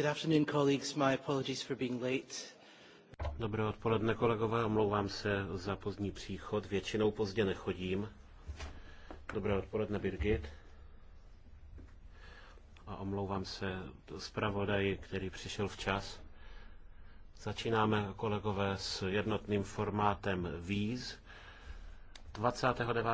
Good afternoon, colleagues. My apologies for being late. Dobré odpoledne, kolegové. Omlouvám se za pozdní příchod. Většinou pozdě nechodím. Dobré odpoledne, Birgit. A omlouvám se zpravodaji, který přišel včas. Začínáme, kolegové, s jednotným formátem víz. 29.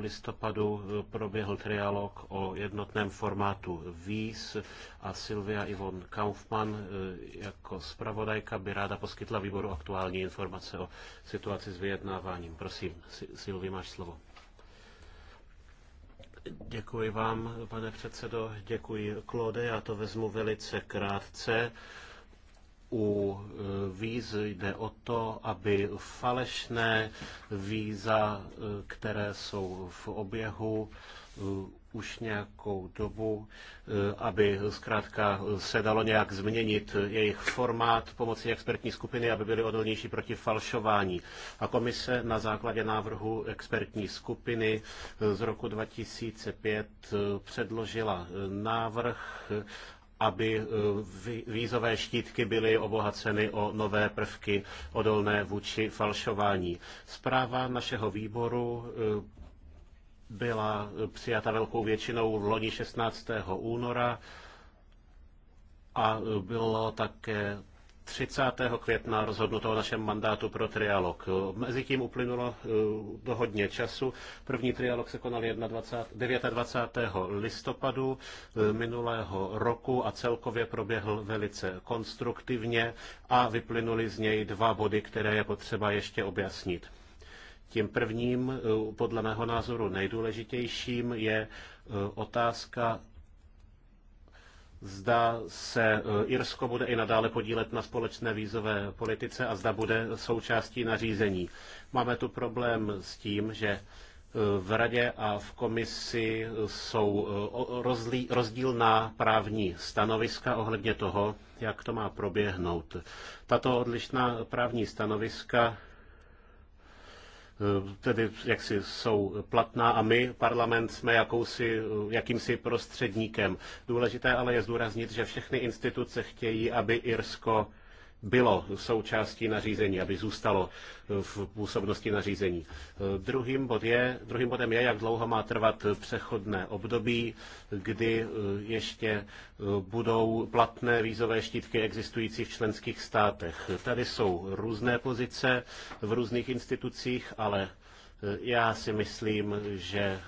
listopadu eh, proběhl trialog o jednotném formátu VÍS a Silvia Ivon Kaufmann eh, jako zpravodajka by ráda poskytla výboru aktuální informace o situaci s vyjednáváním. Prosím, Silvi, máš slovo. Děkuji vám, pane předsedo, děkuji Klode, já to vezmu velice krátce u eh, víz jde o to, aby falešné víza, eh, které jsou v oběhu eh, už nějakou dobu, aby zkrátka se dalo nějak změnit jejich formát pomocí expertní skupiny, aby byly odolnější proti falšování. A komise na základě návrhu expertní skupiny z roku 2005 předložila návrh aby eh, vízové štítky byly obohaceny o nové prvky odolné vůči falšování. Zpráva našeho výboru eh, byla přijata velkou většinou v loni 16. února a bylo také 30. května rozhodnuto o našem mandátu pro trialog. Mezitím uplynulo eh, do hodně času. První trialog se konal 21, 29. listopadu eh, minulého roku a celkově proběhl velice konstruktivně a vyplynuly z něj dva body, které je potřeba ještě objasnit. Tím prvním, eh, podle mého názoru nejdůležitějším, je otázka zda se eh, Irsko bude i nadále podílet na společné vízové politice a zda bude součástí nařízení. Máme tu problém s tím, že eh, v radě a v komisi eh, jsou rozdílná právní stanoviska ohledně toho, jak to má proběhnout. Tato odlišná právní stanoviska Eh, tedy jaksi jsou platná a my, parlament, jsme jakousi, eh, jakýmsi prostředníkem. Důležité ale je zdůraznit, že všechny instituce chtějí, aby Irsko bylo součástí nařízení, aby zůstalo eh, v působnosti nařízení. Eh, druhým, bod je, druhým bodem je, jak dlouho má trvat přechodné období, kdy eh, ještě budou platné vízové štítky existující v členských státech. Tady jsou různé pozice v různých institucích, ale já si myslím, že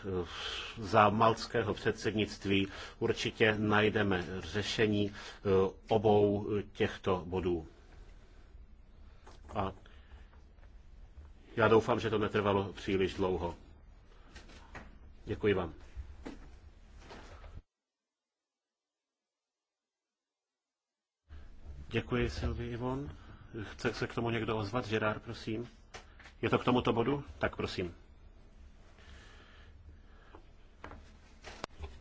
za malckého předsednictví určitě najdeme řešení obou těchto bodů. A já doufám, že to netrvalo příliš dlouho. Děkuji vám. Děkuji, Silvi Ivon. Chce se k tomu někdo ozvat? Žerár, prosím. Je to k tomuto bodu? Tak prosím.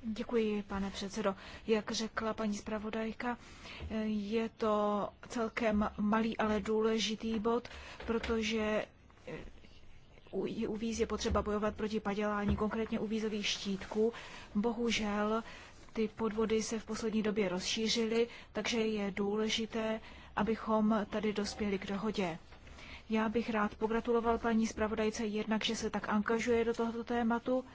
Děkuji, pane předsedo. Jak řekla paní zpravodajka, je to celkem malý, ale důležitý bod, protože eh, u víz je potřeba bojovat proti padělání, konkrétně u vízových štítků. Bohužel ty podvody se v poslední době rozšířily, takže je důležité, abychom tady dospěli k dohodě. Já bych rád pogratuloval paní zpravodajce jednak, že se tak angažuje do tohoto tématu,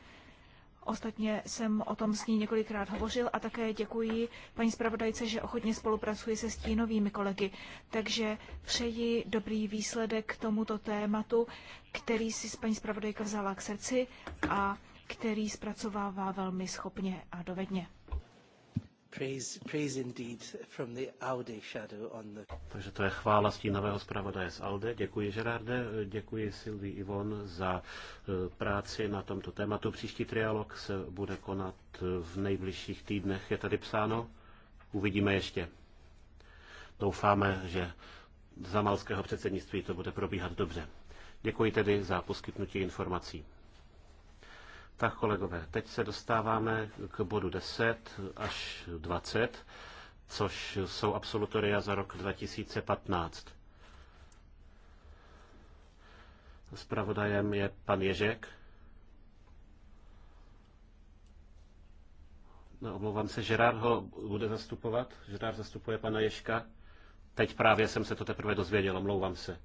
Ostatně jsem o tom s ní několikrát hovořil a také děkuji paní zpravodajce, že ochotně spolupracuje se stínovými kolegy. Takže přeji dobrý výsledek k tomuto tématu, který si paní zpravodajka vzala k srdci a který zpracovává velmi schopně a dovedně. Takže to je chvála stínového zpravodaje z Alde. Děkuji Gerarde, děkuji Sylvie Ivon za e, práci na tomto tématu. Příští trialog se bude konat e, v nejbližších týdnech, je tady psáno. Uvidíme ještě. Doufáme, že za malského předsednictví to bude probíhat dobře. Děkuji tedy za poskytnutí informací. Tak kolegové, teď se dostáváme k bodu 10 až 20, což jsou absolutoria za rok 2015. Spravodajem je pan Ježek. No, omlouvám se, Žerár ho bude zastupovat. Žerár zastupuje pana Ježka. Teď právě jsem se to teprve dozvěděl, omlouvám se.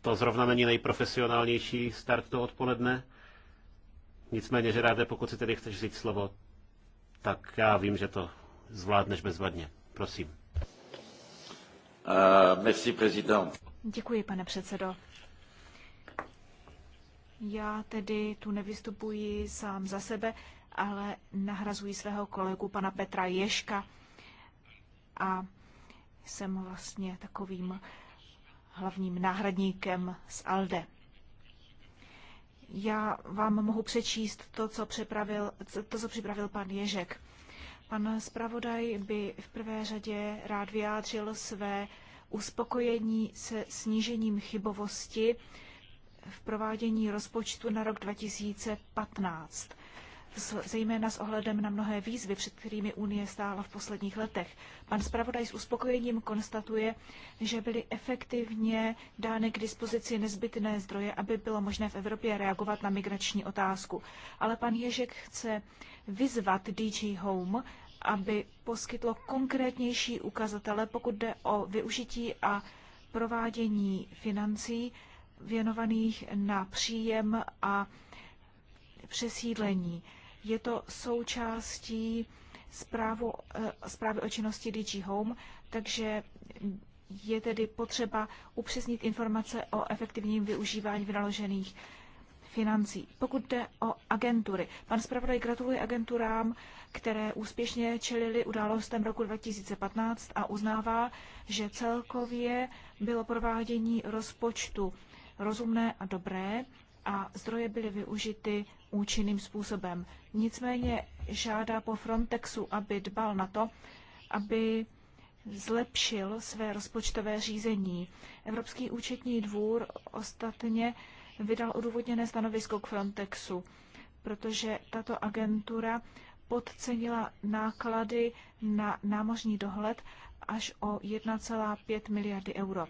To zrovna není nejprofesionálnější start toho odpoledne. Nicméně, že ráde, pokud si tedy chceš říct slovo, tak já vím, že to zvládneš bezvadně. Prosím. Uh, merci, prezident. Děkuji, pane předsedo. Já tedy tu nevystupuji sám za sebe, ale nahrazuji svého kolegu pana Petra Ješka a jsem vlastně takovým hlavním náhradníkem z ALDE. Já vám mohu přečíst to, co připravil, to, co připravil pan Ježek. Pan zpravodaj by v prvé řadě rád vyjádřil své uspokojení se snížením chybovosti v provádění rozpočtu na rok 2015 zejména s ohledem na mnohé výzvy, před kterými Unie stála v posledních letech. Pan zpravodaj s uspokojením konstatuje, že byly efektivně dány k dispozici nezbytné zdroje, aby bylo možné v Evropě reagovat na migrační otázku. Ale pan Ježek chce vyzvat DG Home, aby poskytlo konkrétnější ukazatele, pokud jde o využití a provádění financí věnovaných na příjem a přesídlení. Je to součástí zprávu, eh, zprávy o činnosti DG Home, takže je tedy potřeba upřesnit informace o efektivním využívání vynaložených financí. Pokud jde o agentury, pan zpravodaj gratuluje agenturám, které úspěšně čelili událostem roku 2015 a uznává, že celkově bylo provádění rozpočtu rozumné a dobré a zdroje byly využity účinným způsobem. Nicméně žádá po Frontexu, aby dbal na to, aby zlepšil své rozpočtové řízení. Evropský účetní dvůr ostatně vydal odůvodněné stanovisko k Frontexu, protože tato agentura podcenila náklady na námořní dohled až o 1,5 miliardy euro.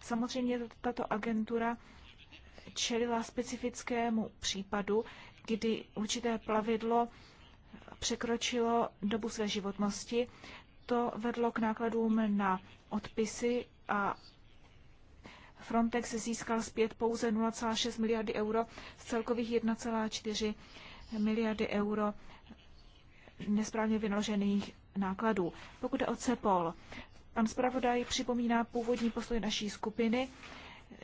Samozřejmě tato agentura čelila specifickému případu, kdy určité plavidlo překročilo dobu své životnosti. To vedlo k nákladům na odpisy a Frontex získal zpět pouze 0,6 miliardy euro z celkových 1,4 miliardy euro nesprávně vynaložených nákladů. Pokud jde o CEPOL, pan zpravodaj připomíná původní postoj naší skupiny,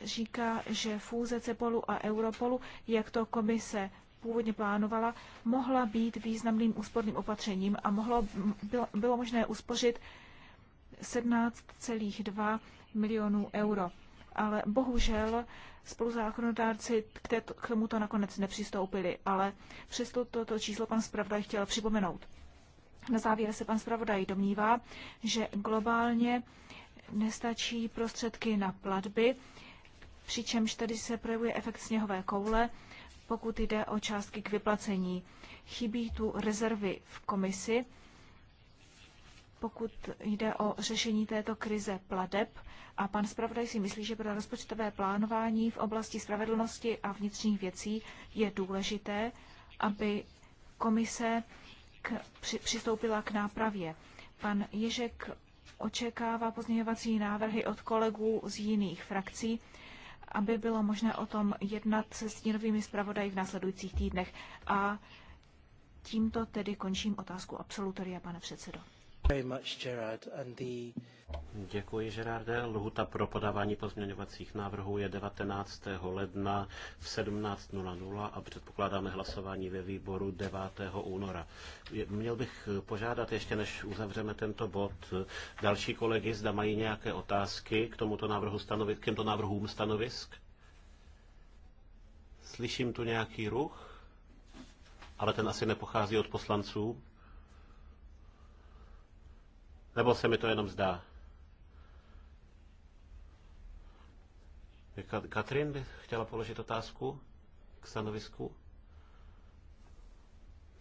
říká, že fúze Cepolu a Europolu, jak to komise původně plánovala, mohla být významným úsporným opatřením a mohlo, bylo, bylo možné uspořit 17,2 milionů euro. Ale bohužel spoluzákonodárci k, této, k tomuto nakonec nepřistoupili, ale přesto toto číslo pan zpravodaj chtěl připomenout. Na závěr se pan zpravodaj domnívá, že globálně nestačí prostředky na platby přičemž tady se projevuje efekt sněhové koule, pokud jde o částky k vyplacení. Chybí tu rezervy v komisi, pokud jde o řešení této krize pladeb. A pan zpravodaj si myslí, že pro rozpočtové plánování v oblasti spravedlnosti a vnitřních věcí je důležité, aby komise k, při, přistoupila k nápravě. Pan Ježek očekává pozměňovací návrhy od kolegů z jiných frakcí, aby bylo možné o tom jednat se stínovými zpravodaji v následujících týdnech. A tímto tedy končím otázku absolutoria, pane předsedo. Děkuji, Gerarde. Lhuta pro podávání pozměňovacích návrhů je 19. ledna v 17.00 a předpokládáme hlasování ve výboru 9. února. Měl bych požádat, ještě než uzavřeme tento bod, další kolegy, zda mají nějaké otázky k tomuto návrhu stanovit, k těmto návrhům stanovisk? Slyším tu nějaký ruch, ale ten asi nepochází od poslanců. Nebo se mi to jenom zdá? Katrin by chtěla položit otázku k stanovisku.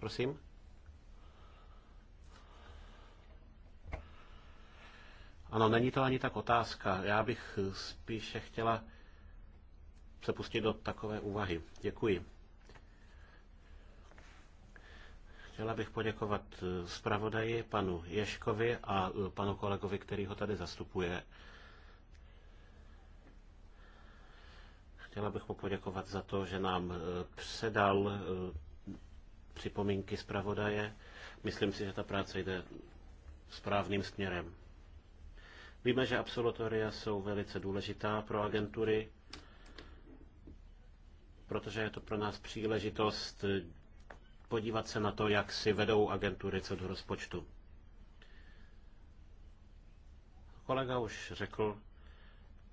Prosím. Ano, není to ani tak otázka. Já bych spíše chtěla se pustit do takové úvahy. Děkuji. Chtěla bych poděkovat eh, zpravodaji panu Ješkovi a eh, panu kolegovi, který ho tady zastupuje. Chtěla bych mu poděkovat za to, že nám eh, předal připomínky zpravodaje. Myslím si, že ta práce jde správným směrem. Víme, že absolutoria jsou velice důležitá pro agentury, protože je to pro nás příležitost podívat se na to, jak si vedou agentury co do rozpočtu. Kolega už řekl,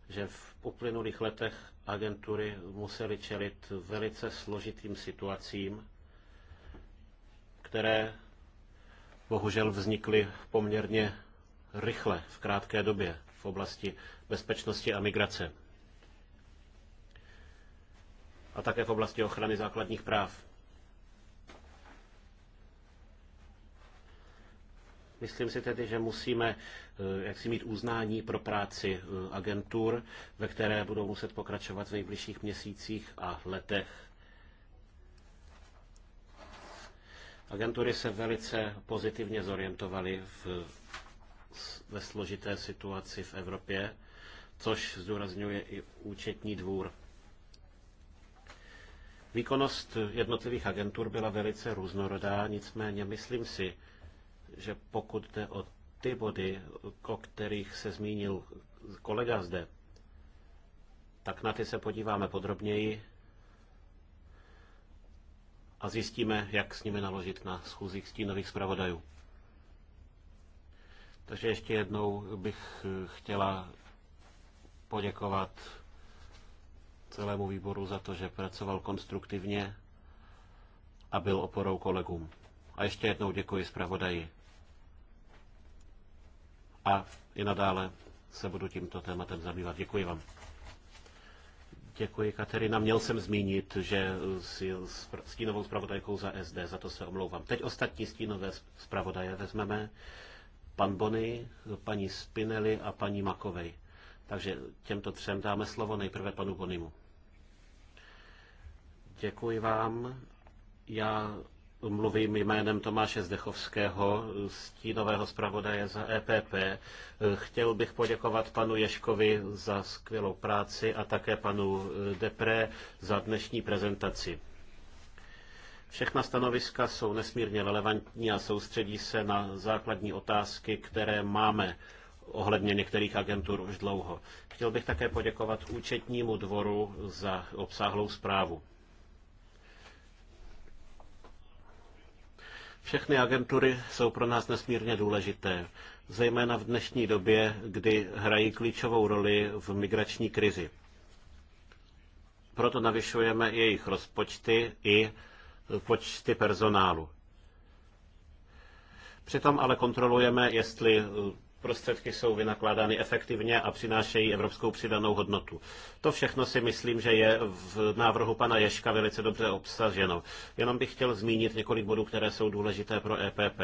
že v uplynulých letech agentury musely čelit velice složitým situacím, které bohužel vznikly poměrně rychle v krátké době v oblasti bezpečnosti a migrace a také v oblasti ochrany základních práv. Myslím si tedy, že musíme eh, jak si mít uznání pro práci eh, agentur, ve které budou muset pokračovat v nejbližších měsících a letech. Agentury se velice pozitivně zorientovaly v, ve složité situaci v Evropě, což zdůrazňuje i účetní dvůr. Výkonnost jednotlivých agentur byla velice různorodá, nicméně myslím si, že pokud jde o ty body, o kterých se zmínil kolega zde, tak na ty se podíváme podrobněji a zjistíme, jak s nimi naložit na schůzích stínových zpravodajů. Takže ještě jednou bych chtěla poděkovat celému výboru za to, že pracoval konstruktivně a byl oporou kolegům. A ještě jednou děkuji zpravodaji a i nadále se budu tímto tématem zabývat. Děkuji vám. Děkuji, Katerina. Měl jsem zmínit, že si stínovou zpravodajkou za SD, za to se omlouvám. Teď ostatní stínové zpravodaje vezmeme. Pan Bony, paní Spinelli a paní Makovej. Takže těmto třem dáme slovo nejprve panu Bonimu. Děkuji vám. Já mluvím jménem Tomáše Zdechovského, stínového zpravodaje za EPP. Chtěl bych poděkovat panu Ješkovi za skvělou práci a také panu Depre za dnešní prezentaci. Všechna stanoviska jsou nesmírně relevantní a soustředí se na základní otázky, které máme ohledně některých agentur už dlouho. Chtěl bych také poděkovat účetnímu dvoru za obsáhlou zprávu. Všechny agentury jsou pro nás nesmírně důležité, zejména v dnešní době, kdy hrají klíčovou roli v migrační krizi. Proto navyšujeme jejich rozpočty i počty personálu. Přitom ale kontrolujeme, jestli prostředky jsou vynakládány efektivně a přinášejí evropskou přidanou hodnotu. To všechno si myslím, že je v návrhu pana Ješka velice dobře obsaženo. Jenom bych chtěl zmínit několik bodů, které jsou důležité pro EPP.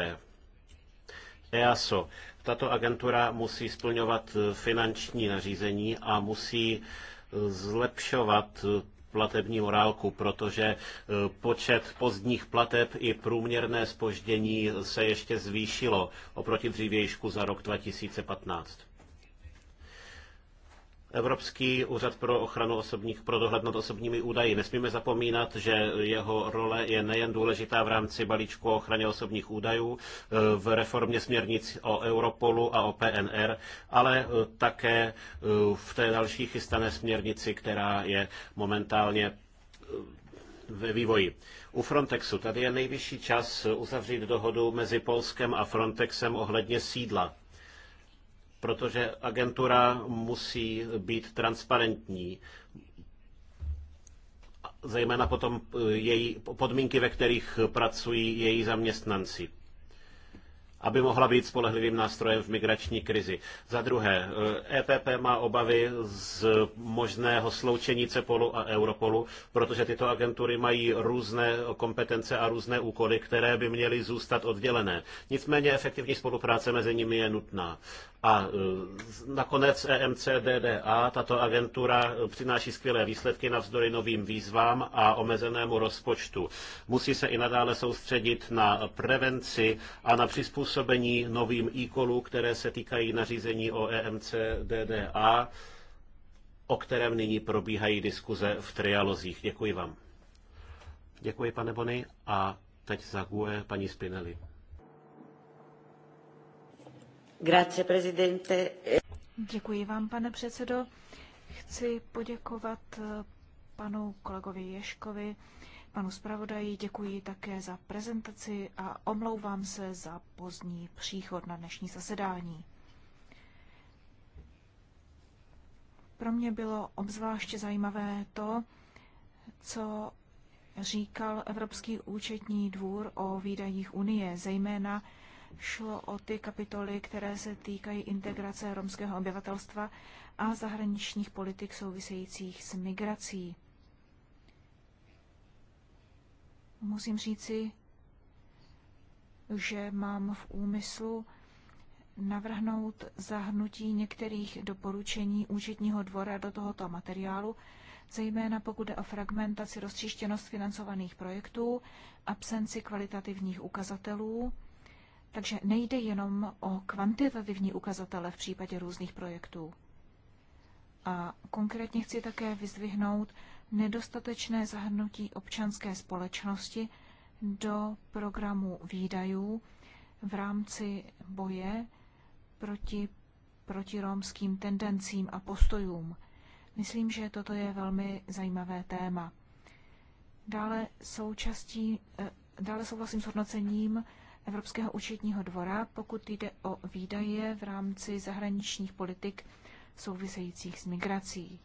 EASO. Tato agentura musí splňovat finanční nařízení a musí zlepšovat platební morálku, protože e, počet pozdních plateb i průměrné spoždění se ještě zvýšilo oproti dřívějšku za rok 2015. Evropský úřad pro ochranu osobních, pro dohled nad osobními údaji. Nesmíme zapomínat, že jeho role je nejen důležitá v rámci balíčku o ochraně osobních údajů eh, v reformě směrnic o Europolu a o PNR, ale eh, také eh, v té další chystané směrnici, která je momentálně ve vývoji. U Frontexu tady je nejvyšší čas uzavřít dohodu mezi Polskem a Frontexem ohledně sídla protože agentura musí být transparentní, zejména potom její podmínky, ve kterých pracují její zaměstnanci aby mohla být spolehlivým nástrojem v migrační krizi. Za druhé, EPP má obavy z možného sloučení CEPOLu a Europolu, protože tyto agentury mají různé kompetence a různé úkoly, které by měly zůstat oddělené. Nicméně efektivní spolupráce mezi nimi je nutná. A e, nakonec EMCDDA, tato agentura e, přináší skvělé výsledky navzdory novým výzvám a omezenému rozpočtu. Musí se i nadále soustředit na prevenci a na přizpůsobení novým e které se týkají nařízení o EMCDDA, o kterém nyní probíhají diskuze v trialozích. Děkuji vám. Děkuji, pane Bony. A teď za GUE paní Spinelli. Děkuji vám, pane předsedo. Chci poděkovat eh, panu kolegovi Ješkovi, panu zpravodaji, děkuji také za prezentaci a omlouvám se za pozdní příchod na dnešní zasedání. Pro mě bylo obzvláště zajímavé to, co říkal Evropský účetní dvůr o výdajích Unie, zejména Šlo o ty kapitoly, které se týkají integrace romského obyvatelstva a zahraničních politik souvisejících s migrací. Musím říci, že mám v úmyslu navrhnout zahnutí některých doporučení účetního dvora do tohoto materiálu, zejména pokud jde o fragmentaci rozčištěnost financovaných projektů, absenci kvalitativních ukazatelů, takže nejde jenom o kvantitativní ukazatele v případě různých projektů. A konkrétně chci také vyzdvihnout nedostatečné zahrnutí občanské společnosti do programu výdajů v rámci boje proti proti romským tendencím a postojům. Myslím, že toto je velmi zajímavé téma. Dále, součástí, eh, dále souhlasím s hodnocením Evropského účetního dvora, pokud jde o výdaje v rámci zahraničních politik souvisejících s migrací.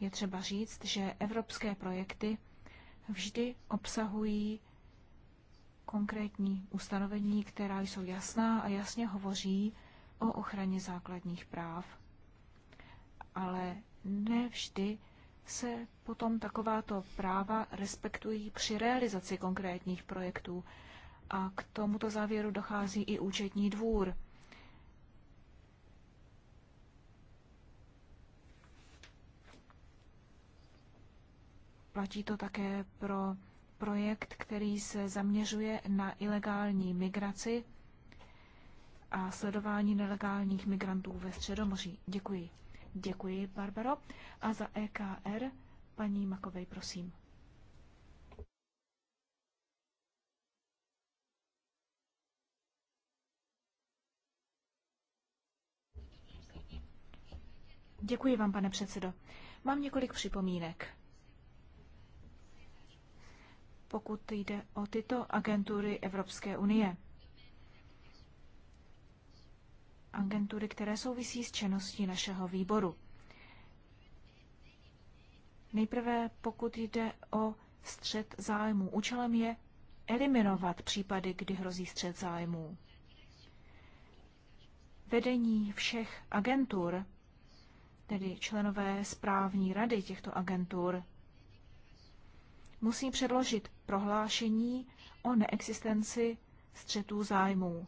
Je třeba říct, že evropské projekty vždy obsahují konkrétní ustanovení, která jsou jasná a jasně hovoří o ochraně základních práv. Ale ne vždy se potom takováto práva respektují při realizaci konkrétních projektů a k tomuto závěru dochází i účetní dvůr. Platí to také pro projekt, který se zaměřuje na ilegální migraci a sledování nelegálních migrantů ve Středomoří. Děkuji. Děkuji, Barbaro. A za EKR paní Makovej, prosím. Děkuji vám, pane předsedo. Mám několik připomínek. Pokud jde o tyto agentury Evropské unie, agentury, které souvisí s činností našeho výboru. Nejprve, pokud jde o střed zájmů. Účelem je eliminovat případy, kdy hrozí střed zájmů. Vedení všech agentur tedy členové správní rady těchto agentur, musí předložit prohlášení o neexistenci střetů zájmů.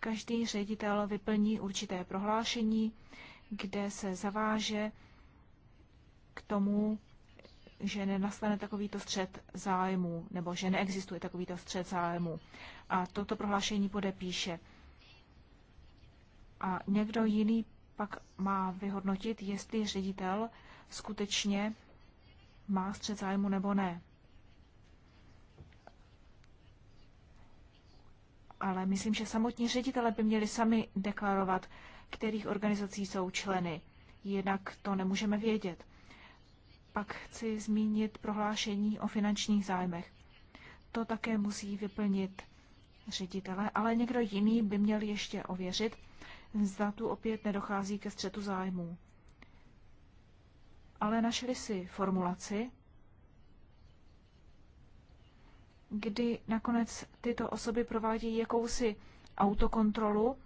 Každý ředitel vyplní určité prohlášení, kde se zaváže k tomu, že nenastane takovýto střed zájmů, nebo že neexistuje takovýto střed zájmů. A toto prohlášení podepíše. A někdo jiný pak má vyhodnotit, jestli ředitel skutečně má střed zájmu nebo ne. Ale myslím, že samotní ředitele by měli sami deklarovat, kterých organizací jsou členy. Jinak to nemůžeme vědět. Pak chci zmínit prohlášení o finančních zájmech. To také musí vyplnit ředitele, ale někdo jiný by měl ještě ověřit, zda tu opět nedochází ke střetu zájmů. Ale našli si formulaci, kdy nakonec tyto osoby provádějí jakousi autokontrolu,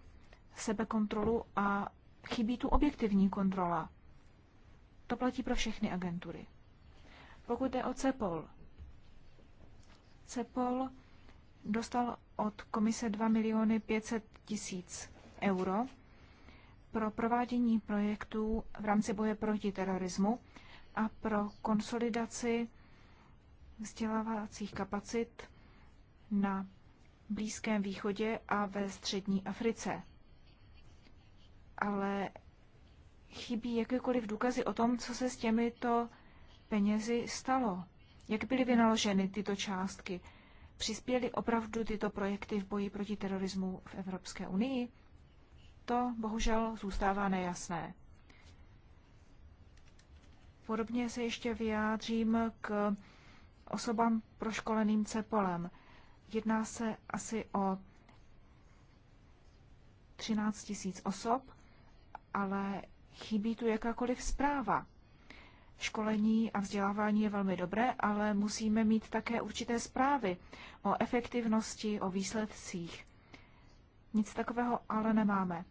sebekontrolu a chybí tu objektivní kontrola. To platí pro všechny agentury. Pokud jde o CEPOL, CEPOL dostal od komise 2 miliony 500 tisíc euro pro provádění projektů v rámci boje proti terorismu a pro konsolidaci vzdělávacích kapacit na Blízkém východě a ve střední Africe. Ale chybí jakékoliv důkazy o tom, co se s těmito penězi stalo. Jak byly vynaloženy tyto částky? Přispěly opravdu tyto projekty v boji proti terorismu v Evropské unii? to bohužel zůstává nejasné. Podobně se ještě vyjádřím k osobám proškoleným cepolem. Jedná se asi o 13 tisíc osob, ale chybí tu jakákoliv zpráva. Školení a vzdělávání je velmi dobré, ale musíme mít také určité zprávy o efektivnosti, o výsledcích. Nic takového ale nemáme.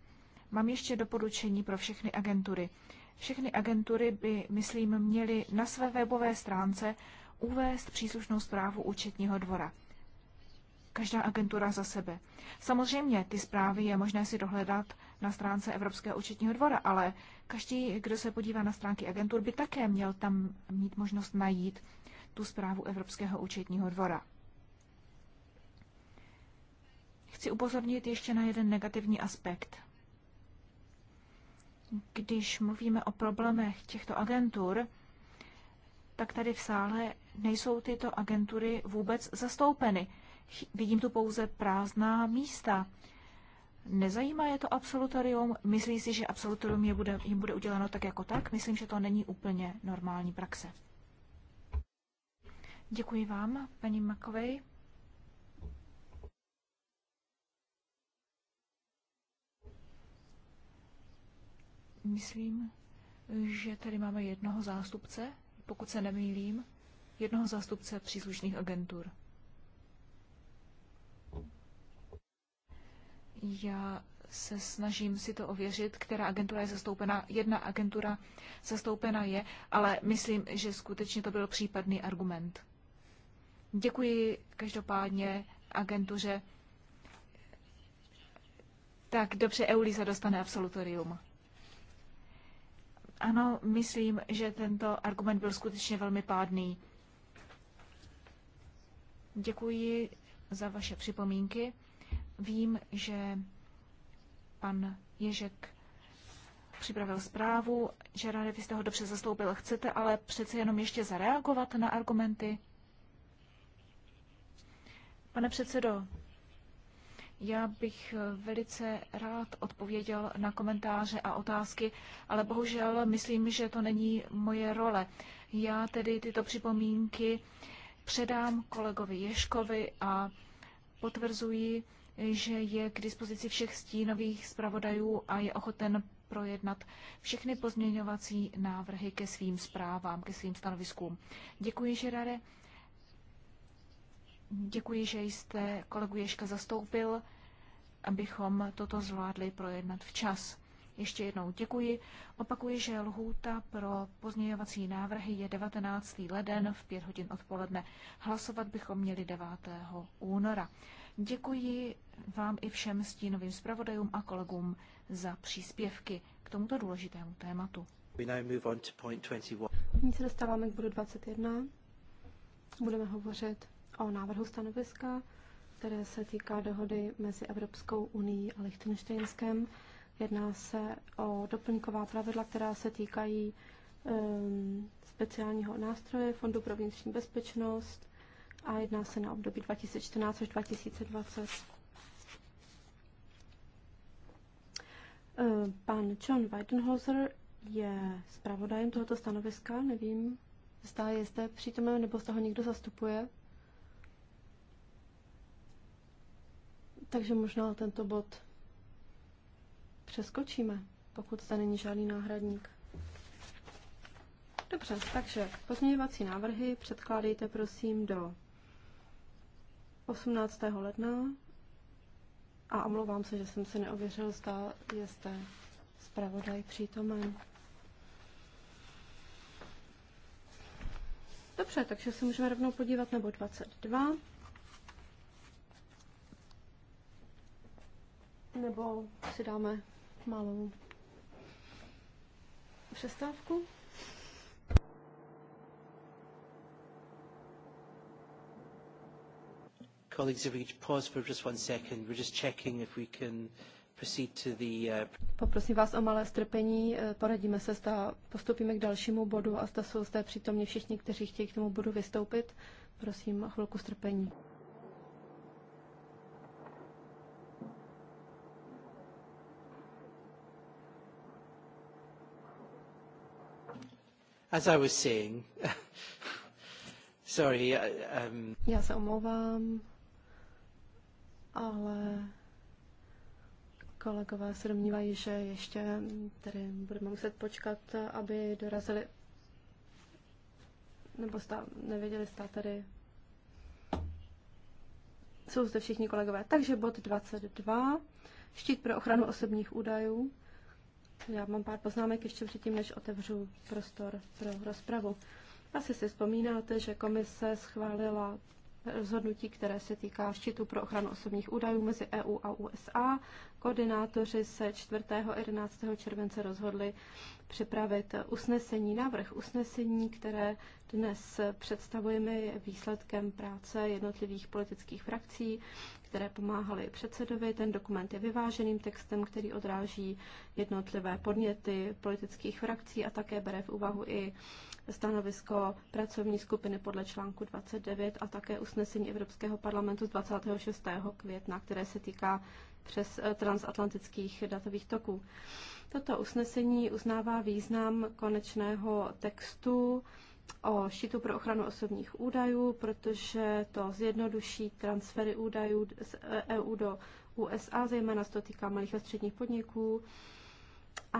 Mám ještě doporučení pro všechny agentury. Všechny agentury by, myslím, měly na své webové stránce uvést příslušnou zprávu účetního dvora. Každá agentura za sebe. Samozřejmě ty zprávy je možné si dohledat na stránce Evropského účetního dvora, ale každý, kdo se podívá na stránky agentur, by také měl tam mít možnost najít tu zprávu Evropského účetního dvora. Chci upozornit ještě na jeden negativní aspekt. Když mluvíme o problémech těchto agentur, tak tady v sále nejsou tyto agentury vůbec zastoupeny. Vidím tu pouze prázdná místa. Nezajímá je to absolutorium? Myslí si, že absolutorium je bude, jim bude uděleno tak jako tak? Myslím, že to není úplně normální praxe. Děkuji vám, paní Makovej. Myslím, že tady máme jednoho zástupce, pokud se nemýlím, jednoho zástupce příslušných agentur. Já se snažím si to ověřit, která agentura je zastoupena. Jedna agentura zastoupena je, ale myslím, že skutečně to byl případný argument. Děkuji každopádně agentuře. Tak dobře, Eulisa dostane absolutorium. Ano, myslím, že tento argument byl skutečně velmi pádný. Děkuji za vaše připomínky. Vím, že pan Ježek připravil zprávu. že vy jste ho dobře zastoupil. Chcete ale přece jenom ještě zareagovat na argumenty? Pane předsedo, já bych eh, velice rád odpověděl na komentáře a otázky, ale bohužel myslím, že to není moje role. Já tedy tyto připomínky předám kolegovi Ješkovi a potvrzuji, že je k dispozici všech stínových zpravodajů a je ochoten projednat všechny pozměňovací návrhy ke svým zprávám, ke svým stanoviskům. Děkuji, Žerare. Děkuji, že jste kolegu Ješka zastoupil, abychom toto zvládli projednat včas. Ještě jednou děkuji. Opakuji, že lhůta pro pozměňovací návrhy je 19. leden v 5 hodin odpoledne. Hlasovat bychom měli 9. února. Děkuji vám i všem stínovým zpravodajům a kolegům za příspěvky k tomuto důležitému tématu. Nyní se dostáváme k bodu 21. Budeme hovořit o návrhu stanoviska, které se týká dohody mezi Evropskou unii a Lichtensteinskem. Jedná se o doplňková pravidla, která se týkají um, speciálního nástroje Fondu pro vnitřní bezpečnost a jedná se na období 2014 až 2020. Ehm, pan John Weidenhauser je zpravodajem tohoto stanoviska, nevím, zda je zde přítomen nebo zda ho někdo zastupuje. Takže možná tento bod přeskočíme, pokud zde není žádný náhradník. Dobře, takže pozměňovací návrhy předkládejte prosím do 18. ledna a omlouvám se, že jsem si neověřil, zda je zde zpravodaj přítomen. Dobře, takže se můžeme rovnou podívat na bod 22. Nebo si dáme malou přestávku? Colleagues, if we could pause for just one second, we're just checking if we can proceed to the... Uh, Poprosím vás o malé strpení, eh, poradíme se, zda postupíme k dalšímu bodu a zda jsou zde přítomni všichni, kteří chtějí k tomu bodu vystoupit. Prosím chvilku strpení. as I was saying, sorry, uh, um... Já se omlouvám, ale kolegové se domnívají, že ještě tady budeme muset počkat, aby dorazili nebo stá, nevěděli stát tady. Jsou zde všichni kolegové. Takže bod 22. Štít pro ochranu osobních údajů. Já mám pár poznámek ještě předtím, než otevřu prostor pro rozpravu. Asi si vzpomínáte, že komise schválila rozhodnutí, které se týká štítu pro ochranu osobních údajů mezi EU a USA. Koordinátoři se 4. a 11. července rozhodli připravit usnesení, návrh usnesení, které dnes představujeme výsledkem práce jednotlivých politických frakcí, které pomáhaly předsedovi. Ten dokument je vyváženým textem, který odráží jednotlivé podněty politických frakcí a také bere v úvahu i stanovisko pracovní skupiny podle článku 29 a také usnesení Evropského parlamentu z 26. května, které se týká přes eh, transatlantických datových toků. Toto usnesení uznává význam konečného textu o šitu pro ochranu osobních údajů, protože to zjednoduší transfery údajů z EU eh, e do USA, zejména se to týká malých a středních podniků a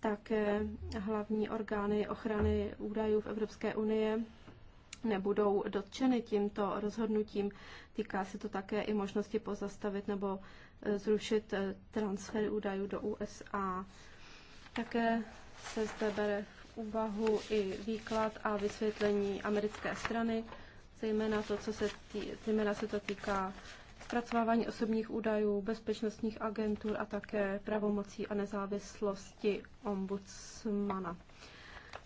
také hlavní orgány ochrany údajů v Evropské unii nebudou dotčeny tímto rozhodnutím. Týká se to také i možnosti pozastavit nebo e, zrušit e, transfer údajů do USA. Také se zde bere v úvahu i výklad a vysvětlení americké strany, zejména, to, co se, tý, zejména se to týká zpracovávání osobních údajů, bezpečnostních agentur a také pravomocí a nezávislosti ombudsmana.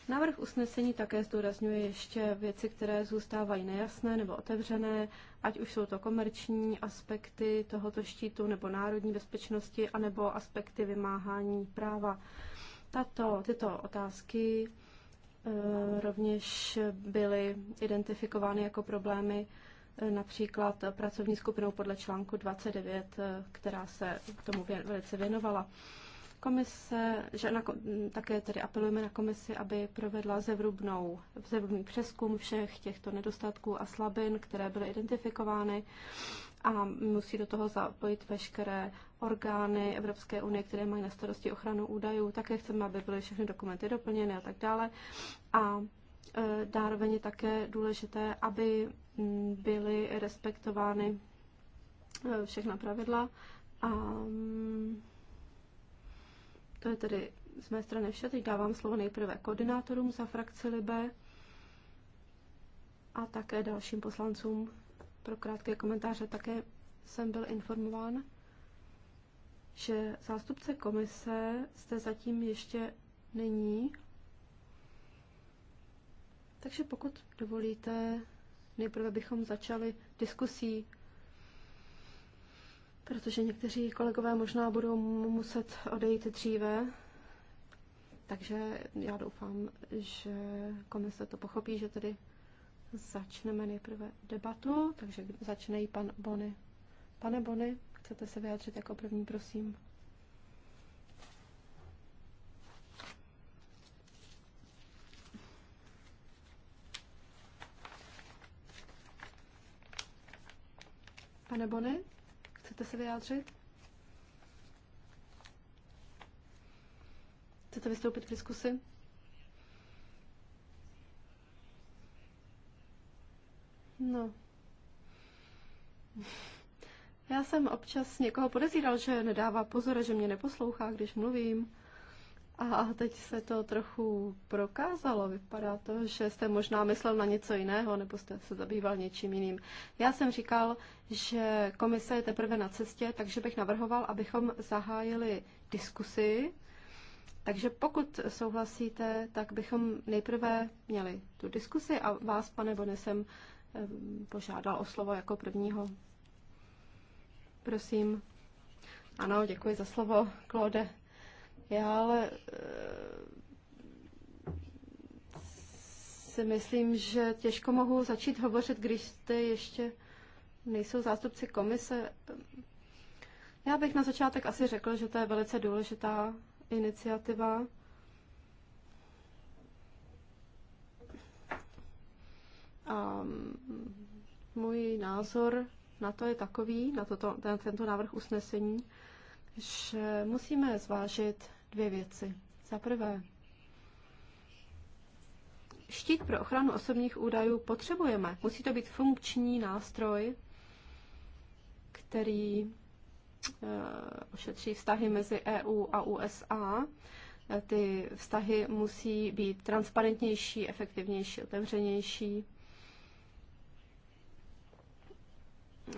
Návrh usnesení také zdůrazňuje ještě věci, které zůstávají nejasné nebo otevřené, ať už jsou to komerční aspekty tohoto štítu nebo národní bezpečnosti, anebo aspekty vymáhání práva. Tato, tyto otázky e, rovněž byly identifikovány jako problémy, například pracovní skupinou podle článku 29, která se k tomu velice věnovala. Komise, že na, také tedy apelujeme na komisi, aby provedla zevrubnou, zevrubný přeskum všech těchto nedostatků a slabin, které byly identifikovány a musí do toho zapojit veškeré orgány Evropské unie, které mají na starosti ochranu údajů. Také chceme, aby byly všechny dokumenty doplněny a tak dále. A Eh, zároveň je také důležité, aby mm, byly respektovány eh, všechna pravidla. A mm, to je tedy z mé strany vše. Teď dávám slovo nejprve koordinátorům za frakci Libe a také dalším poslancům pro krátké komentáře. Také jsem byl informován, že zástupce komise zde zatím ještě není, takže pokud dovolíte, nejprve bychom začali diskusí, protože někteří kolegové možná budou muset odejít dříve. Takže já doufám, že komise to pochopí, že tedy začneme nejprve debatu. Takže začne pan Bony. Pane Bony, chcete se vyjádřit jako první, prosím? Pane Bony, chcete se vyjádřit? Chcete vystoupit v diskusi? No. Já jsem občas někoho podezíral, že nedává pozor, že mě neposlouchá, když mluvím. A teď se to trochu prokázalo. Vypadá to, že jste možná myslel na něco jiného, nebo jste se zabýval něčím jiným. Já jsem říkal, že komise je teprve na cestě, takže bych navrhoval, abychom zahájili diskusi. Takže pokud souhlasíte, tak bychom nejprve měli tu diskusi a vás, pane Bone, jsem požádal o slovo jako prvního. Prosím. Ano, děkuji za slovo, Claude. Já ale eh, si myslím, že těžko mohu začít hovořit, když jste ještě nejsou zástupci komise. Já bych na začátek asi řekl, že to je velice důležitá iniciativa. A mm, můj názor na to je takový, na, toto, na tento návrh usnesení, že musíme zvážit dvě věci. Za prvé, štít pro ochranu osobních údajů potřebujeme. Musí to být funkční nástroj, který eh, ošetří vztahy mezi EU a USA. Eh, ty vztahy musí být transparentnější, efektivnější, otevřenější.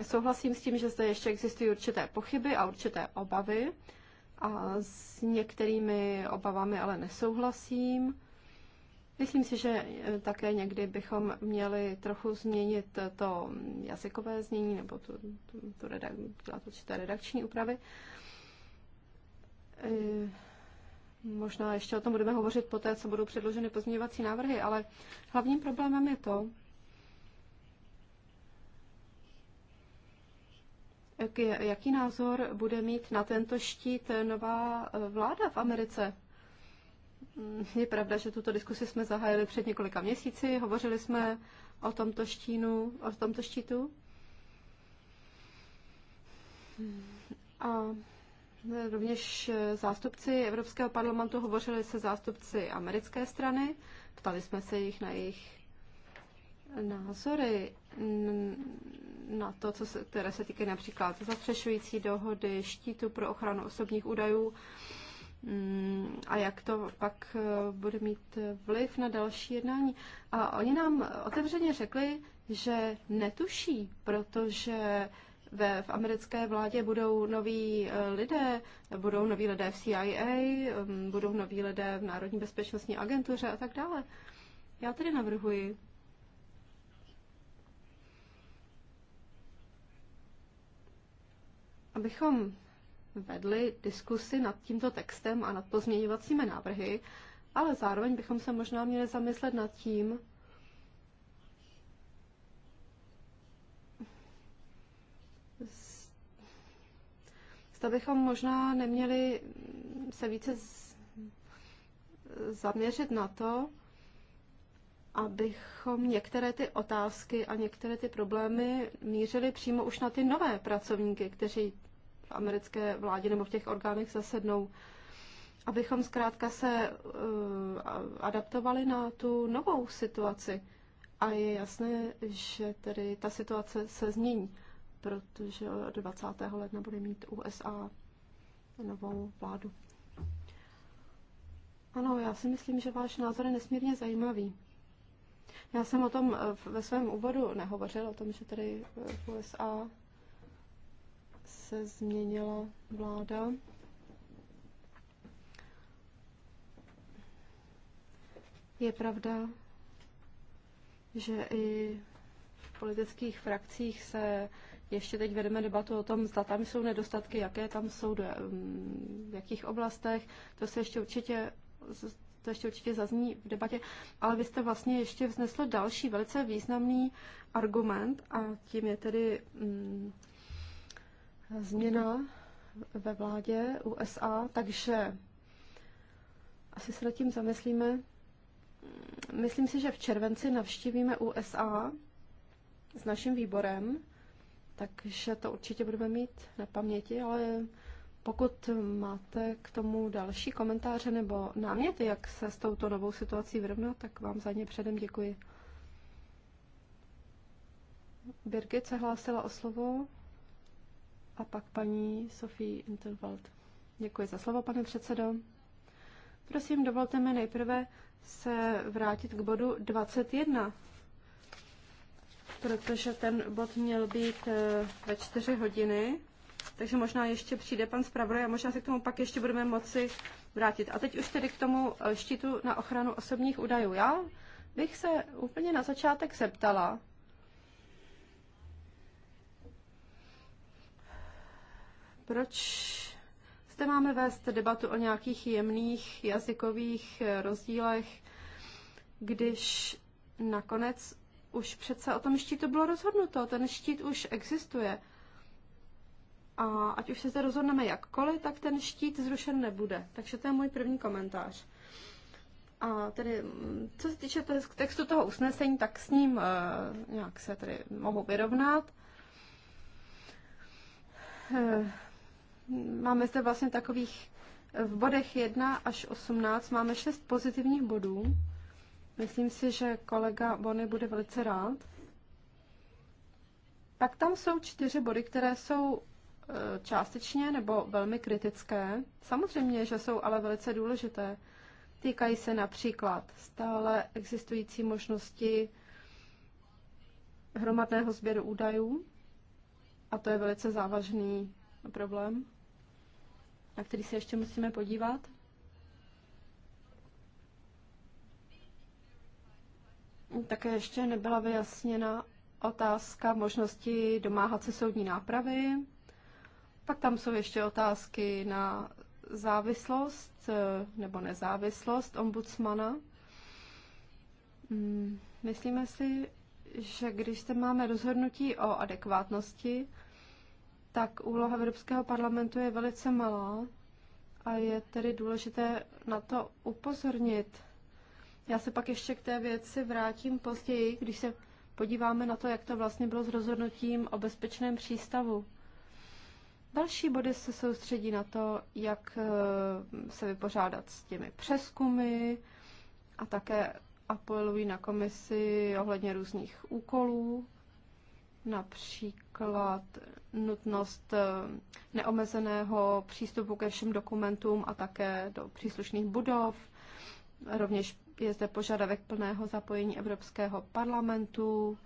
Souhlasím s tím, že zde ještě existují určité pochyby a určité obavy a s některými obavami ale nesouhlasím. Myslím si, že eh, také někdy bychom měli trochu změnit to jazykové znění nebo tu, tu, tu redak, dělat určité redakční úpravy. Eh, možná ještě o tom budeme hovořit poté, co budou předloženy pozměňovací návrhy, ale hlavním problémem je to, jaký názor bude mít na tento štít nová eh, vláda v Americe? Mm, je pravda, že tuto diskusi jsme zahájili před několika měsíci, hovořili jsme o tomto štínu, o tomto štítu. Hmm, a eh, rovněž eh, zástupci Evropského parlamentu hovořili se zástupci americké strany, ptali jsme se jich na jejich názory na to, co se, které se týká například zastřešující dohody, štítu pro ochranu osobních údajů mm, a jak to pak eh, bude mít vliv na další jednání. A oni nám otevřeně řekli, že netuší, protože ve, v americké vládě budou noví eh, lidé, budou noví lidé v CIA, mm, budou noví lidé v Národní bezpečnostní agentuře a tak dále. Já tedy navrhuji, abychom vedli diskusy nad tímto textem a nad pozměňovacími návrhy, ale zároveň bychom se možná měli zamyslet nad tím, zda bychom možná neměli se více zaměřit na to, abychom některé ty otázky a některé ty problémy mířili přímo už na ty nové pracovníky, kteří v americké vládě nebo v těch orgánech zasednou, abychom zkrátka se eh, adaptovali na tu novou situaci. A je jasné, že tedy ta situace se změní, protože 20. ledna bude mít USA novou vládu. Ano, já si myslím, že váš názor je nesmírně zajímavý. Já jsem o tom eh, ve svém úvodu nehovořil, o tom, že tady v eh, USA se změnila vláda. Je pravda, že i v politických frakcích se ještě teď vedeme debatu o tom, zda tam jsou nedostatky, jaké tam jsou, do, mm, v jakých oblastech. To se ještě určitě to ještě určitě zazní v debatě, ale vy jste vlastně ještě vznesl další velice významný argument a tím je tedy mm, změna ve vládě USA, takže asi se nad tím zamyslíme. Myslím si, že v červenci navštívíme USA s naším výborem, takže to určitě budeme mít na paměti, ale pokud máte k tomu další komentáře nebo náměty, jak se s touto novou situací vyrovnat, tak vám za ně předem děkuji. Birgit se hlásila o slovo a pak paní Sofie Intervald. Děkuji za slovo, pane předsedo. Prosím, dovolte mi nejprve se vrátit k bodu 21, protože ten bod měl být eh, ve čtyři hodiny, takže možná ještě přijde pan zpravodaj a možná se k tomu pak ještě budeme moci vrátit. A teď už tedy k tomu eh, štítu na ochranu osobních údajů. Já bych se úplně na začátek zeptala, Proč zde máme vést debatu o nějakých jemných jazykových rozdílech, když nakonec už přece o tom štítu bylo rozhodnuto, ten štít už existuje. A ať už se zde rozhodneme jakkoliv, tak ten štít zrušen nebude. Takže to je můj první komentář. A tedy, co se týče textu toho usnesení, tak s ním uh, nějak se tedy mohu vyrovnat. Uh Máme zde vlastně takových eh, v bodech 1 až 18 máme 6 pozitivních bodů. Myslím si, že kolega Bony bude velice rád. Pak tam jsou čtyři body, které jsou eh, částečně nebo velmi kritické. Samozřejmě, že jsou ale velice důležité. Týkají se například stále existující možnosti hromadného sběru údajů, a to je velice závažný problém na který se ještě musíme podívat. Také ještě nebyla vyjasněna otázka možnosti domáhat se soudní nápravy. Pak tam jsou ještě otázky na závislost eh, nebo nezávislost ombudsmana. Hmm, myslíme si, že když se máme rozhodnutí o adekvátnosti, tak úloha Evropského parlamentu je velice malá a je tedy důležité na to upozornit. Já se pak ještě k té věci vrátím později, když se podíváme na to, jak to vlastně bylo s rozhodnutím o bezpečném přístavu. Další body se soustředí na to, jak eh, se vypořádat s těmi přeskumy a také apelují na komisi ohledně různých úkolů například nutnost eh, neomezeného přístupu ke všem dokumentům a také do příslušných budov. Rovněž je zde požadavek plného zapojení Evropského parlamentu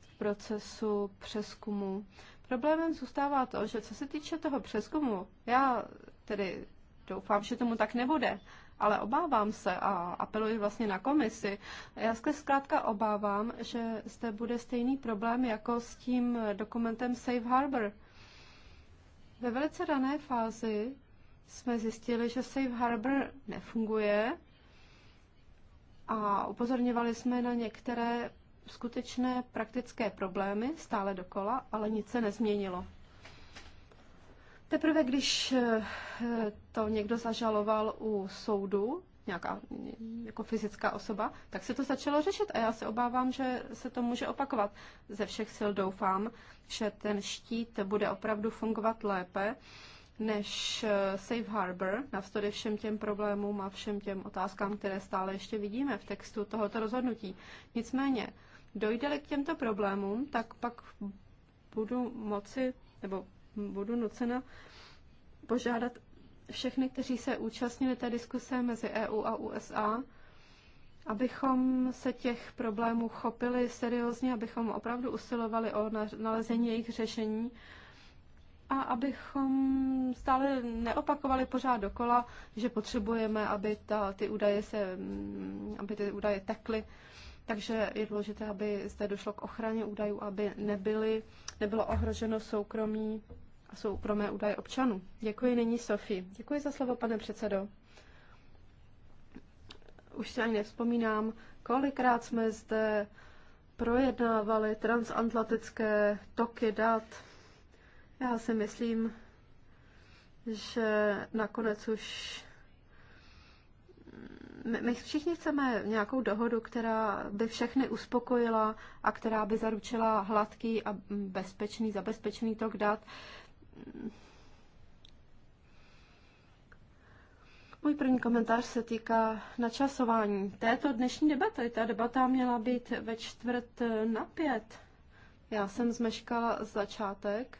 v procesu přeskumu. Problémem zůstává to, že co se týče toho přeskumu, já tedy doufám, že tomu tak nebude, ale obávám se a apeluji vlastně na komisi. Já se zkrátka obávám, že zde bude stejný problém jako s tím dokumentem Safe Harbor. Ve velice rané fázi jsme zjistili, že Safe Harbor nefunguje a upozorňovali jsme na některé skutečné praktické problémy stále dokola, ale nic se nezměnilo. Teprve když eh, to někdo zažaloval u soudu, nějaká jako fyzická osoba, tak se to začalo řešit a já se obávám, že se to může opakovat. Ze všech sil doufám, že ten štít bude opravdu fungovat lépe než eh, Safe Harbor, navzdory všem těm problémům a všem těm otázkám, které stále ještě vidíme v textu tohoto rozhodnutí. Nicméně, dojde-li k těmto problémům, tak pak budu moci, nebo budu nucena požádat všechny, kteří se účastnili té diskuse mezi EU a USA, abychom se těch problémů chopili seriózně, abychom opravdu usilovali o nalezení jejich řešení a abychom stále neopakovali pořád dokola, že potřebujeme, aby ta, ty údaje se, mm, aby ty údaje tekly. Takže je důležité, aby zde došlo k ochraně údajů, aby nebyly, nebylo ohroženo soukromí a soukromé údaje občanů. Děkuji nyní Sofii. Děkuji za slovo, pane předsedo. Už si ani nevzpomínám, kolikrát jsme zde projednávali transatlantické toky dat. Já si myslím, že nakonec už my, my všichni chceme nějakou dohodu, která by všechny uspokojila a která by zaručila hladký a bezpečný, zabezpečený tok dat. Můj první komentář se týká načasování této dnešní debaty. Ta debata měla být ve čtvrt na pět. Já jsem zmeškala začátek,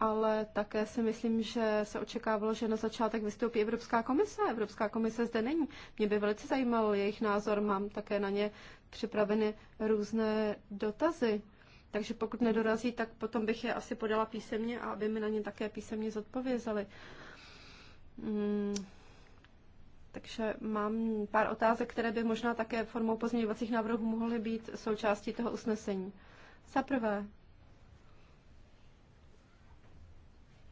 ale také si myslím, že se očekávalo, že na začátek vystoupí Evropská komise. Evropská komise zde není. Mě by velice zajímal jejich názor, mám také na ně připraveny různé dotazy. Takže pokud nedorazí, tak potom bych je asi podala písemně a aby mi na ně také písemně zodpovězeli. Hmm. Takže mám pár otázek, které by možná také formou pozměňovacích návrhů mohly být součástí toho usnesení. Za prvé,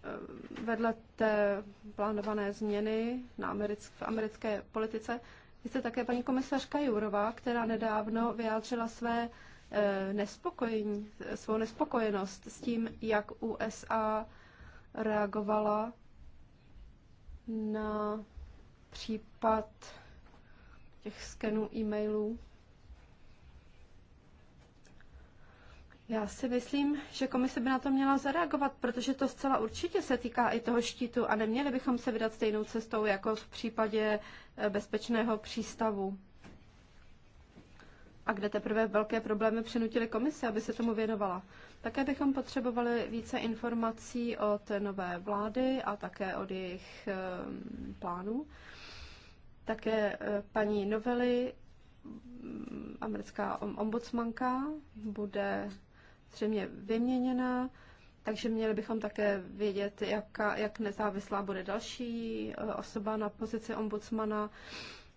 eh, vedle té plánované změny na americk- v americké politice, jste také paní komisařka Jurová, která nedávno vyjádřila své Eh, nespokojení, svou nespokojenost s tím, jak USA reagovala na případ těch skenů e-mailů. Já si myslím, že komise by na to měla zareagovat, protože to zcela určitě se týká i toho štítu a neměli bychom se vydat stejnou cestou jako v případě eh, bezpečného přístavu a kde teprve velké problémy přinutily komise, aby se tomu věnovala. Také bychom potřebovali více informací od nové vlády a také od jejich ehm, plánů. Také eh, paní Novely, mm, americká ombudsmanka, bude zřejmě vyměněna. Takže měli bychom také vědět, jaká, jak nezávislá bude další eh, osoba na pozici ombudsmana.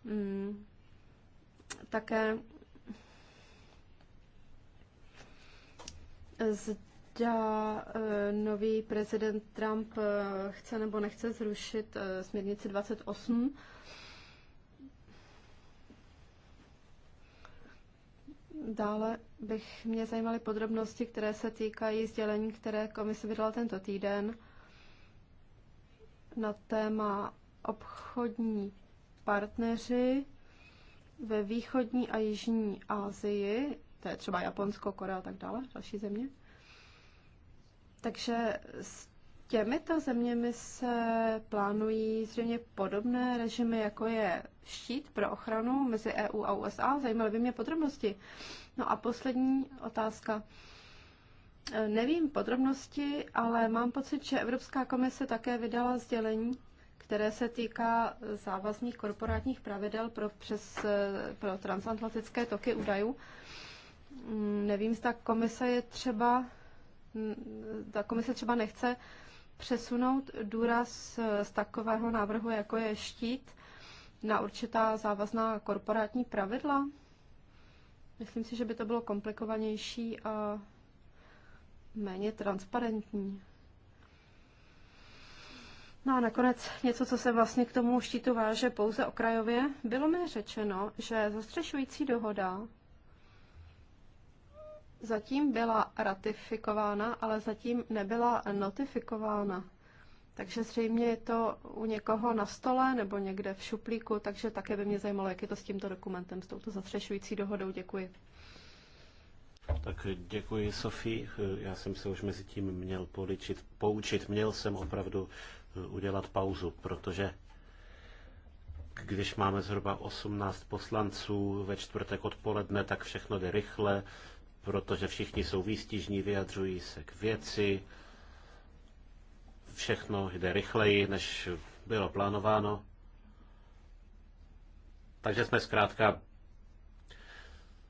Mm, také zda eh, nový prezident Trump eh, chce nebo nechce zrušit eh, směrnici 28. Dále bych mě zajímaly podrobnosti, které se týkají sdělení, které komise vydala tento týden na téma obchodní partneři ve východní a jižní Asii to je třeba Japonsko, Korea a tak dále, další země. Takže s těmito zeměmi se plánují zřejmě podobné režimy, jako je štít pro ochranu mezi EU a USA. Zajímaly by mě podrobnosti. No a poslední otázka. Nevím podrobnosti, ale mám pocit, že Evropská komise také vydala sdělení, které se týká závazných korporátních pravidel pro, přes, pro transatlantické toky údajů. Mm, nevím, zda komise je třeba, ta mm, komise třeba nechce přesunout důraz eh, z takového návrhu, jako je štít, na určitá závazná korporátní pravidla. Myslím si, že by to bylo komplikovanější a méně transparentní. No a nakonec něco, co se vlastně k tomu štítu váže pouze okrajově. Bylo mi řečeno, že zastřešující dohoda zatím byla ratifikována, ale zatím nebyla notifikována. Takže zřejmě je to u někoho na stole nebo někde v šuplíku, takže také by mě zajímalo, jak je to s tímto dokumentem, s touto zastřešující dohodou. Děkuji. Tak děkuji, Sofii. Já jsem se už mezi tím měl poličit, poučit. Měl jsem opravdu eh, udělat pauzu, protože když máme zhruba 18 poslanců ve čtvrtek odpoledne, tak všechno jde rychle, protože všichni jsou výstižní, vyjadřují se k věci, všechno jde rychleji, než bylo plánováno. Takže jsme zkrátka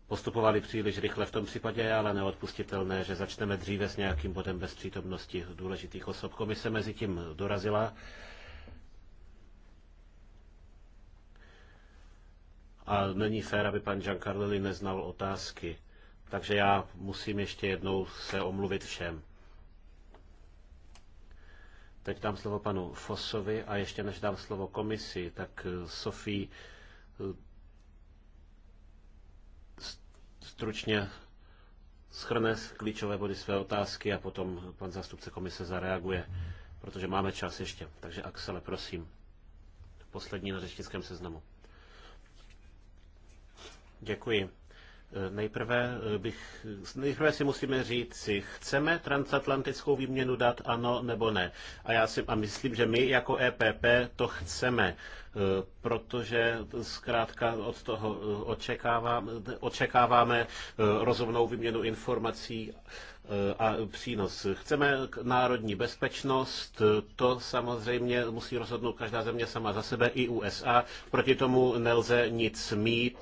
postupovali příliš rychle v tom případě, ale neodpustitelné, že začneme dříve s nějakým bodem bez přítomnosti důležitých osob. Komise mezi tím dorazila. A není fér, aby pan Giancarlo neznal otázky. Takže já musím ještě jednou se omluvit všem. Teď dám slovo panu Fosovi a ještě než dám slovo komisi, tak eh, Sofí eh, stručně schrne klíčové body své otázky a potom pan zástupce komise zareaguje, protože máme čas ještě. Takže Axele, prosím, poslední na řečnickém seznamu. Děkuji. Nejprve, eh, bych, nejprve si musíme říct, si chceme transatlantickou výměnu dat, ano nebo ne. A já si a myslím, že my jako EPP to chceme, eh, protože zkrátka od toho eh, očekáváme, očekáváme rozumnou výměnu informací a přínos. Chceme národní bezpečnost, to samozřejmě musí rozhodnout každá země sama za sebe, i USA. Proti tomu nelze nic mít,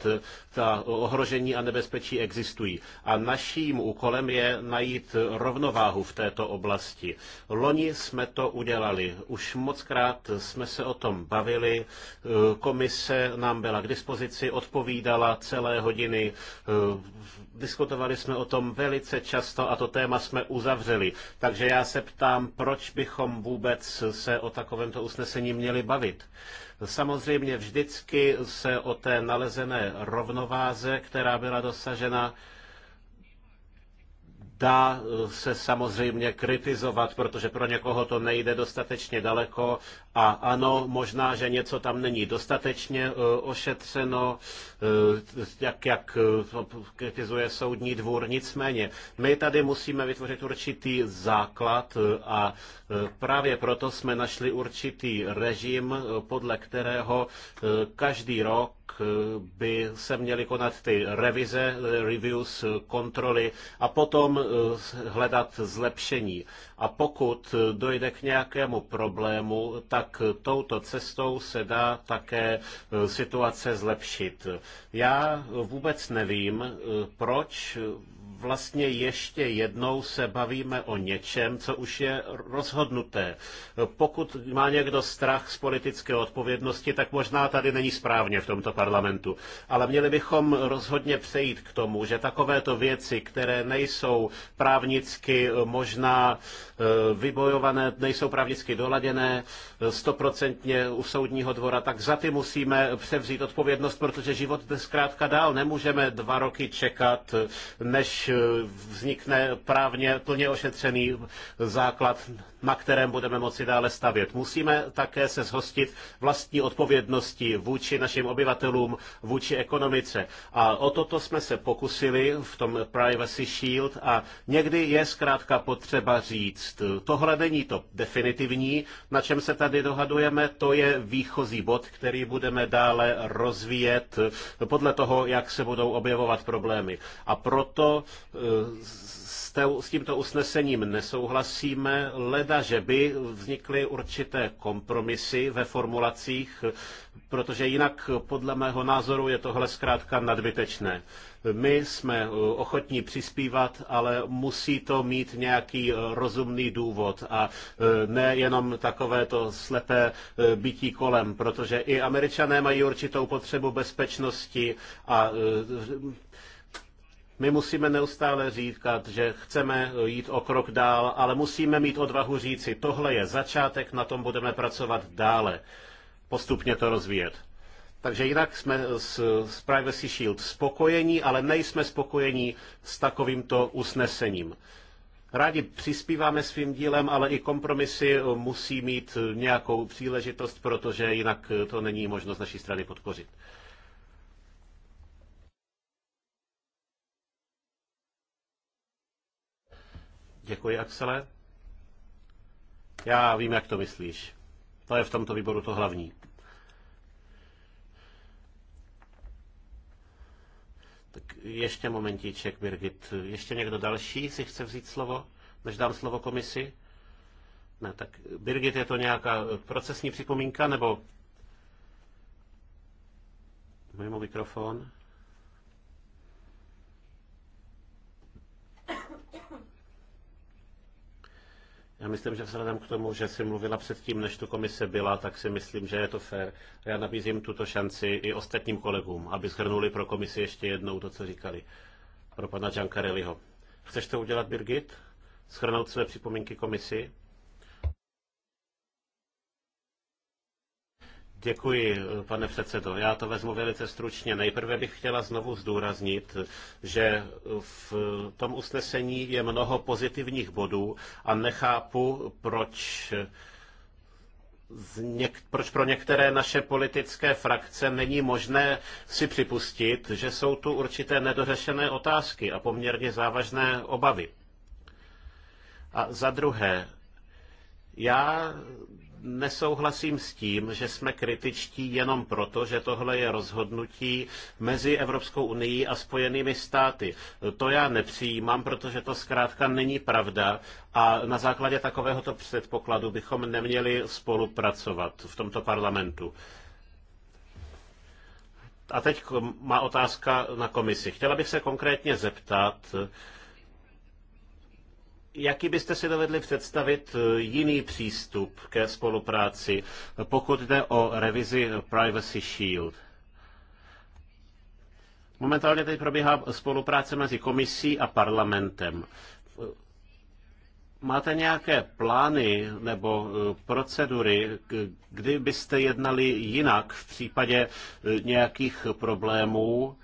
ta ohrožení a nebezpečí existují. A naším úkolem je najít rovnováhu v této oblasti. Loni jsme to udělali. Už mockrát jsme se o tom bavili. Komise nám byla k dispozici, odpovídala celé hodiny eh, Diskutovali jsme o tom velice často a to téma jsme uzavřeli. Takže já se ptám, proč bychom vůbec se o takovémto usnesení měli bavit. Samozřejmě vždycky se o té nalezené rovnováze, která byla dosažena, dá se samozřejmě kritizovat, protože pro někoho to nejde dostatečně daleko a ano, možná, že něco tam není dostatečně eh, ošetřeno, eh, jak, jak eh, kritizuje soudní dvůr. Nicméně, my tady musíme vytvořit určitý základ a právě proto jsme našli určitý režim, podle kterého každý rok by se měly konat ty revize, reviews, kontroly a potom hledat zlepšení. A pokud dojde k nějakému problému, tak touto cestou se dá také e, situace zlepšit. Já vůbec nevím, e, proč vlastně ještě jednou se bavíme o něčem, co už je rozhodnuté. Pokud má někdo strach z politické odpovědnosti, tak možná tady není správně v tomto parlamentu. Ale měli bychom rozhodně přejít k tomu, že takovéto věci, které nejsou právnicky možná eh, vybojované, nejsou právnicky doladěné, eh, stoprocentně u soudního dvora, tak za ty musíme převzít odpovědnost, protože život jde zkrátka dál. Nemůžeme dva roky čekat, než Eh, vznikne právně plně ošetřený základ na kterém budeme moci dále stavět. Musíme také se zhostit vlastní odpovědnosti vůči našim obyvatelům, vůči ekonomice. A o toto jsme se pokusili v tom Privacy Shield a někdy je zkrátka potřeba říct, tohle není to definitivní, na čem se tady dohadujeme, to je výchozí bod, který budeme dále rozvíjet podle toho, jak se budou objevovat problémy. A proto eh, s, tímto usnesením nesouhlasíme, leda, že by vznikly určité kompromisy ve formulacích, protože jinak podle mého názoru je tohle zkrátka nadbytečné. My jsme eh, ochotní přispívat, ale musí to mít nějaký eh, rozumný důvod a eh, ne jenom takové to slepé bytí kolem, protože i američané mají určitou potřebu bezpečnosti a my musíme neustále říkat, že chceme jít o krok dál, ale musíme mít odvahu říci, tohle je začátek, na tom budeme pracovat dále, postupně to rozvíjet. Takže jinak jsme s, s Privacy Shield spokojení, ale nejsme spokojení s takovýmto usnesením. Rádi přispíváme svým dílem, ale i kompromisy musí mít nějakou příležitost, protože jinak to není možnost z naší strany podpořit. Děkuji, Axele. Já vím, jak to myslíš. To je v tomto výboru to hlavní. Tak ještě momentíček, Birgit. Ještě někdo další si chce vzít slovo, než dám slovo komisi? Ne, tak Birgit, je to nějaká procesní připomínka, nebo mimo mikrofon? Já myslím, že vzhledem k tomu, že jsi mluvila předtím, než tu komise byla, tak si myslím, že je to fér. Já nabízím tuto šanci i ostatním kolegům, aby shrnuli pro komisi ještě jednou to, co říkali. Pro pana Giancarelliho. Chceš to udělat, Birgit? Schrnout své připomínky komisi? Děkuji, pane předsedo. Já to vezmu velice stručně. Nejprve bych chtěla znovu zdůraznit, že v tom usnesení je mnoho pozitivních bodů a nechápu, proč Něk, proč pro některé naše politické frakce není možné si připustit, že jsou tu určité nedořešené otázky a poměrně závažné obavy. A za druhé, já nesouhlasím s tím, že jsme kritičtí jenom proto, že tohle je rozhodnutí mezi Evropskou unii a Spojenými státy. To já nepřijímám, protože to zkrátka není pravda a na základě takovéhoto předpokladu bychom neměli spolupracovat v tomto parlamentu. A teď má otázka na komisi. Chtěla bych se konkrétně zeptat, Jaký byste si dovedli představit e, jiný přístup ke spolupráci, pokud jde o revizi Privacy Shield? Momentálně teď probíhá spolupráce mezi komisí a parlamentem. E, máte nějaké plány nebo e, procedury, kdy byste jednali jinak v případě nějakých problémů,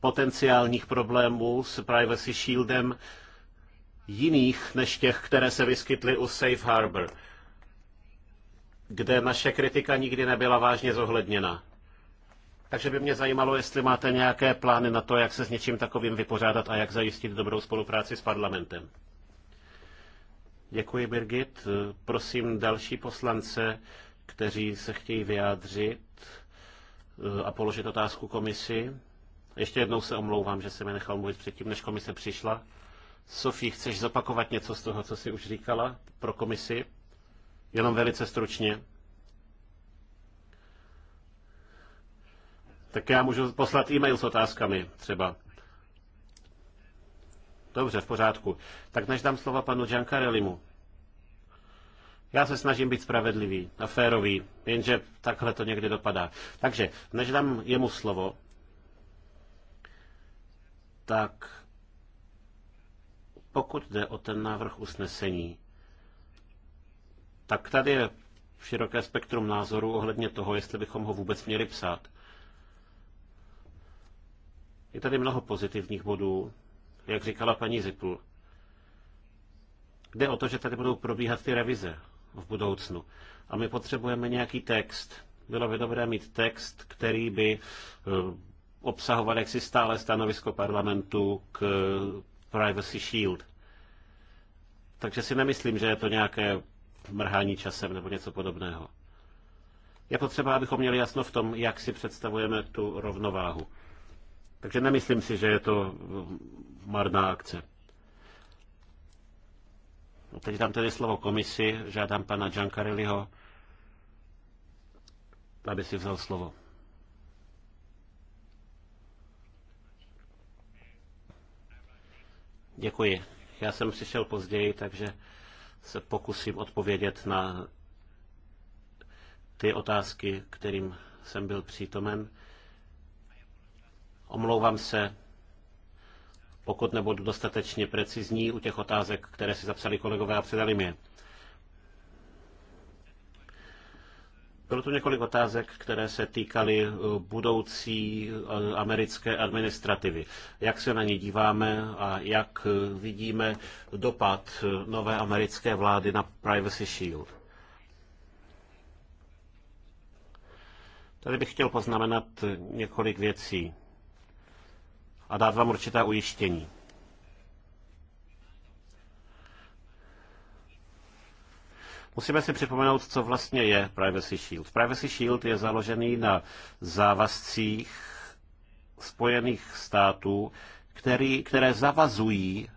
potenciálních problémů s Privacy Shieldem? jiných než těch, které se vyskytly u Safe Harbor, kde naše kritika nikdy nebyla vážně zohledněna. Takže by mě zajímalo, jestli máte nějaké plány na to, jak se s něčím takovým vypořádat a jak zajistit dobrou spolupráci s parlamentem. Děkuji, Birgit. Prosím další poslance, kteří se chtějí vyjádřit a položit otázku komisi. Ještě jednou se omlouvám, že jsem je nechal mluvit předtím, než komise přišla. Sofie, chceš zopakovat něco z toho, co jsi už říkala pro komisi? Jenom velice stručně. Tak já můžu poslat e-mail s otázkami třeba. Dobře, v pořádku. Tak než dám slova panu Giancarellimu. Já se snažím být spravedlivý a férový, jenže takhle to někdy dopadá. Takže, než dám jemu slovo, tak pokud jde o ten návrh usnesení, tak tady je široké spektrum názorů ohledně toho, jestli bychom ho vůbec měli psát. Je tady mnoho pozitivních bodů, jak říkala paní Zipl. Jde o to, že tady budou probíhat ty revize v budoucnu. A my potřebujeme nějaký text. Bylo by dobré mít text, který by eh, obsahoval jaksi stále stanovisko parlamentu k Privacy Shield. Takže si nemyslím, že je to nějaké mrhání časem nebo něco podobného. Je potřeba, abychom měli jasno v tom, jak si představujeme tu rovnováhu. Takže nemyslím si, že je to mm, marná akce. No, teď dám tedy slovo komisi, žádám pana Giancarelliho, aby si vzal slovo. Děkuji. Já jsem přišel později, takže se pokusím odpovědět na ty otázky, kterým jsem byl přítomen. Omlouvám se, pokud nebudu dostatečně precizní u těch otázek, které si zapsali kolegové a předali mě. Bylo tu několik otázek, které se týkaly eh, budoucí eh, americké administrativy. Jak se na ně díváme a jak eh, vidíme dopad nové americké vlády na Privacy Shield? Tady bych chtěl poznamenat několik věcí a dát vám určité ujištění. Musíme si připomenout, co vlastně je Privacy Shield. Privacy Shield je založený na závazcích Spojených států, který, které zavazují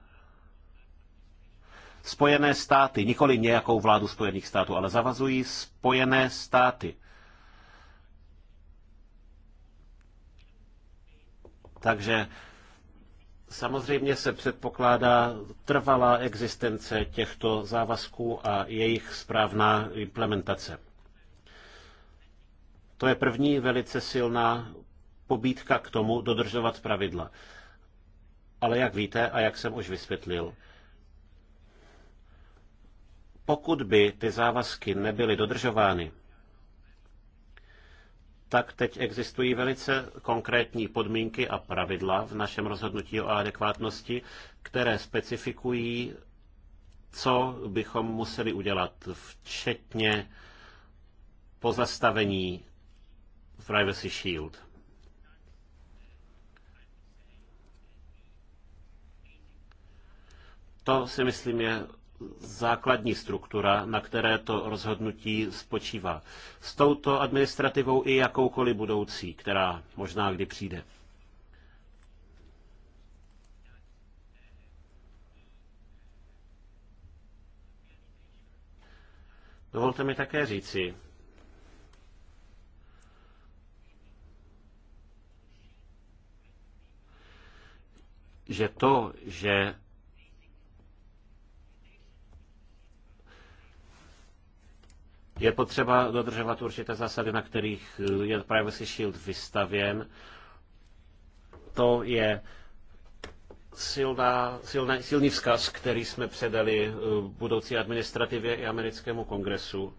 Spojené státy, nikoli nějakou vládu Spojených států, ale zavazují Spojené státy. Takže Samozřejmě se předpokládá trvalá existence těchto závazků a jejich správná implementace. To je první velice silná pobídka k tomu dodržovat pravidla. Ale jak víte a jak jsem už vysvětlil, pokud by ty závazky nebyly dodržovány, tak teď existují velice konkrétní podmínky a pravidla v našem rozhodnutí o adekvátnosti, které specifikují, co bychom museli udělat, včetně pozastavení Privacy Shield. To si myslím je základní struktura, na které to rozhodnutí spočívá. S touto administrativou i jakoukoliv budoucí, která možná kdy přijde. Dovolte mi také říci, že to, že Je potřeba dodržovat určité zásady, na kterých eh, je Privacy Shield vystavěn. To je silná, silné, silný vzkaz, který jsme předali eh, budoucí administrativě i americkému kongresu.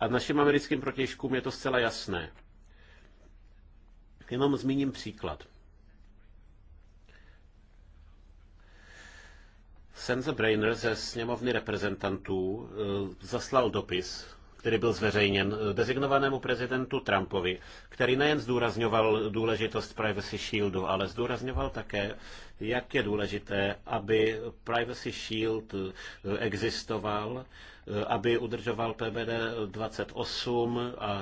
A našim americkým protěžkům je to zcela jasné. Jenom zmíním příklad. Senza Brainer ze sněmovny reprezentantů eh, zaslal dopis, který byl zveřejněn eh, dezignovanému prezidentu Trumpovi, který nejen zdůrazňoval důležitost Privacy Shieldu, ale zdůrazňoval také, jak je důležité, aby Privacy Shield eh, existoval, aby udržoval PBD 28 a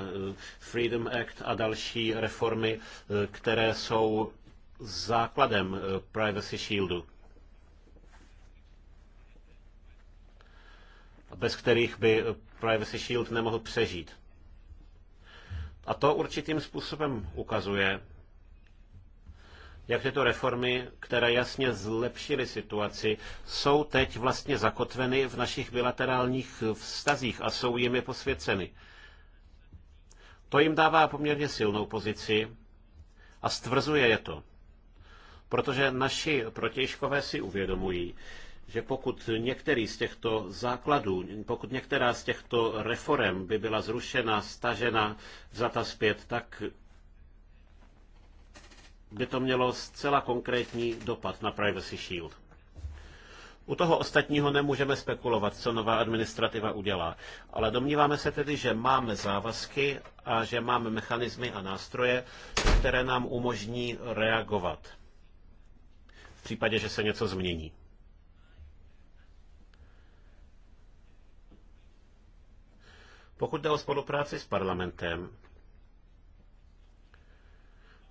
Freedom Act a další reformy, které jsou základem Privacy Shieldu. bez kterých by eh, Privacy Shield nemohl přežít. A to určitým způsobem ukazuje, jak tyto reformy, které jasně zlepšily situaci, jsou teď vlastně zakotveny v našich bilaterálních eh, vztazích a jsou jimi posvěceny. To jim dává poměrně silnou pozici a stvrzuje je to. Protože naši protějškové si uvědomují, že pokud některý z těchto základů, pokud některá z těchto reform by byla zrušena, stažena, vzata zpět, tak by to mělo zcela konkrétní dopad na Privacy Shield. U toho ostatního nemůžeme spekulovat, co nová administrativa udělá, ale domníváme se tedy, že máme závazky a že máme mechanismy a nástroje, které nám umožní reagovat v případě, že se něco změní. Pokud jde o spolupráci s parlamentem,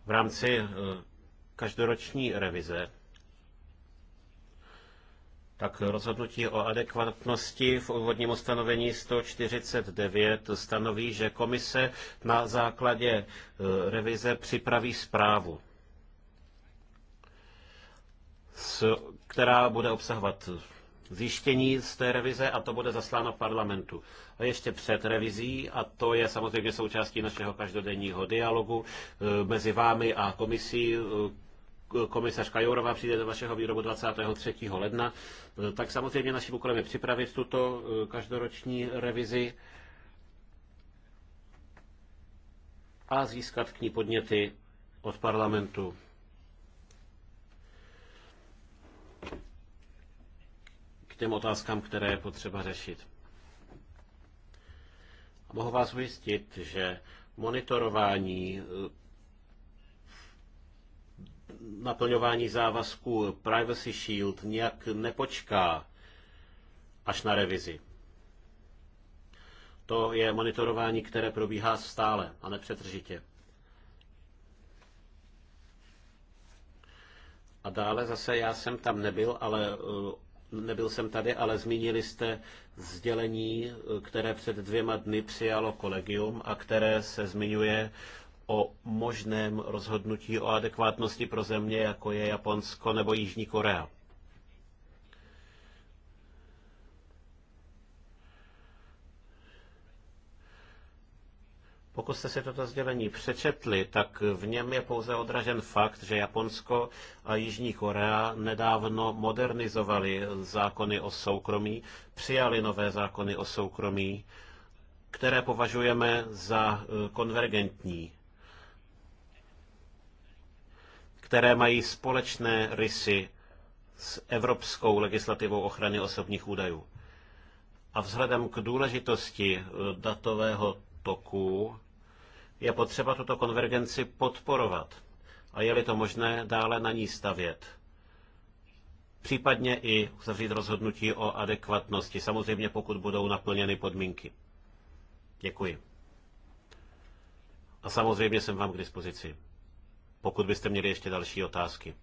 v rámci eh, každoroční revize, tak rozhodnutí o adekvatnosti v úvodním ustanovení 149 stanoví, že komise na základě eh, revize připraví zprávu, která bude obsahovat zjištění z té revize a to bude zasláno parlamentu. A ještě před revizí, a to je samozřejmě součástí našeho každodenního dialogu e, mezi vámi a komisí, e, komisařka Jourová přijde do vašeho výrobu 23. ledna, e, tak samozřejmě naším úkolem je připravit tuto každoroční revizi a získat k ní podněty od parlamentu. těm otázkám, které je potřeba řešit. A mohu vás ujistit, že monitorování eh, naplňování závazků Privacy Shield nějak nepočká až na revizi. To je monitorování, které probíhá stále a nepřetržitě. A dále zase já jsem tam nebyl, ale eh, nebyl jsem tady, ale zmínili jste sdělení, které před dvěma dny přijalo kolegium a které se zmiňuje o možném rozhodnutí o adekvátnosti pro země, jako je Japonsko nebo Jižní Korea. Pokud jste si toto sdělení přečetli, tak v něm je pouze odražen fakt, že Japonsko a Jižní Korea nedávno modernizovali zákony o soukromí, přijali nové zákony o soukromí, které považujeme za eh, konvergentní, které mají společné rysy s evropskou legislativou ochrany osobních údajů. A vzhledem k důležitosti eh, datového toku je potřeba tuto konvergenci podporovat a je-li to možné, dále na ní stavět. Případně i uzavřít rozhodnutí o adekvatnosti, samozřejmě pokud budou naplněny podmínky. Děkuji. A samozřejmě jsem vám k dispozici, pokud byste měli ještě další otázky.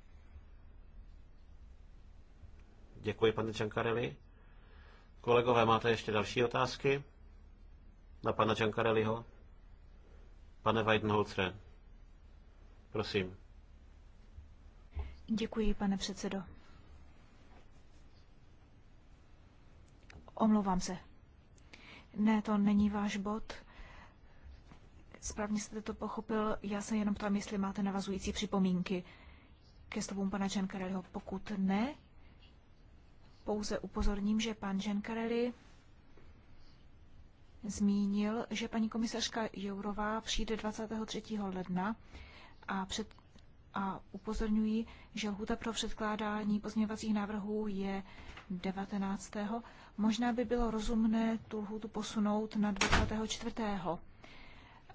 Děkuji, pane Čankareli. Kolegové, máte ještě další otázky na pana Čankareliho? Pane Weidenholzre, prosím. Děkuji, pane předsedo. Omlouvám se. Ne, to není váš bod. Správně jste to pochopil. Já se jenom ptám, jestli máte navazující připomínky ke slovům pana Giancarelliho. Pokud ne, pouze upozorním, že pan Giancarelli zmínil, že paní komisařka Jourová přijde 23. ledna a, před, a upozorňuji, že lhuta pro předkládání pozměňovacích návrhů je 19. Možná by bylo rozumné tu lhutu posunout na 24.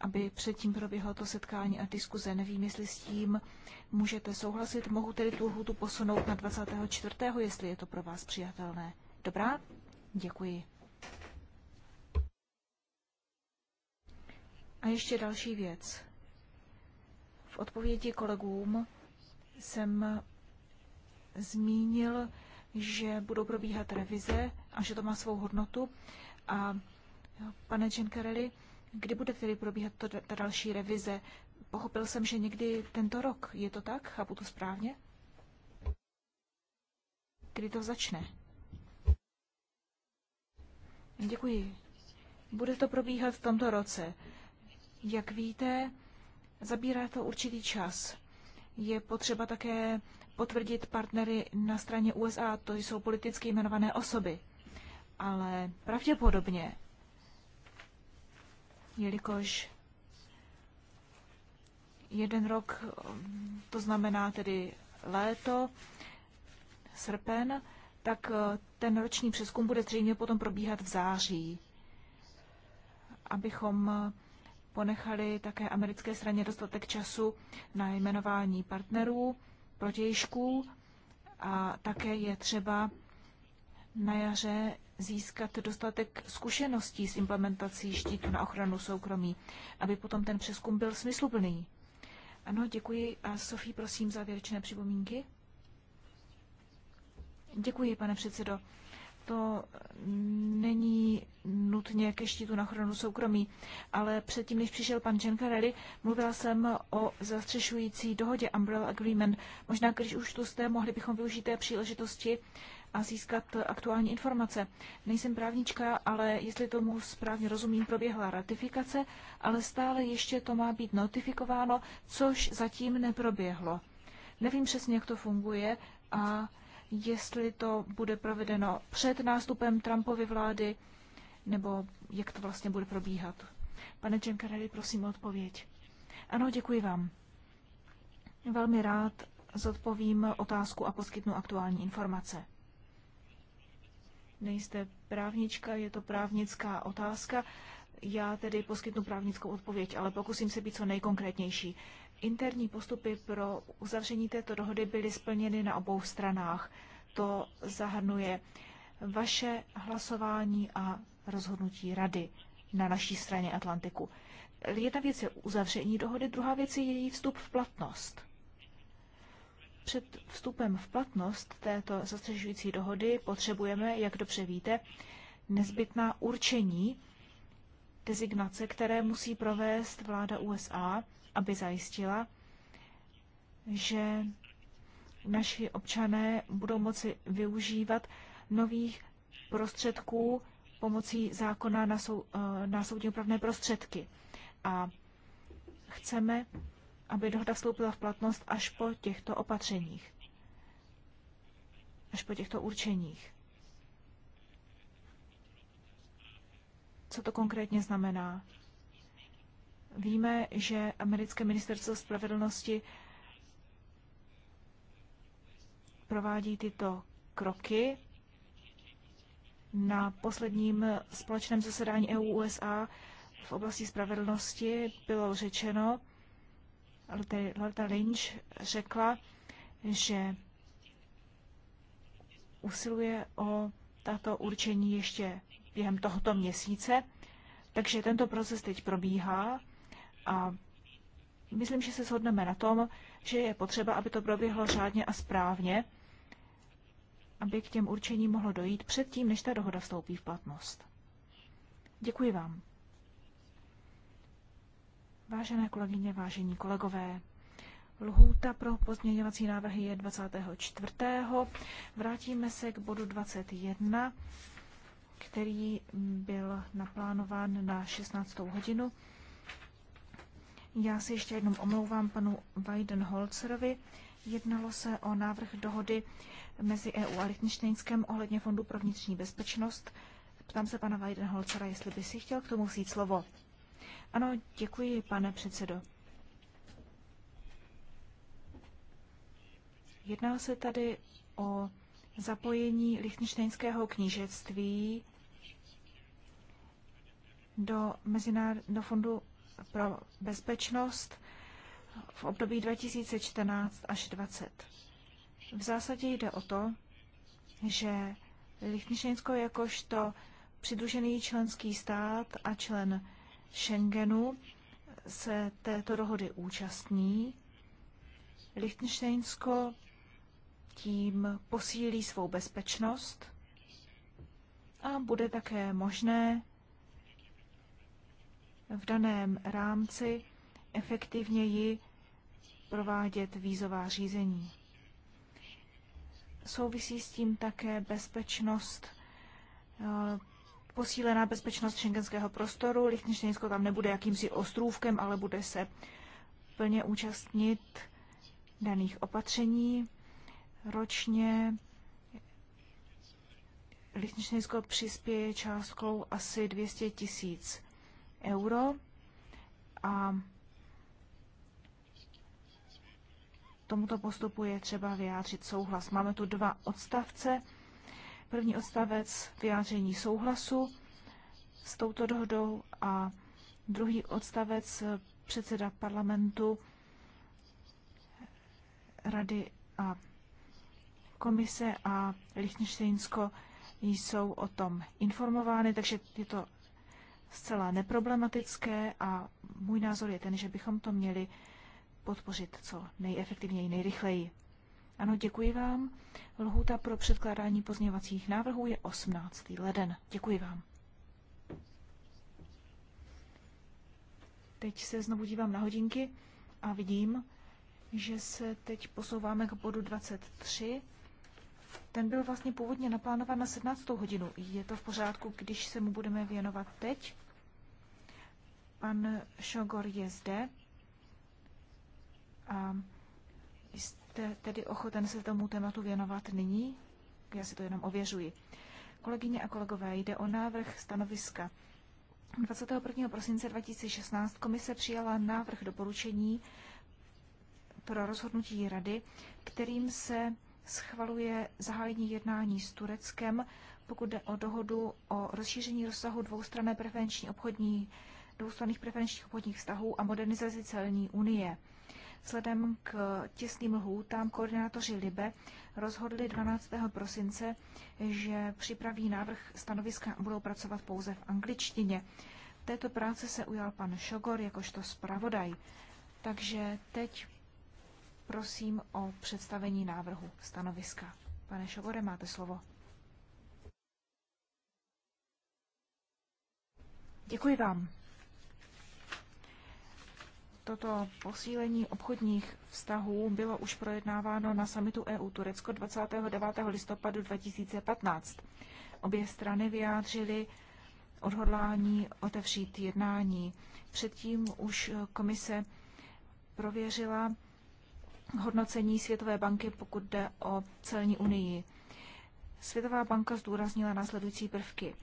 aby předtím proběhlo to setkání a diskuze. Nevím, jestli s tím můžete souhlasit. Mohu tedy tu lhutu posunout na 24., jestli je to pro vás přijatelné. Dobrá? Děkuji. A ještě další věc. V odpovědi kolegům jsem zmínil, že budou probíhat revize a že to má svou hodnotu. A pane Čenkareli, kdy bude tedy probíhat to, ta další revize? Pochopil jsem, že někdy tento rok. Je to tak? Chápu to správně? Kdy to začne? Děkuji. Bude to probíhat v tomto roce. Jak víte, zabírá to určitý čas. Je potřeba také potvrdit partnery na straně USA, to jsou politicky jmenované osoby. Ale pravděpodobně, jelikož jeden rok, to znamená tedy léto, srpen, tak eh, ten roční přeskum bude zřejmě potom probíhat v září, abychom eh, ponechali také americké straně dostatek času na jmenování partnerů, protějšků a také je třeba na jaře získat dostatek zkušeností s implementací štítu na ochranu soukromí, aby potom ten přeskum byl smysluplný. Ano, děkuji. A Sofí, prosím, závěrečné připomínky. Děkuji, pane předsedo to není nutně ke štítu na chronu soukromí, ale předtím, než přišel pan Giancarelli, mluvila jsem o zastřešující dohodě Umbrella Agreement. Možná, když už tu jste, mohli bychom využít té příležitosti a získat aktuální informace. Nejsem právnička, ale jestli tomu správně rozumím, proběhla ratifikace, ale stále ještě to má být notifikováno, což zatím neproběhlo. Nevím přesně, jak to funguje a jestli to bude provedeno před nástupem Trumpovy vlády, nebo jak to vlastně bude probíhat. Pane Giancarelli, prosím o odpověď. Ano, děkuji vám. Velmi rád zodpovím otázku a poskytnu aktuální informace. Nejste právnička, je to právnická otázka. Já tedy poskytnu právnickou odpověď, ale pokusím se být co nejkonkrétnější. Interní postupy pro uzavření této dohody byly splněny na obou stranách. To zahrnuje vaše hlasování a rozhodnutí rady na naší straně Atlantiku. Jedna věc je uzavření dohody, druhá věc je její vstup v platnost. Před vstupem v platnost této zastřežující dohody potřebujeme, jak dobře víte, nezbytná určení designace, které musí provést vláda USA aby zajistila, že naši občané budou moci využívat nových prostředků pomocí zákona na, sou, eh, na soudní opravné prostředky. A chceme, aby dohoda vstoupila v platnost až po těchto opatřeních, až po těchto určeních. Co to konkrétně znamená? Víme, že americké ministerstvo spravedlnosti provádí tyto kroky. Na posledním společném zasedání EU-USA v oblasti spravedlnosti bylo řečeno, Lorda Lynch řekla, že usiluje o tato určení ještě během tohoto měsíce, takže tento proces teď probíhá a myslím, že se shodneme na tom, že je potřeba, aby to proběhlo řádně a správně, aby k těm určením mohlo dojít předtím, než ta dohoda vstoupí v platnost. Děkuji vám. Vážené kolegyně, vážení kolegové, lhůta pro pozměňovací návrhy je 24. Vrátíme se k bodu 21, který byl naplánován na 16. hodinu. Já se ještě jednou omlouvám panu Weidenholzerovi. Jednalo se o návrh dohody mezi EU a Lichtensteinskem ohledně Fondu pro vnitřní bezpečnost. Ptám se pana Weidenholzera, jestli by si chtěl k tomu vzít slovo. Ano, děkuji, pane předsedo. Jedná se tady o zapojení Lichtensteinského knížectví do, do Fondu pro bezpečnost v období 2014 až 2020. V zásadě jde o to, že Lichtenštejnsko jakožto přidružený členský stát a člen Schengenu se této dohody účastní. Lichtenštejnsko tím posílí svou bezpečnost a bude také možné v daném rámci efektivněji provádět vízová řízení. Souvisí s tím také bezpečnost, eh, posílená bezpečnost šengenského prostoru. Lichtenštejnsko tam nebude jakýmsi ostrůvkem, ale bude se plně účastnit daných opatření. Ročně Lichtenštejnsko přispěje částkou asi 200 tisíc euro a tomuto postupu je třeba vyjádřit souhlas. Máme tu dva odstavce. První odstavec vyjádření souhlasu s touto dohodou a druhý odstavec předseda parlamentu rady a komise a Lichtensteinsko jsou o tom informovány, takže je to zcela neproblematické a můj názor je ten, že bychom to měli podpořit co nejefektivněji, nejrychleji. Ano, děkuji vám. Lhůta pro předkládání pozměňovacích návrhů je 18. leden. Děkuji vám. Teď se znovu dívám na hodinky a vidím, že se teď posouváme k bodu 23. Ten byl vlastně původně naplánován na 17. hodinu. Je to v pořádku, když se mu budeme věnovat teď? Pan Šogor je zde. A jste tedy ochoten se tomu tématu věnovat nyní? Já si to jenom ověřuji. Kolegyně a kolegové, jde o návrh stanoviska. 21. prosince 2016 komise přijala návrh doporučení pro rozhodnutí rady, kterým se schvaluje zahájení jednání s Tureckem, pokud jde o dohodu o rozšíření rozsahu dvoustranné preferenční obchodní, dvoustranných preferenčních obchodních vztahů a modernizaci celní unie. Vzhledem k těsným lhůtám koordinátoři Libe rozhodli 12. prosince, že připraví návrh stanoviska a budou pracovat pouze v angličtině. Této práce se ujal pan Šogor jakožto zpravodaj. Takže teď prosím o představení návrhu stanoviska. Pane Šovore, máte slovo. Děkuji vám. Toto posílení obchodních vztahů bylo už projednáváno na samitu EU Turecko 29. listopadu 2015. Obě strany vyjádřily odhodlání otevřít jednání. Předtím už komise prověřila hodnocení Světové banky, pokud jde o celní unii. Světová banka zdůraznila následující prvky.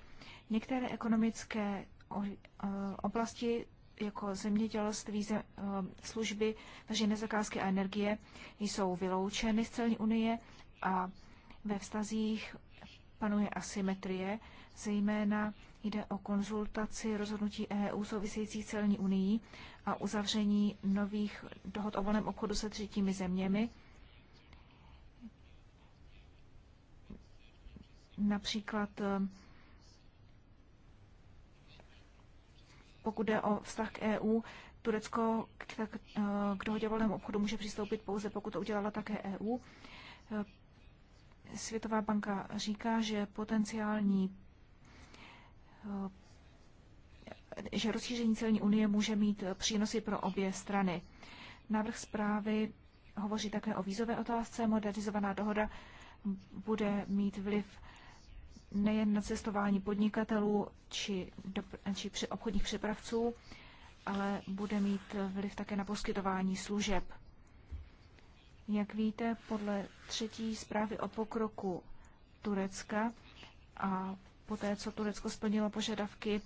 Některé ekonomické eh, oblasti, jako zemědělství, eh, služby, veřejné zakázky a energie, jsou vyloučeny z celní unie a ve vztazích panuje asymetrie, zejména Jde o konzultaci rozhodnutí EU související celní unii a uzavření nových dohod o volném obchodu se třetími zeměmi, například eh, pokud jde o vztah k EU, Turecko k, k, eh, k dohodě volném obchodu může přistoupit pouze, pokud to udělala také EU. Eh, Světová banka říká, že potenciální Eh, že rozšíření celní unie může mít eh, přínosy pro obě strany. Návrh zprávy hovoří také o vízové otázce. Modernizovaná dohoda bude mít vliv nejen na cestování podnikatelů či, do, či při obchodních přepravců, ale bude mít vliv také na poskytování služeb. Jak víte, podle třetí zprávy o pokroku Turecka a poté co Turecko splnilo požadavky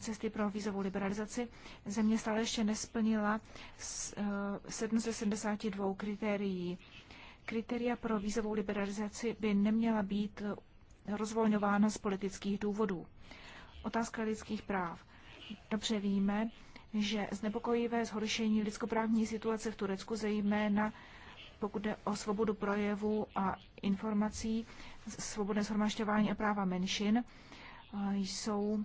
cesty pro vízovou liberalizaci, země stále ještě nesplnila 772 eh, kritérií. Kritéria pro vízovou liberalizaci by neměla být rozvolňována z politických důvodů. Otázka lidských práv. Dobře víme, že znepokojivé zhoršení lidskoprávní situace v Turecku, zejména pokud jde o svobodu projevu a informací, svobodné shromažďování a práva menšin, eh, jsou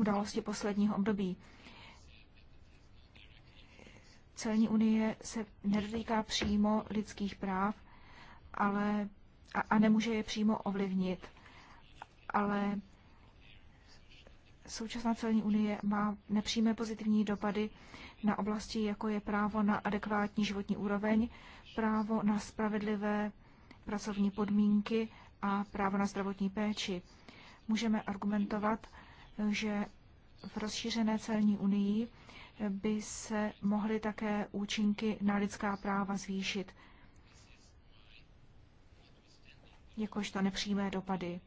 události posledního období. Celní unie se nedotýká přímo lidských práv, ale a, a nemůže je přímo ovlivnit. Ale současná celní unie má nepřímé pozitivní dopady na oblasti, jako je právo na adekvátní životní úroveň, právo na spravedlivé pracovní podmínky a právo na zdravotní péči. Můžeme argumentovat, že v rozšířené celní unii by se mohly také účinky na lidská práva zvýšit, jakožto nepřímé dopady.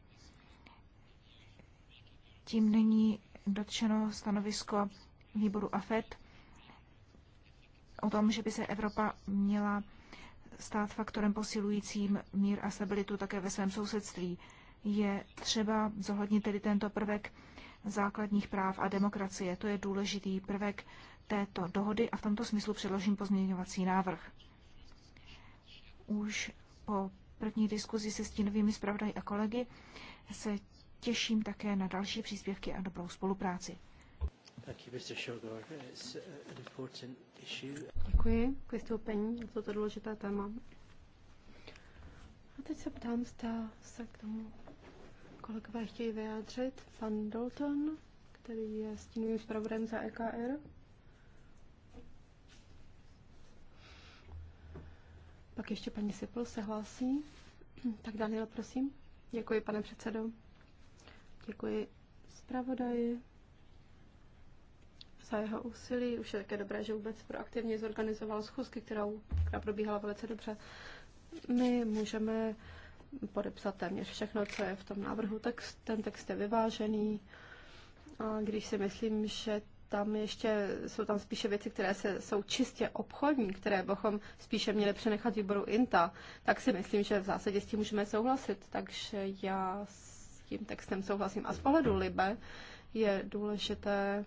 Tím není dotčeno stanovisko výboru AFET o tom, že by se Evropa měla stát faktorem posilujícím mír a stabilitu také ve svém sousedství. Je třeba zohlednit tedy tento prvek základních práv a demokracie. To je důležitý prvek této dohody a v tomto smyslu předložím pozměňovací návrh. Už po první diskuzi se stínovými zpravodaji a kolegy se těším také na další příspěvky a dobrou spolupráci. Uh, Děkuji k vystoupení na toto důležité téma. A teď se ptám, zda se k tomu kolegové chtějí vyjádřit. Pan Dalton, který je stínovým zpravodajem za EKR. Pak ještě paní Sipl se hlásí. Tak Daniel, prosím. Děkuji, pane předsedo. Děkuji zpravodaji za jeho úsilí. Už je také dobré, že vůbec proaktivně zorganizoval schůzky, kterou, která probíhala velice dobře. My můžeme podepsat téměř všechno, co je v tom návrhu. tak ten text je vyvážený. A když si myslím, že tam ještě jsou tam spíše věci, které se, jsou čistě obchodní, které bychom spíše měli přenechat výboru INTA, tak si myslím, že v zásadě s tím můžeme souhlasit. Takže já s tím textem souhlasím. A z pohledu Libe je důležité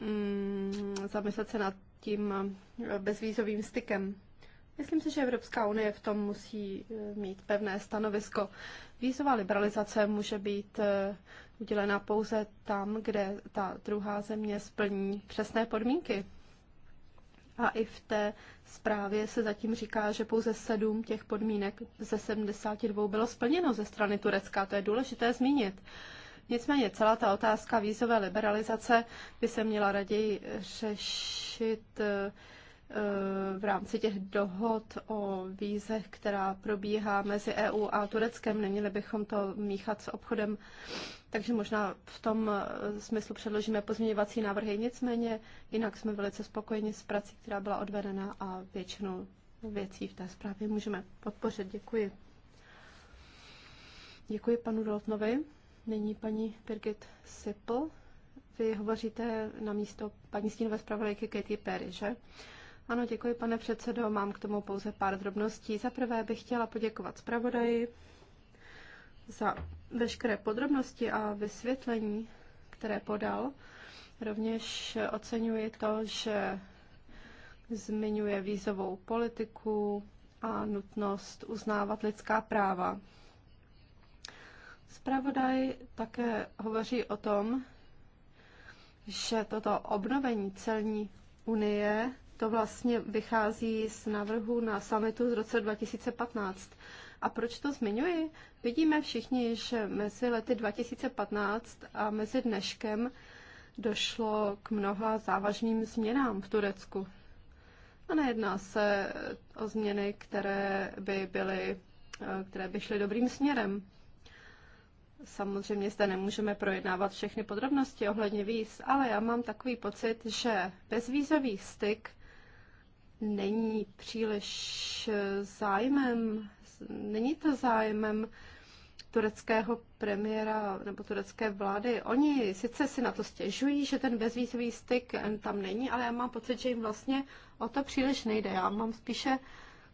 Mm, zamyslet se nad tím eh, bezvízovým stykem. Myslím si, že Evropská unie v tom musí eh, mít pevné stanovisko. Vízová liberalizace může být eh, udělená pouze tam, kde ta druhá země splní přesné podmínky. A i v té zprávě se zatím říká, že pouze sedm těch podmínek ze 72 bylo splněno ze strany Turecka. To je důležité zmínit. Nicméně celá ta otázka vízové liberalizace by se měla raději řešit eh, v rámci těch dohod o vízech, která probíhá mezi EU a Tureckem. Neměli bychom to míchat s obchodem, takže možná v tom eh, smyslu předložíme pozměňovací návrhy. Nicméně jinak jsme velice spokojeni s prací, která byla odvedena a většinu věcí v té zprávě můžeme podpořit. Děkuji. Děkuji panu Doltnovi. Nyní paní Birgit Sipl. Vy hovoříte na místo paní stínové zpravodajky Katie Perry, že? Ano, děkuji, pane předsedo. Mám k tomu pouze pár drobností. Za prvé bych chtěla poděkovat zpravodaji za veškeré podrobnosti a vysvětlení, které podal. Rovněž oceňuji to, že zmiňuje vízovou politiku a nutnost uznávat lidská práva Spravodaj také hovoří o tom, že toto obnovení celní unie to vlastně vychází z návrhu na summitu z roce 2015. A proč to zmiňuji? Vidíme všichni, že mezi lety 2015 a mezi dneškem došlo k mnoha závažným změnám v Turecku. A nejedná se o změny, které by, byly, eh, které by šly dobrým směrem. Samozřejmě zde nemůžeme projednávat všechny podrobnosti ohledně víz, ale já mám takový pocit, že bezvízový styk není příliš eh, zájmem, není to zájmem tureckého premiéra nebo turecké vlády. Oni sice si na to stěžují, že ten bezvízový styk eh, tam není, ale já mám pocit, že jim vlastně o to příliš nejde. Já mám spíše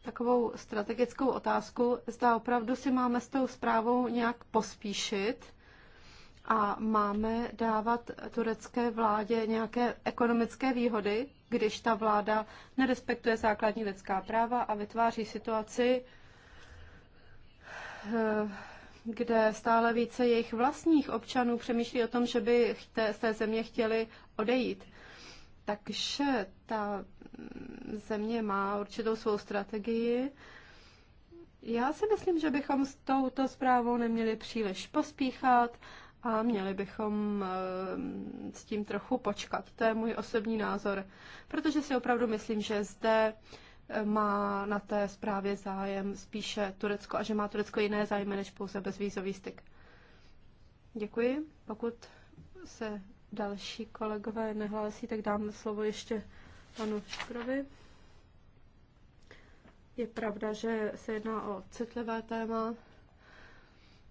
takovou strategickou otázku, zda opravdu si máme s tou zprávou nějak pospíšit a máme dávat turecké vládě nějaké ekonomické výhody, když ta vláda nerespektuje základní lidská práva a vytváří situaci, eh, kde stále více jejich vlastních občanů přemýšlí o tom, že by z té země chtěli odejít. Takže ta země má určitou svou strategii. Já si myslím, že bychom s touto zprávou neměli příliš pospíchat a měli bychom eh, s tím trochu počkat. To je můj osobní názor, protože si opravdu myslím, že zde eh, má na té zprávě zájem spíše Turecko a že má Turecko jiné zájmy než pouze bezvízový styk. Děkuji. Pokud se další kolegové nehlásí, tak dám slovo ještě panu Šukrovi. Je pravda, že se jedná o citlivé téma,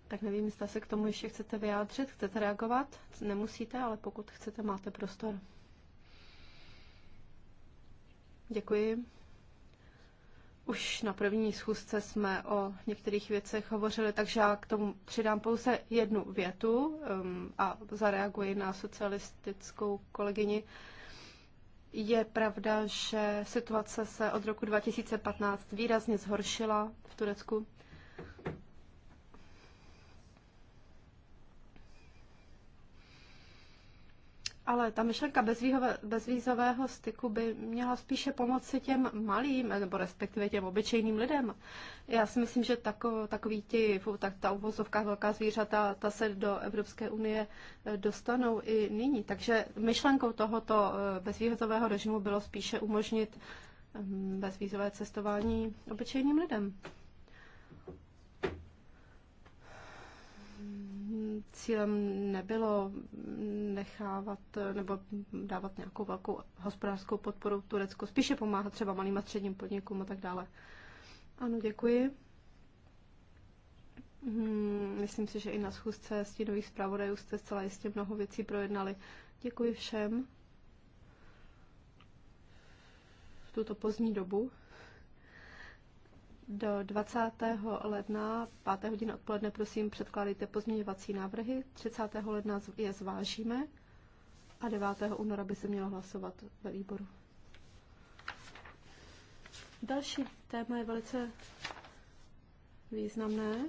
tak nevím, jestli se k tomu ještě chcete vyjádřit, chcete reagovat. Nemusíte, ale pokud chcete, máte prostor. Děkuji. Už na první schůzce jsme o některých věcech hovořili, takže já k tomu přidám pouze jednu větu um, a zareaguji na socialistickou kolegyni. Uh, je pravda, že situace se od roku 2015 výrazně zhoršila v Turecku. Ale ta myšlenka bezvízového styku by měla spíše pomoci těm malým, nebo respektive těm obyčejným lidem. Já si myslím, že tako, takový ti, tak ta uvozovka velká zvířata, ta se do Evropské unie eh, dostanou i nyní. Takže myšlenkou tohoto eh, bezvízového režimu bylo spíše umožnit mm, bezvízové cestování obyčejným lidem. cílem nebylo nechávat nebo dávat nějakou velkou hospodářskou podporu Turecku, spíše pomáhat třeba malým a středním podnikům a tak dále. Ano, děkuji. Hmm, myslím si, že i na schůzce stínových zpravodajů jste zcela jistě mnoho věcí projednali. Děkuji všem v tuto pozdní dobu. Do 20. ledna 5. hodiny odpoledne prosím předkládejte pozměňovací návrhy. 30. ledna je zvážíme a 9. února by se mělo hlasovat ve výboru. Další téma je velice významné.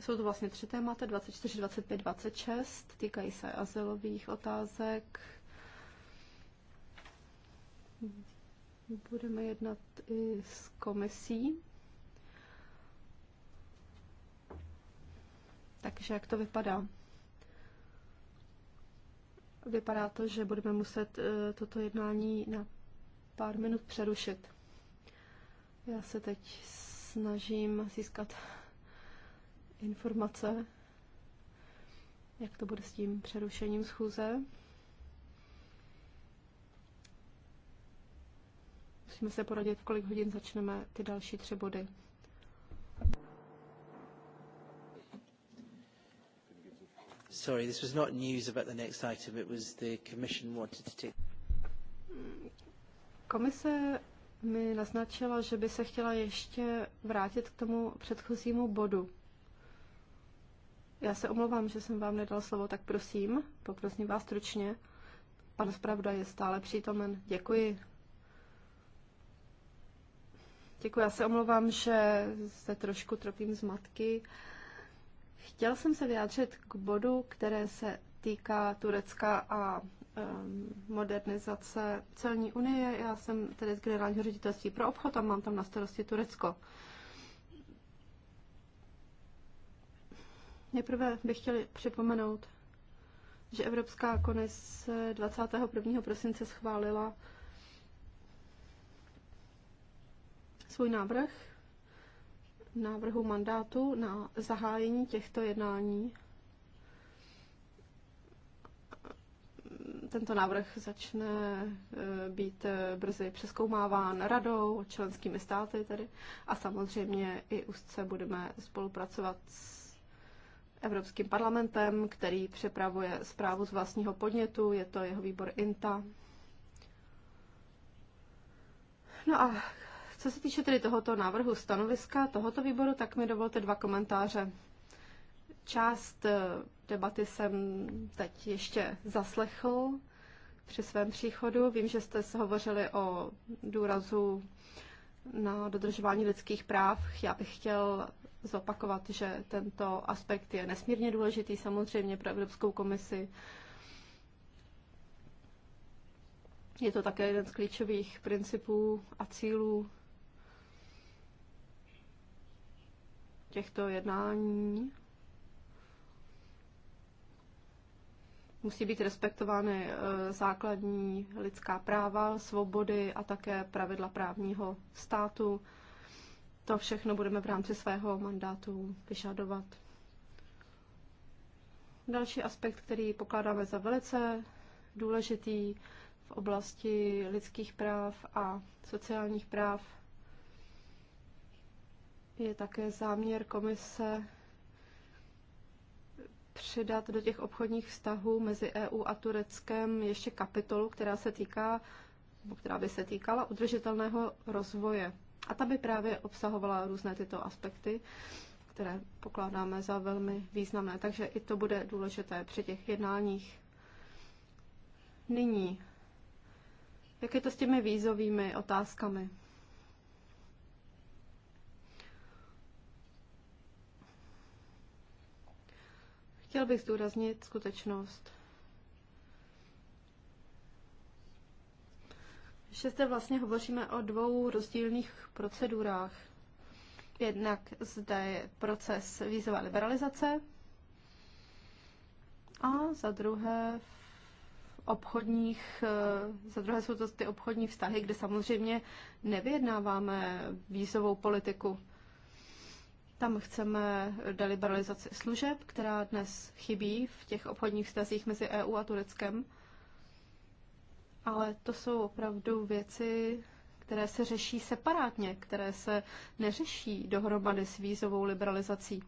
Jsou to vlastně tři témata, 24, 25, 26, týkají se azylových otázek, budeme jednat i s komisí. Takže jak to vypadá? Vypadá to, že budeme muset eh, toto jednání na pár minut přerušit. Já se teď snažím získat informace, jak to bude s tím přerušením schůze. musíme se poradit, v kolik hodin začneme ty další tři body. Sorry, this was not news about the next item. It was the commission wanted to take... Komise mi naznačila, že by se chtěla ještě vrátit k tomu předchozímu bodu. Já se omlouvám, že jsem vám nedal slovo, tak prosím, poprosím vás stručně. Pan zpravda je stále přítomen. Děkuji. Děkuji, já se omlouvám, že se trošku tropím z matky. Chtěl jsem se vyjádřit k bodu, které se týká Turecka a modernizace celní unie. Já jsem tedy z generálního ředitelství pro obchod a mám tam na starosti Turecko. Nejprve bych chtěl připomenout, že Evropská konis 21. prosince schválila svůj návrh návrhu mandátu na zahájení těchto jednání. Tento návrh začne eh, být eh, brzy přeskoumáván radou, členskými státy tedy a samozřejmě i úzce budeme spolupracovat s Evropským parlamentem, který připravuje zprávu z vlastního podnětu, je to jeho výbor INTA. No a co se týče tedy tohoto návrhu stanoviska tohoto výboru, tak mi dovolte dva komentáře. Část eh, debaty jsem teď ještě zaslechl při svém příchodu. Vím, že jste se hovořili o důrazu na dodržování lidských práv. Já bych chtěl zopakovat, že tento aspekt je nesmírně důležitý samozřejmě pro Evropskou komisi. Je to také jeden z klíčových principů a cílů těchto jednání musí být respektovány eh, základní lidská práva, svobody a také pravidla právního státu. To všechno budeme v rámci svého mandátu vyžadovat. Další aspekt, který pokládáme za velice důležitý v oblasti lidských práv a sociálních práv, je také záměr komise přidat do těch obchodních vztahů mezi EU a Tureckem ještě kapitolu, která se týká, která by se týkala udržitelného rozvoje. A ta by právě obsahovala různé tyto aspekty, které pokládáme za velmi významné. Takže i to bude důležité při těch jednáních. Nyní, jak je to s těmi vízovými otázkami? Chtěl bych zdůraznit skutečnost, že zde vlastně hovoříme o dvou rozdílných procedurách. Jednak zde je proces vízové liberalizace a za druhé obchodních, eh, za druhé jsou to ty obchodní vztahy, kde samozřejmě nevyjednáváme vízovou politiku. Tam chceme deliberalizaci služeb, která dnes chybí v těch obchodních vztazích mezi EU a Tureckem. Ale to jsou opravdu věci, které se řeší separátně, které se neřeší dohromady s vízovou liberalizací.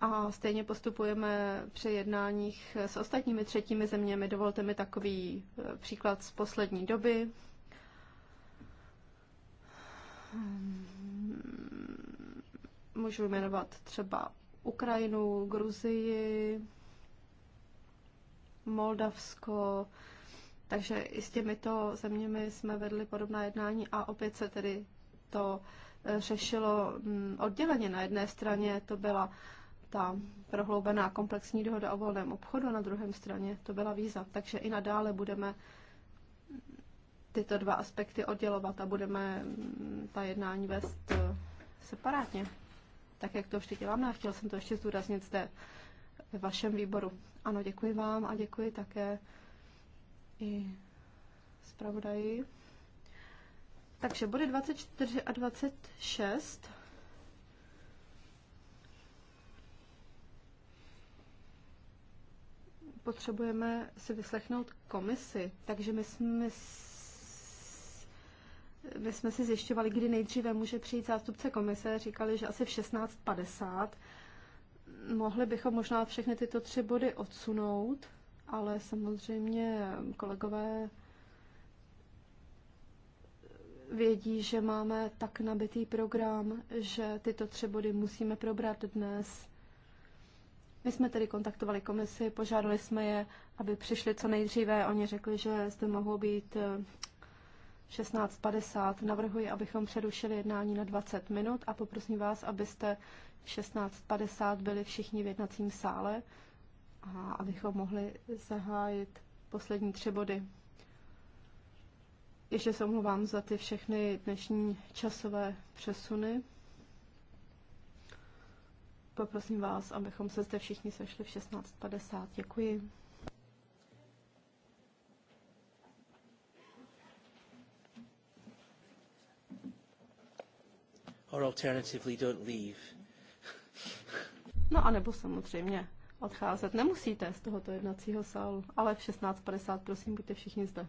A stejně postupujeme při jednáních s ostatními třetími zeměmi. Dovolte mi takový eh, příklad z poslední doby. Můžu jmenovat třeba Ukrajinu, Gruzii, Moldavsko, takže i s těmito zeměmi jsme vedli podobná jednání a opět se tedy to e, řešilo mm, odděleně. Na jedné straně to byla ta prohloubená komplexní dohoda o volném obchodu, na druhé straně to byla víza. Takže i nadále budeme tyto dva aspekty oddělovat a budeme mm, ta jednání vést e, separátně tak jak to vždy děláme a chtěl jsem to ještě zdůraznit zde ve vašem výboru. Ano, děkuji vám a děkuji také i zpravodaji. Takže body 24 a 26. Potřebujeme si vyslechnout komisi, takže my jsme my jsme si zjišťovali, kdy nejdříve může přijít zástupce komise, říkali, že asi v 16.50. Mohli bychom možná všechny tyto tři body odsunout, ale samozřejmě kolegové vědí, že máme tak nabitý program, že tyto tři body musíme probrat dnes. My jsme tedy kontaktovali komisi, požádali jsme je, aby přišli co nejdříve. Oni řekli, že zde mohou být 16.50 navrhuji, abychom přerušili jednání na 20 minut a poprosím vás, abyste v 16.50 byli všichni v jednacím sále a abychom mohli zahájit poslední tři body. Ještě se omluvám za ty všechny dnešní časové přesuny. Poprosím vás, abychom se zde všichni sešli v 16.50. Děkuji. or alternatively don't leave. No a nebo samozřejmě odcházet nemusíte z tohoto jednacího sálu, ale v 16.50 prosím buďte všichni zde.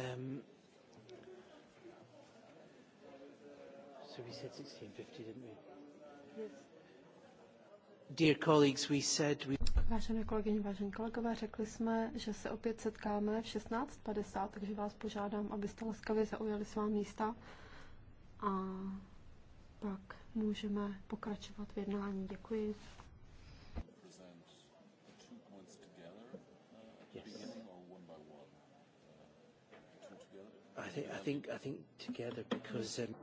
Um, so we said 16.50, didn't we? Yes. Dear colleagues, we said we... Vážené kolegyně, vážení kolegové, řekli jsme, že se opět setkáme v 16.50, takže vás požádám, abyste laskavě zaujali svá místa a pak můžeme pokračovat v jednání. Děkuji. I think, I think, I think together because. Um...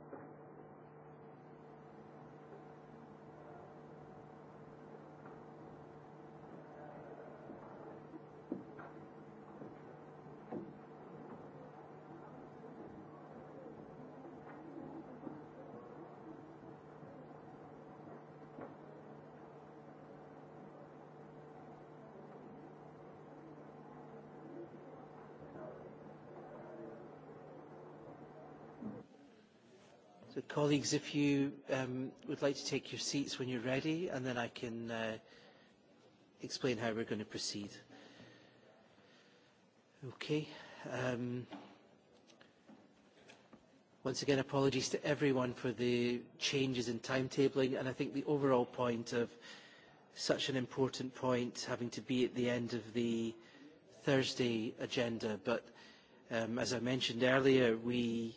Colleagues, if you um, would like to take your seats when you're ready, and then I can uh, explain how we're going to proceed. Okay. Um, once again, apologies to everyone for the changes in timetabling, and I think the overall point of such an important point having to be at the end of the Thursday agenda. But um, as I mentioned earlier, we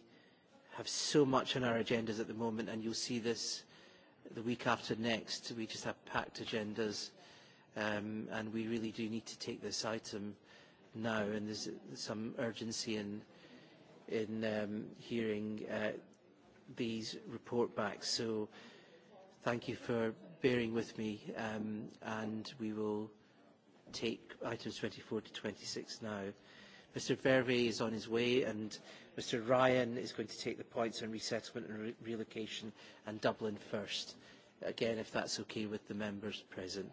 have so much on our agendas at the moment, and you'll see this the week after next. We just have packed agendas, um, and we really do need to take this item now, and there's some urgency in, in um, hearing uh, these report backs. So thank you for bearing with me, um, and we will take items 24 to 26 now. Mr Verve is on his way and Mr Ryan is going to take the points on resettlement and re relocation and Dublin first. Again, if that's okay with the members present.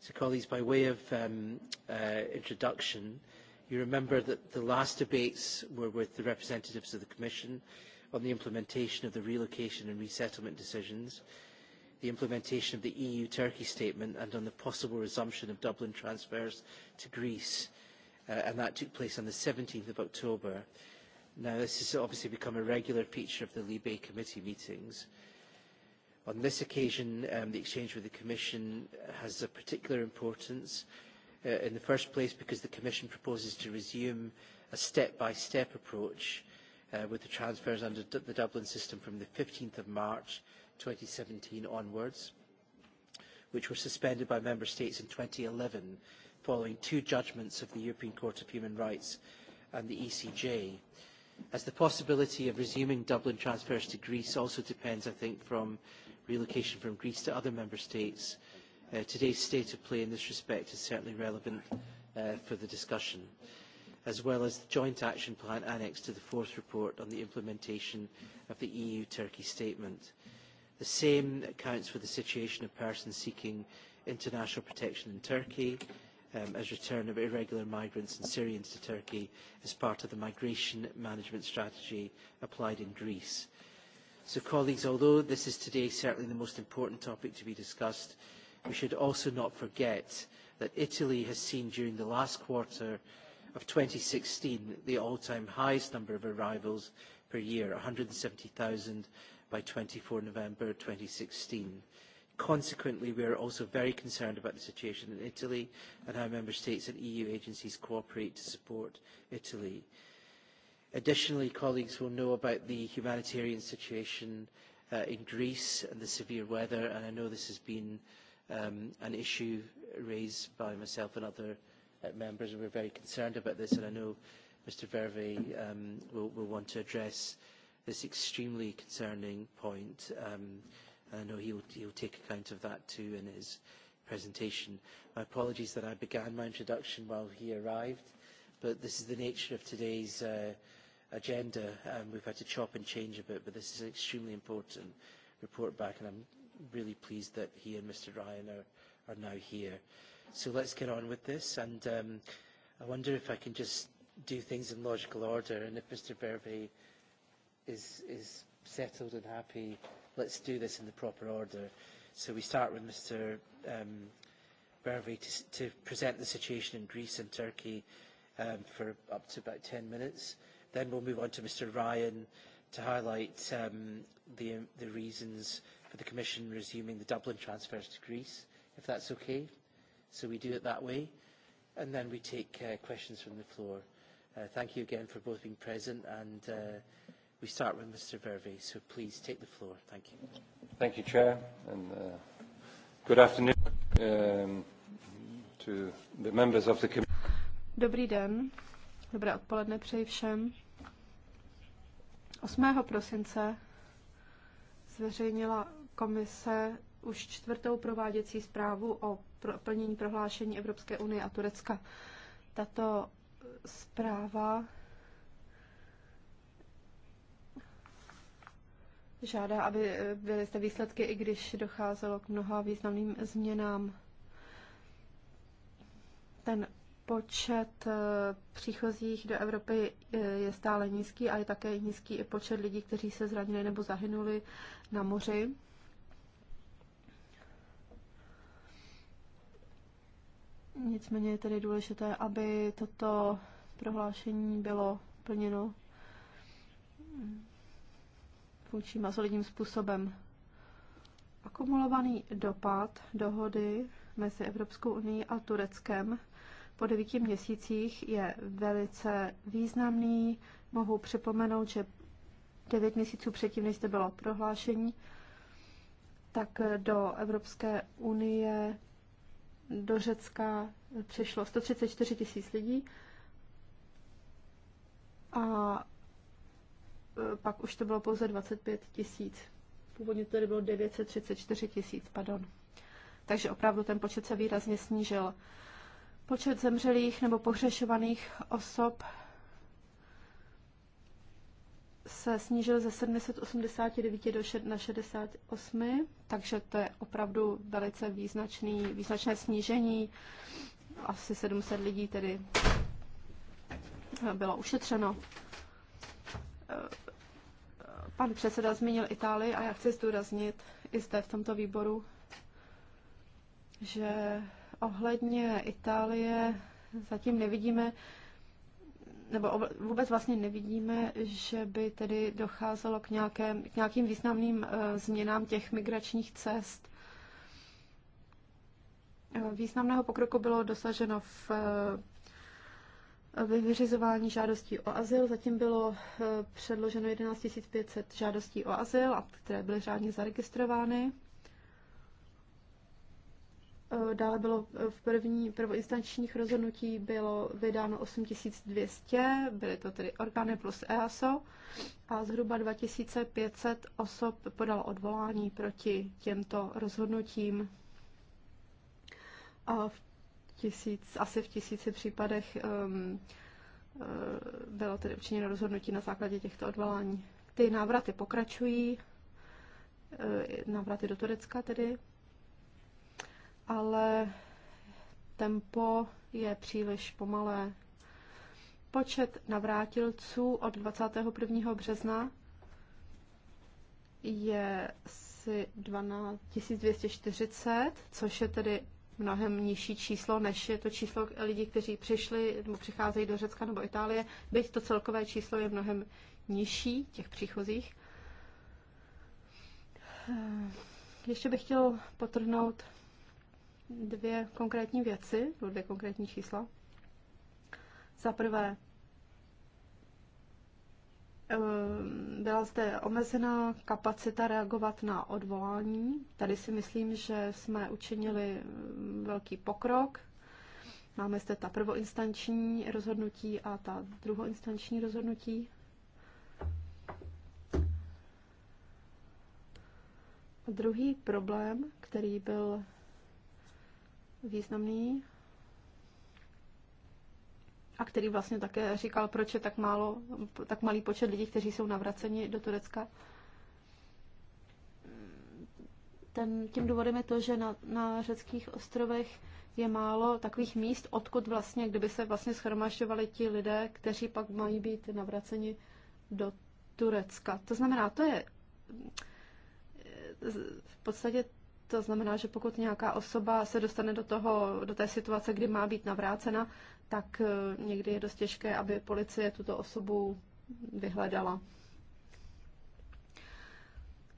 So colleagues, by way of um, uh, introduction, you remember that the last debates were with the representatives of the Commission on the implementation of the relocation and resettlement decisions, the implementation of the EU-Turkey statement and on the possible resumption of Dublin transfers to Greece. Uh, and that took place on the 17th of October. Now, this has obviously become a regular feature of the Libe Committee meetings. On this occasion, um, the exchange with the Commission has a particular importance. Uh, in the first place, because the Commission proposes to resume a step-by-step -step approach uh, with the transfers under D the Dublin system from the 15th of March 2017 onwards, which were suspended by Member States in 2011 following two judgments of the European Court of Human Rights and the ECJ. As the possibility of resuming Dublin transfers to Greece also depends, I think, from relocation from Greece to other member states, uh, today's state of play in this respect is certainly relevant uh, for the discussion, as well as the joint action plan annexed to the fourth report on the implementation of the EU-Turkey statement. The same accounts for the situation of persons seeking international protection in Turkey, um, as return of irregular migrants and Syrians to Turkey as part of the migration management strategy applied in Greece. So colleagues, although this is today certainly the most important topic to be discussed, we should also not forget that Italy has seen during the last quarter of 2016 the all-time highest number of arrivals per year, 170,000 by 24 November 2016. Consequently, we are also very concerned about the situation in Italy and how member states and EU agencies cooperate to support Italy. Additionally, colleagues will know about the humanitarian situation uh, in Greece and the severe weather, and I know this has been um, an issue raised by myself and other uh, members, and we're very concerned about this, and I know Mr Verve um, will, will want to address this extremely concerning point. Um, mm -hmm i uh, know he'll, he'll take account of that too in his presentation. My apologies that I began my introduction while he arrived, but this is the nature of today's uh, agenda. Um, we've had to chop and change a bit, but this is an extremely important report back, and I'm really pleased that he and Mr Ryan are, are now here. So let's get on with this, and um, I wonder if I can just do things in logical order, and if Mr Verve is, is settled and happy, let's do this in the proper order. So we start with Mr. Um, Bervey to, to present the situation in Greece and Turkey um, for up to about 10 minutes. Then we'll move on to Mr. Ryan to highlight um, the, the reasons for the Commission resuming the Dublin transfers to Greece, if that's okay. So we do it that way. And then we take uh, questions from the floor. Uh, thank you again for both being present and uh, We start with Mr. Verve, so please take the floor. Thank you. Thank you, Chair, and uh, good afternoon um, to the members of the committee. Dobrý den, dobré odpoledne přeji všem. 8. prosince zveřejnila komise už čtvrtou prováděcí zprávu o plnění prohlášení Evropské unie a Turecka. Tato zpráva žádá, aby eh, byly zde výsledky, i když docházelo k mnoha významným změnám. Ten počet eh, příchozích do Evropy eh, je stále nízký a je také nízký i počet lidí, kteří se zranili nebo zahynuli na moři. Nicméně je tedy důležité, aby toto prohlášení bylo plněno funkčním a solidním způsobem. Akumulovaný dopad dohody mezi Evropskou unii a Tureckem po devíti měsících je velice významný. Mohu připomenout, že devět měsíců předtím, než zde bylo prohlášení, tak do Evropské unie, do Řecka přišlo 134 tisíc lidí a Eh, pak už to bylo pouze 25 tisíc. Původně to tady bylo 934 tisíc, pardon. Takže opravdu ten počet se výrazně snížil. Počet zemřelých nebo pohřešovaných osob se snížil ze 789 do na 68, takže to je opravdu velice význačný, význačné snížení. Asi 700 lidí tedy bylo ušetřeno. Eh, Pan předseda zmínil Itálii a já chci zdůraznit i zde v tomto výboru, že ohledně Itálie zatím nevidíme, nebo vůbec vlastně nevidíme, že by tedy docházelo k, nějaké, k nějakým významným eh, změnám těch migračních cest. Eh, významného pokroku bylo dosaženo v eh, ve vyřizování žádostí o azyl zatím bylo eh, předloženo 11 500 žádostí o azyl, které byly řádně zaregistrovány. Eh, dále bylo eh, v první, prvoinstančních rozhodnutí bylo vydáno 8200, byly to tedy orgány plus EASO a zhruba 2500 osob podalo odvolání proti těmto rozhodnutím. A v tisíc, asi v tisíci případech um, eh, bylo tedy učiněno rozhodnutí na základě těchto odvolání. Ty návraty pokračují, eh, návraty do Turecka tedy, ale tempo je příliš pomalé. Počet navrátilců od 21. března je asi 12 240, což je tedy mnohem nižší číslo, než je to číslo lidí, kteří přišli nebo přicházejí do Řecka nebo Itálie, byť to celkové číslo je mnohem nižší těch příchozích. Eh, ještě bych chtěl potrhnout dvě konkrétní věci, dvě konkrétní čísla. Za prvé, Ehm, byla zde omezená kapacita reagovat na odvolání. Tady si myslím, že jsme učinili ehm, velký pokrok. Máme zde ta prvoinstanční rozhodnutí a ta druhoinstanční rozhodnutí. A druhý problém, který byl významný, a který vlastně také říkal, proč je tak, málo, tak malý počet lidí, kteří jsou navraceni do Turecka. Ten, tím důvodem je to, že na, na řeckých ostrovech je málo takových míst, odkud vlastně, kdyby se vlastně schromažďovali ti lidé, kteří pak mají být navraceni do Turecka. To znamená, to je v podstatě to znamená, že pokud nějaká osoba se dostane do, toho, do té situace, kdy má být navrácena, tak eh, někdy je dost těžké, aby policie tuto osobu vyhledala.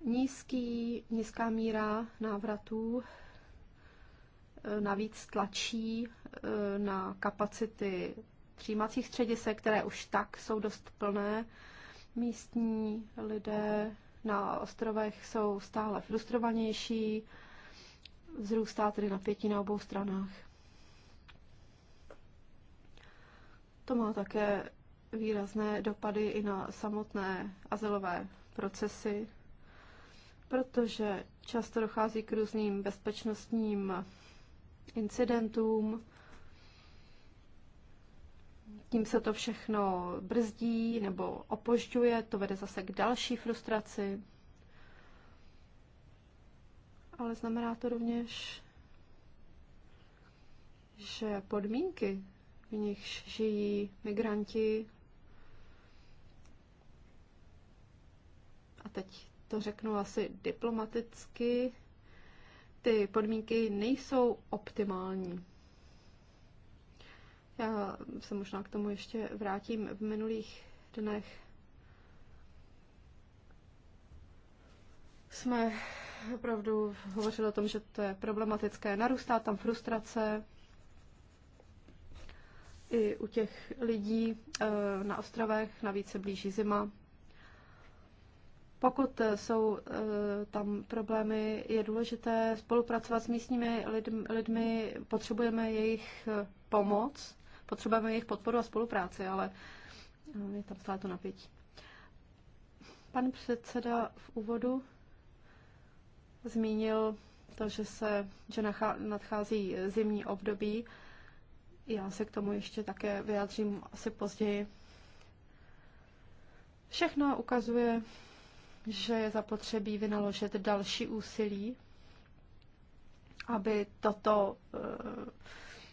Nízký, nízká míra návratů eh, navíc tlačí eh, na kapacity přijímacích středisek, které už tak jsou dost plné. Místní lidé na ostrovech jsou stále frustrovanější, vzrůstá tedy napětí na obou stranách. To má také výrazné dopady i na samotné azylové procesy, protože často dochází k různým bezpečnostním incidentům. Tím se to všechno brzdí nebo opožďuje, to vede zase k další frustraci. Ale znamená to rovněž, že podmínky, v nich žijí migranti. A teď to řeknu asi diplomaticky. Ty podmínky nejsou optimální. Já se možná k tomu ještě vrátím v minulých dnech. Jsme opravdu hovořili o tom, že to je problematické, narůstá tam frustrace, i u těch lidí eh, na ostrovech navíc se blíží zima. Pokud eh, jsou eh, tam problémy, je důležité spolupracovat s místními lidmi, potřebujeme jejich pomoc, potřebujeme jejich podporu a spolupráci, ale je tam stále to napětí. Pan předseda v úvodu zmínil to, že se že nadchází zimní období já se k tomu ještě také vyjádřím asi později. Všechno ukazuje, že je zapotřebí vynaložit další úsilí, aby tato, eh,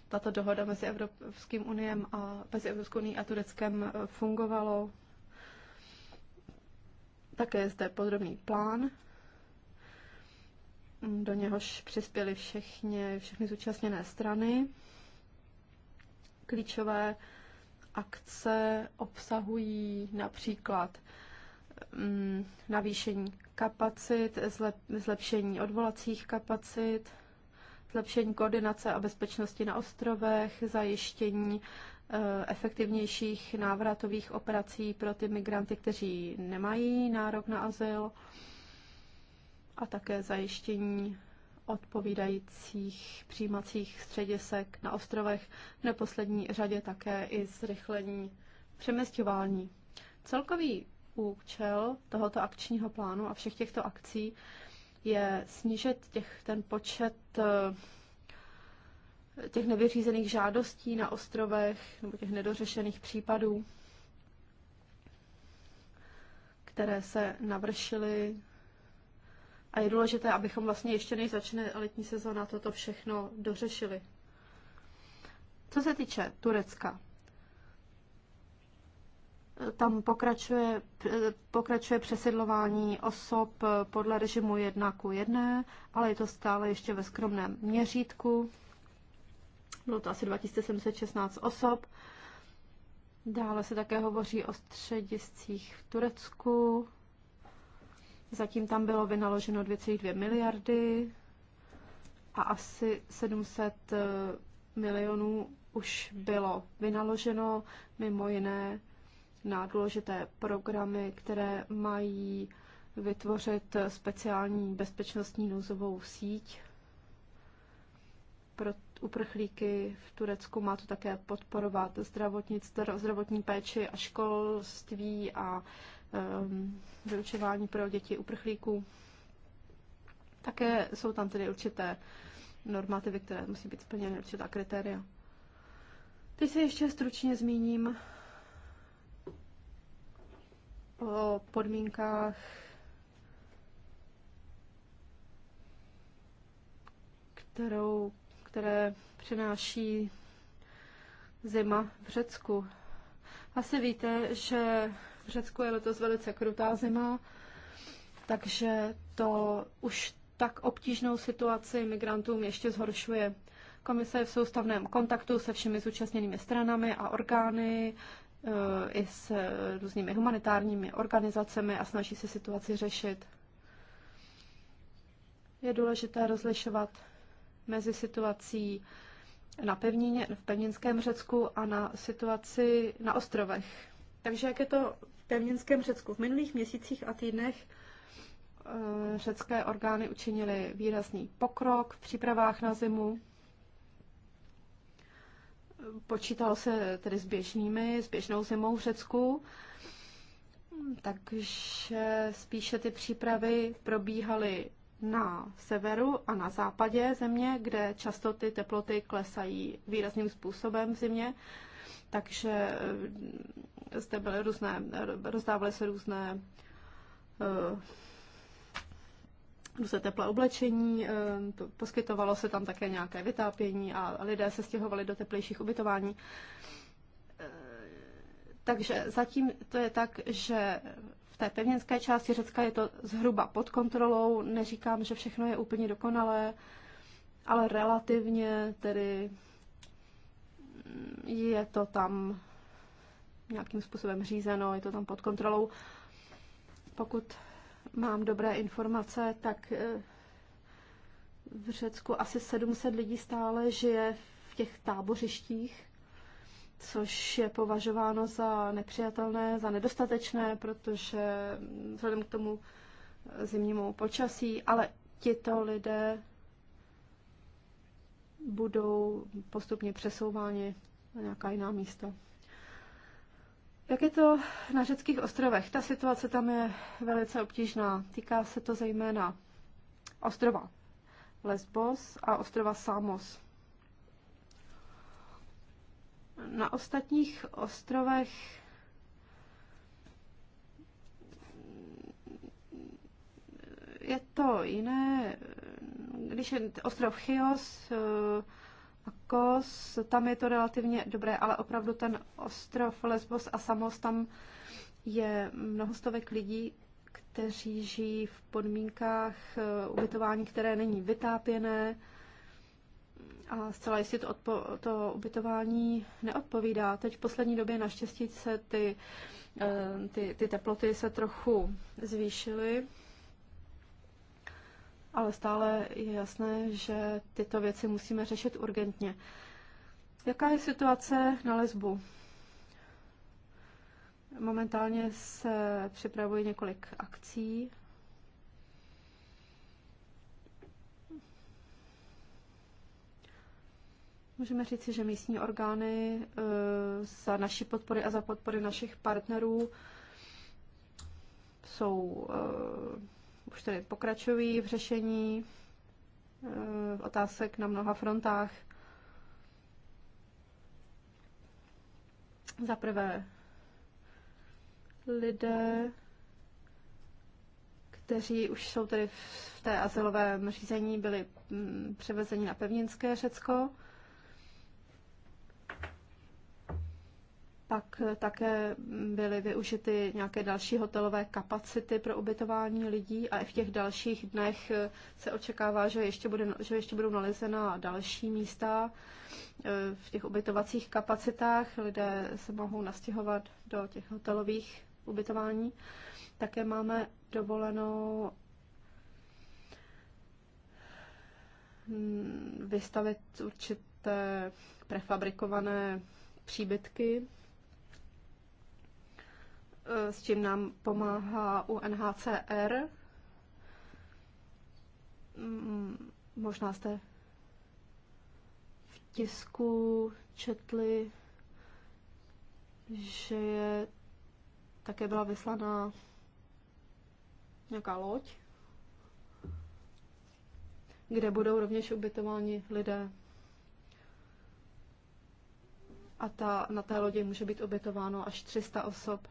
tato dohoda mezi Evropským uniem a mezi Evropskou unii a Tureckem eh, fungovalo. Také je zde podrobný plán, do něhož přispěly všechny, všechny zúčastněné strany. Klíčové akce obsahují například mm, navýšení kapacit, zlepšení odvolacích kapacit, zlepšení koordinace a bezpečnosti na ostrovech, zajištění e, efektivnějších návratových operací pro ty migranty, kteří nemají nárok na azyl a také zajištění odpovídajících přijímacích středisek na ostrovech, v neposlední řadě také i zrychlení přeměstňování. Celkový účel tohoto akčního plánu a všech těchto akcí je snížit těch, ten počet eh, těch nevyřízených žádostí na ostrovech nebo těch nedořešených případů, které se navršily a je důležité, abychom vlastně ještě než začne letní sezóna toto všechno dořešili. Co se týče Turecka, tam pokračuje, pokračuje přesidlování osob podle režimu 1 k 1, ale je to stále ještě ve skromném měřítku. Bylo to asi 2716 osob. Dále se také hovoří o střediscích v Turecku, Zatím tam bylo vynaloženo 2,2 miliardy a asi 700 eh, milionů už bylo vynaloženo, mimo jiné na důležité programy, které mají vytvořit speciální bezpečnostní nouzovou síť pro uprchlíky v Turecku. Má to také podporovat zdravotní péči a školství a Ehm, vyučování pro děti uprchlíků. Také jsou tam tedy určité normativy, které musí být splněny, určitá kritéria. Teď se ještě stručně zmíním o podmínkách, kterou, které přináší zima v Řecku. Asi víte, že v Řecku je letos velice krutá zima, takže to už tak obtížnou situaci migrantům ještě zhoršuje. Komise je v soustavném kontaktu se všemi zúčastněnými stranami a orgány, eh, i s různými humanitárními organizacemi a snaží se situaci řešit. Je důležité rozlišovat mezi situací na pevnině, v pevninském Řecku a na situaci na ostrovech. Takže jak je to v pevninském Řecku? V minulých měsících a týdnech eh, řecké orgány učinily výrazný pokrok v přípravách na zimu. Počítalo se tedy s, běžnými, s běžnou zimou v Řecku, takže spíše ty přípravy probíhaly na severu a na západě země, kde často ty teploty klesají výrazným způsobem v zimě takže eh, zde byly různé, rozdávaly se různé eh, různé teplé oblečení, eh, poskytovalo se tam také nějaké vytápění a lidé se stěhovali do teplejších ubytování. Takže zatím to je tak, že v té pevninské části Řecka je to zhruba pod kontrolou. Neříkám, že všechno je úplně dokonalé, ale relativně tedy je to tam nějakým způsobem řízeno, je to tam pod kontrolou. Pokud mám dobré informace, tak eh, v Řecku asi 700 lidí stále žije v těch tábořištích, což je považováno za nepřijatelné, za nedostatečné, protože vzhledem k tomu eh, zimnímu počasí, ale tito lidé budou postupně přesouváni na nějaká jiná místa. Jak je to na řeckých ostrovech? Ta situace tam je velice obtížná. Týká se to zejména ostrova Lesbos a ostrova Samos. Na ostatních ostrovech je to jiné když je ostrov Chios eh, a Kos, tam je to relativně dobré, ale opravdu ten ostrov Lesbos a Samos, tam je mnoho stovek lidí, kteří žijí v podmínkách eh, ubytování, které není vytápěné a zcela jistě to, odpo- to ubytování neodpovídá. Teď v poslední době naštěstí se ty, eh, ty, ty teploty se trochu zvýšily ale stále je jasné, že tyto věci musíme řešit urgentně. Jaká je situace na lesbu? Momentálně se připravuje několik akcí. Můžeme říci, že místní orgány eh, za naší podpory a za podpory našich partnerů jsou eh, už tedy pokračují v řešení eh, otázek na mnoha frontách. Za prvé, lidé, kteří už jsou tedy v té asilovém řízení, byli mm, převezeni na pevninské Řecko. Pak také byly využity nějaké další hotelové kapacity pro ubytování lidí a i v těch dalších dnech se očekává, že ještě, bude, že ještě budou nalezena další místa eh, v těch ubytovacích kapacitách. Lidé se mohou nastěhovat do těch hotelových ubytování. Také máme dovolenou hm, vystavit určité prefabrikované příbytky Eh, s čím nám pomáhá UNHCR. Mm, možná jste v tisku četli, že je také byla vyslaná nějaká loď, kde budou rovněž ubytováni lidé. A ta, na té lodi může být ubytováno až 300 osob.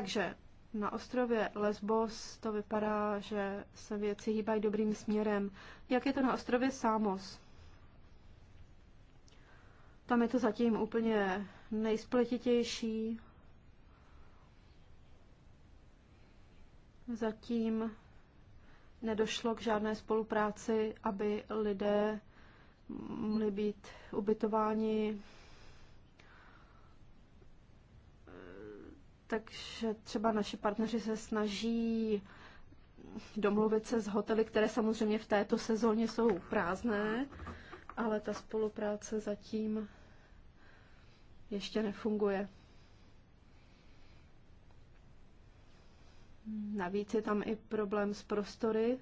Takže na ostrově Lesbos to vypadá, že se věci hýbají dobrým směrem. Jak je to na ostrově Samos? Tam je to zatím úplně nejspletitější. Zatím nedošlo k žádné spolupráci, aby lidé mohli být ubytováni Takže třeba naši partneři se snaží domluvit se s hotely, které samozřejmě v této sezóně jsou prázdné, ale ta spolupráce zatím ještě nefunguje. Navíc je tam i problém s prostory.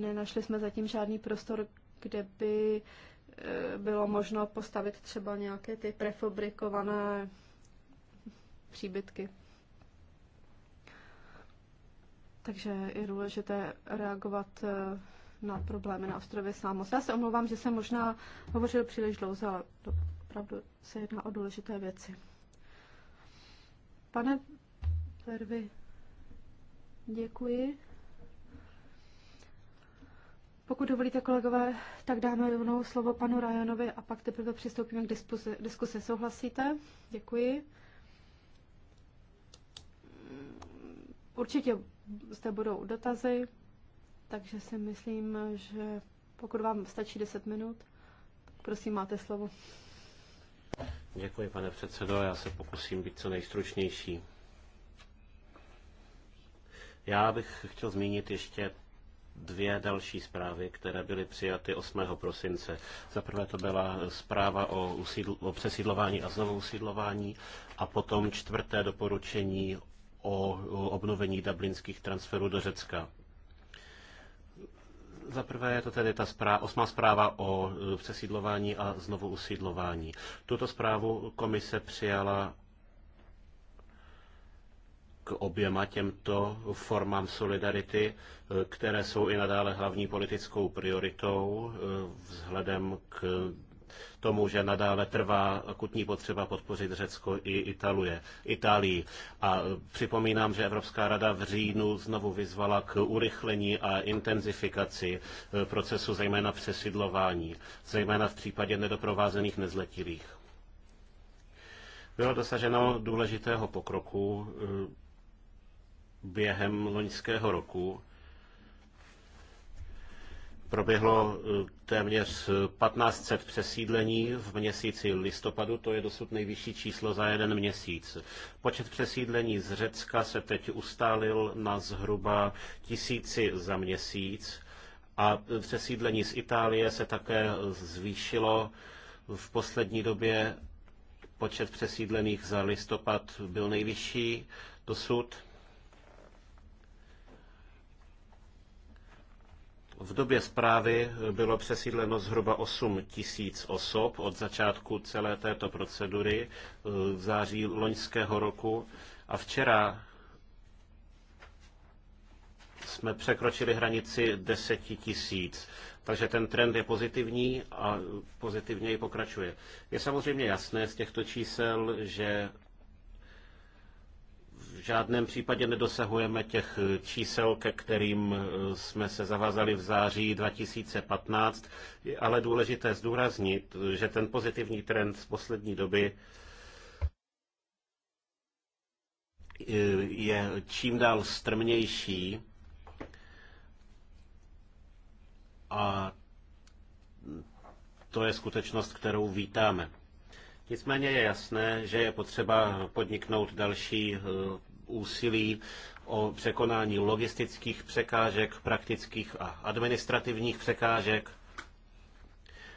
Nenašli jsme zatím žádný prostor, kde by Eh, bylo možno postavit třeba nějaké ty prefabrikované příbytky. Takže je důležité reagovat eh, na problémy na ostrově Sámos. Já se omlouvám, že jsem možná hovořil příliš dlouze, ale opravdu se jedná o důležité věci. Pane Pervy, děkuji. Pokud dovolíte, kolegové, tak dáme rovnou slovo panu Rajanovi a pak teprve přistoupíme k diskuse. diskuse. Souhlasíte? Děkuji. Určitě zde budou dotazy, takže si myslím, že pokud vám stačí 10 minut, prosím, máte slovo. Děkuji, pane předsedo. Já se pokusím být co nejstručnější. Já bych chtěl zmínit ještě dvě další zprávy, které byly přijaty 8. prosince. Za prvé to byla zpráva o, usídl, o přesídlování a znovu usídlování a potom čtvrté doporučení o, o obnovení dublinských transferů do Řecka. Za prvé je to tedy ta zpráva, osmá zpráva o e, přesídlování a znovu usídlování. Tuto zprávu komise přijala k oběma těmto formám solidarity, eh, které jsou i nadále hlavní politickou prioritou eh, vzhledem k tomu, že nadále trvá akutní potřeba podpořit Řecko i Italie, Itálii. A eh, připomínám, že Evropská rada v říjnu znovu vyzvala k urychlení a intenzifikaci procesu zejména přesidlování, zejména v případě nedoprovázených nezletilých. Bylo dosaženo důležitého pokroku během loňského roku proběhlo eh, téměř 1500 přesídlení v měsíci listopadu, to je dosud nejvyšší číslo za jeden měsíc. Počet přesídlení z Řecka se teď ustálil na zhruba tisíci za měsíc a eh, přesídlení z Itálie se také zvýšilo v poslední době. Počet přesídlených za listopad byl nejvyšší dosud V době zprávy bylo přesídleno zhruba 8 tisíc osob od začátku celé této procedury eh, v září loňského roku a včera jsme překročili hranici 10 tisíc. Takže ten trend je pozitivní a i pokračuje. Je samozřejmě jasné z těchto čísel, že žádném případě nedosahujeme těch čísel, ke kterým eh, jsme se zavázali v září 2015, ale důležité zdůraznit, že ten pozitivní trend z poslední doby eh, je čím dál strmnější a to je skutečnost, kterou vítáme. Nicméně je jasné, že je potřeba podniknout další eh, úsilí o překonání logistických překážek, praktických a administrativních překážek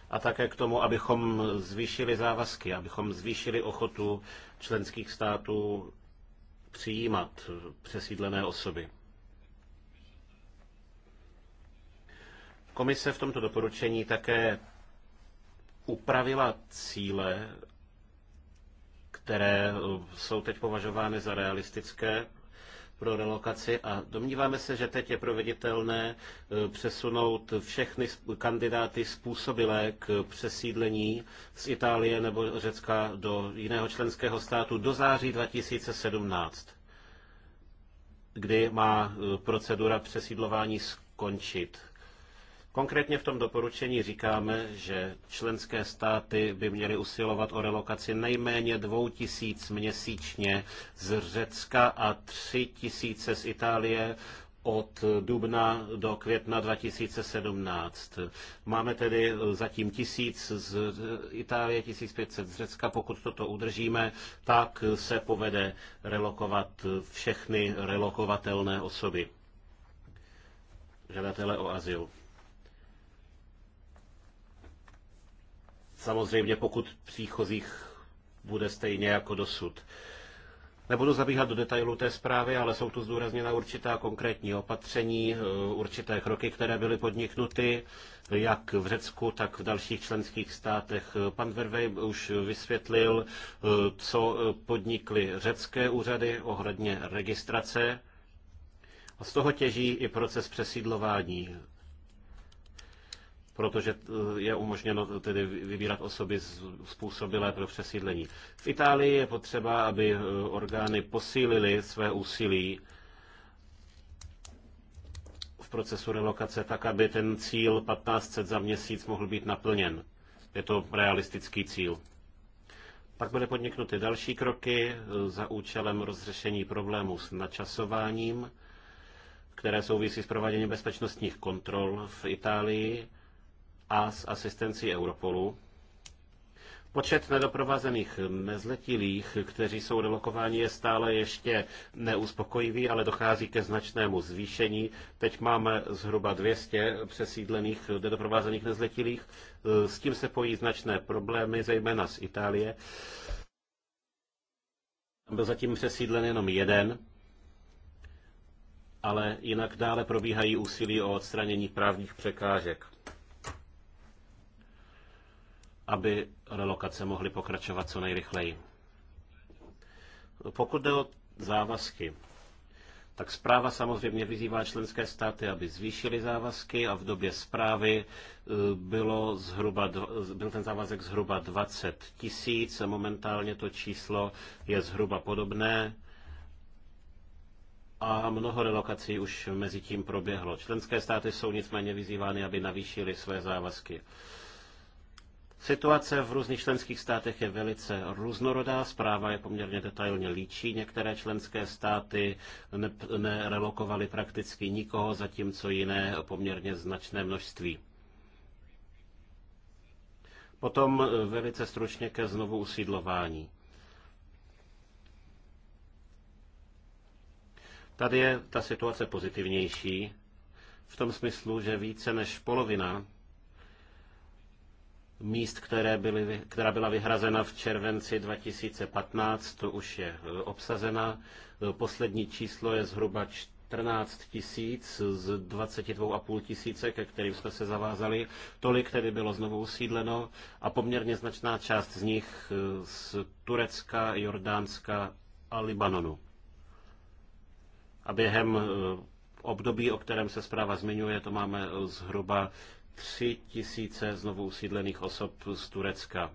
a také k tomu, abychom zvýšili závazky, abychom zvýšili ochotu členských států přijímat přesídlené osoby. Komise v tomto doporučení také upravila cíle které eh, jsou teď považovány za realistické pro relokaci a domníváme se, že teď je proveditelné eh, přesunout všechny kandidáty způsobilé k přesídlení z Itálie nebo Řecka do jiného členského státu do září 2017, kdy má eh, procedura přesídlování skončit. Konkrétně v tom doporučení říkáme, že členské státy by měly usilovat o relokaci nejméně tisíc měsíčně z Řecka a tisíce z Itálie od dubna do května 2017. Máme tedy zatím tisíc z Itálie, 1500 z Řecka. Pokud toto udržíme, tak se povede relokovat všechny relokovatelné osoby, žadatele o azyl. Samozřejmě pokud příchozích bude stejně jako dosud. Nebudu zabíhat do detailů té zprávy, ale jsou tu zdůrazněna určitá konkrétní opatření, eh, určité kroky, které byly podniknuty, jak v Řecku, tak v dalších členských státech. Pan Vervej už vysvětlil, eh, co eh, podnikly řecké úřady ohledně registrace. A z toho těží i proces přesídlování protože eh, je umožněno tedy vybírat osoby způsobilé pro přesídlení. V Itálii je potřeba, aby eh, orgány posílily své úsilí v procesu relokace tak, aby ten cíl 1500 za měsíc mohl být naplněn. Je to realistický cíl. Pak byly podniknuty další kroky eh, za účelem rozřešení problémů s načasováním, které souvisí s prováděním bezpečnostních kontrol v Itálii a s asistencí Europolu. Počet nedoprovázených nezletilých, kteří jsou relokováni, je stále ještě neuspokojivý, ale dochází ke značnému zvýšení. Teď máme zhruba 200 přesídlených nedoprovázených nezletilých. S tím se pojí značné problémy, zejména z Itálie. Byl zatím přesídlen jenom jeden, ale jinak dále probíhají úsilí o odstranění právních překážek aby relokace mohly pokračovat co nejrychleji. Pokud jde o závazky, tak zpráva samozřejmě vyzývá členské státy, aby zvýšily závazky a v době zprávy eh, bylo zhruba, byl ten závazek zhruba 20 tisíc, momentálně to číslo je zhruba podobné a mnoho relokací už mezi tím proběhlo. Členské státy jsou nicméně vyzývány, aby navýšily své závazky. Situace v různých členských státech je velice různorodá, zpráva je poměrně detailně líčí. Některé členské státy nerelokovaly prakticky nikoho, zatímco jiné poměrně značné množství. Potom eh, velice stručně ke znovu usídlování. Tady je ta situace pozitivnější, v tom smyslu, že více než polovina míst, které byly, která byla vyhrazena v červenci 2015, to už je e, obsazena. E, poslední číslo je zhruba 14 tisíc z 22,5 tisíce, ke kterým jsme se zavázali. Tolik tedy bylo znovu usídleno a poměrně značná část z nich e, z Turecka, Jordánska a Libanonu. A během období, o kterém se zpráva zmiňuje, to máme zhruba tři tisíce znovu usídlených osob z Turecka,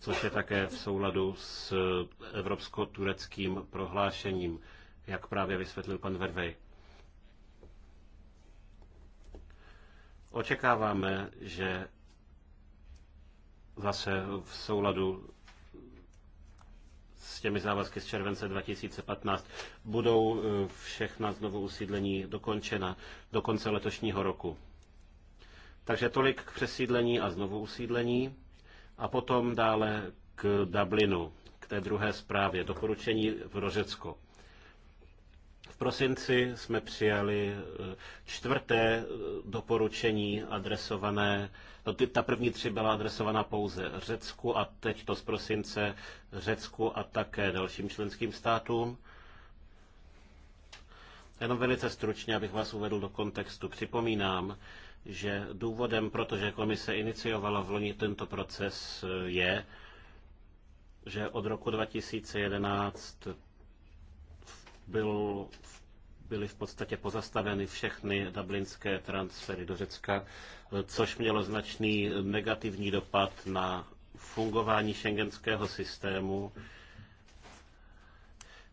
což je také v souladu s evropsko-tureckým prohlášením, jak právě vysvětlil pan Vervej. Očekáváme, že zase v souladu s těmi závazky z července 2015 budou eh, všechna znovu usídlení dokončena do konce letošního roku. Takže tolik k přesídlení a znovu usídlení a potom dále k Dublinu, k té druhé zprávě, doporučení v Rožecko. V prosinci jsme přijali eh, čtvrté eh, doporučení adresované, no, ta první tři byla adresovaná pouze Řecku a teď to z prosince Řecku a také dalším členským státům. Jenom velice stručně, abych vás uvedl do kontextu. Připomínám, že důvodem, protože komise iniciovala v loni tento proces, eh, je, že od roku 2011 byl, byly v podstatě pozastaveny všechny dublinské transfery do Řecka, což mělo značný negativní dopad na fungování šengenského systému.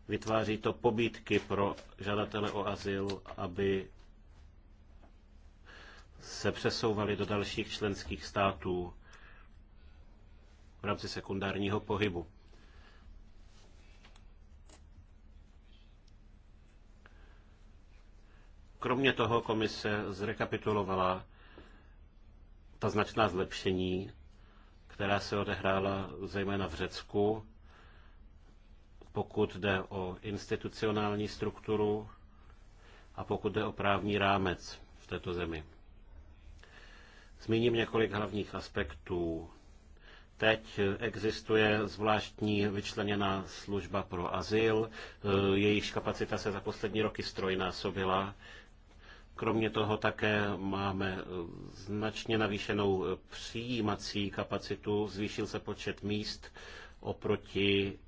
Vytváří to pobídky pro žadatele o azyl, aby se přesouvali do dalších členských států v rámci sekundárního pohybu. Kromě toho komise zrekapitulovala ta značná zlepšení, která se odehrála zejména v Řecku, pokud jde o institucionální strukturu a pokud jde o právní rámec v této zemi. Zmíním několik hlavních aspektů. Teď existuje zvláštní vyčleněná služba pro azyl, jejíž kapacita se za poslední roky strojnásobila. Kromě toho také máme eh, značně navýšenou eh, přijímací kapacitu, zvýšil se počet míst oproti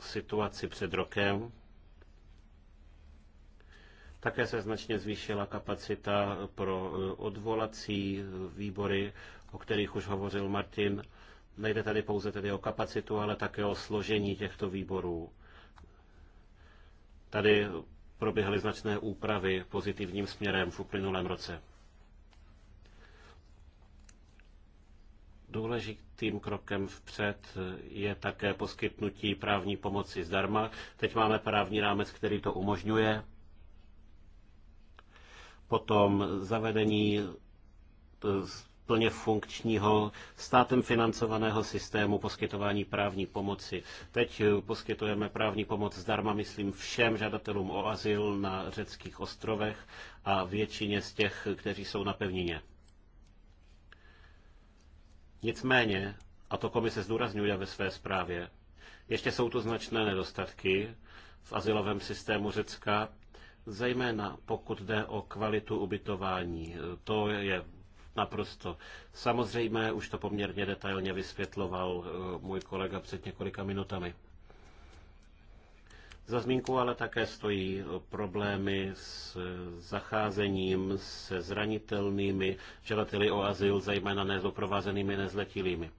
situaci před rokem. Také se značně zvýšila kapacita pro eh, odvolací výbory, o kterých už hovořil Martin. Nejde tady pouze tedy o kapacitu, ale také o složení těchto výborů. Tady proběhly značné úpravy pozitivním směrem v uplynulém roce. Důležitým krokem vpřed je také poskytnutí právní pomoci zdarma. Teď máme právní rámec, který to umožňuje. Potom zavedení eh, plně funkčního státem financovaného systému poskytování právní pomoci. Teď eh, poskytujeme právní pomoc zdarma, myslím, všem žadatelům o azyl na řeckých ostrovech a většině z těch, kteří jsou na pevnině. Nicméně, a to komise zdůrazňuje ve své zprávě, ještě jsou tu značné nedostatky v azylovém systému Řecka, zejména pokud jde o kvalitu ubytování. To je naprosto samozřejmé, už to poměrně detailně vysvětloval eh, můj kolega před několika minutami. Za zmínku ale také stojí eh, problémy s eh, zacházením se zranitelnými žadateli o azyl, zejména nezoprovázenými nezletilými.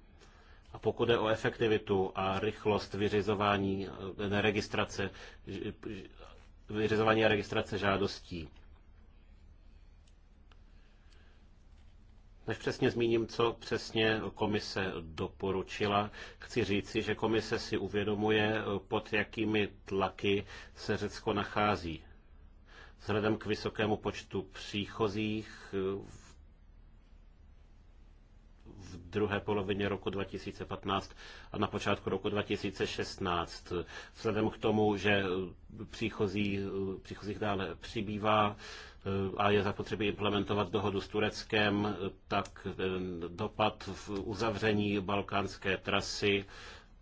A pokud je o efektivitu a rychlost vyřizování, registrace, vyřizování a registrace žádostí, Než přesně zmíním, co přesně komise doporučila, chci říci, že komise si uvědomuje, pod jakými tlaky se Řecko nachází. Vzhledem k vysokému počtu příchozích v druhé polovině roku 2015 a na počátku roku 2016. Vzhledem k tomu, že příchozí, příchozích dále přibývá, a je zapotřebí implementovat dohodu s Tureckem, tak dopad v uzavření balkánské trasy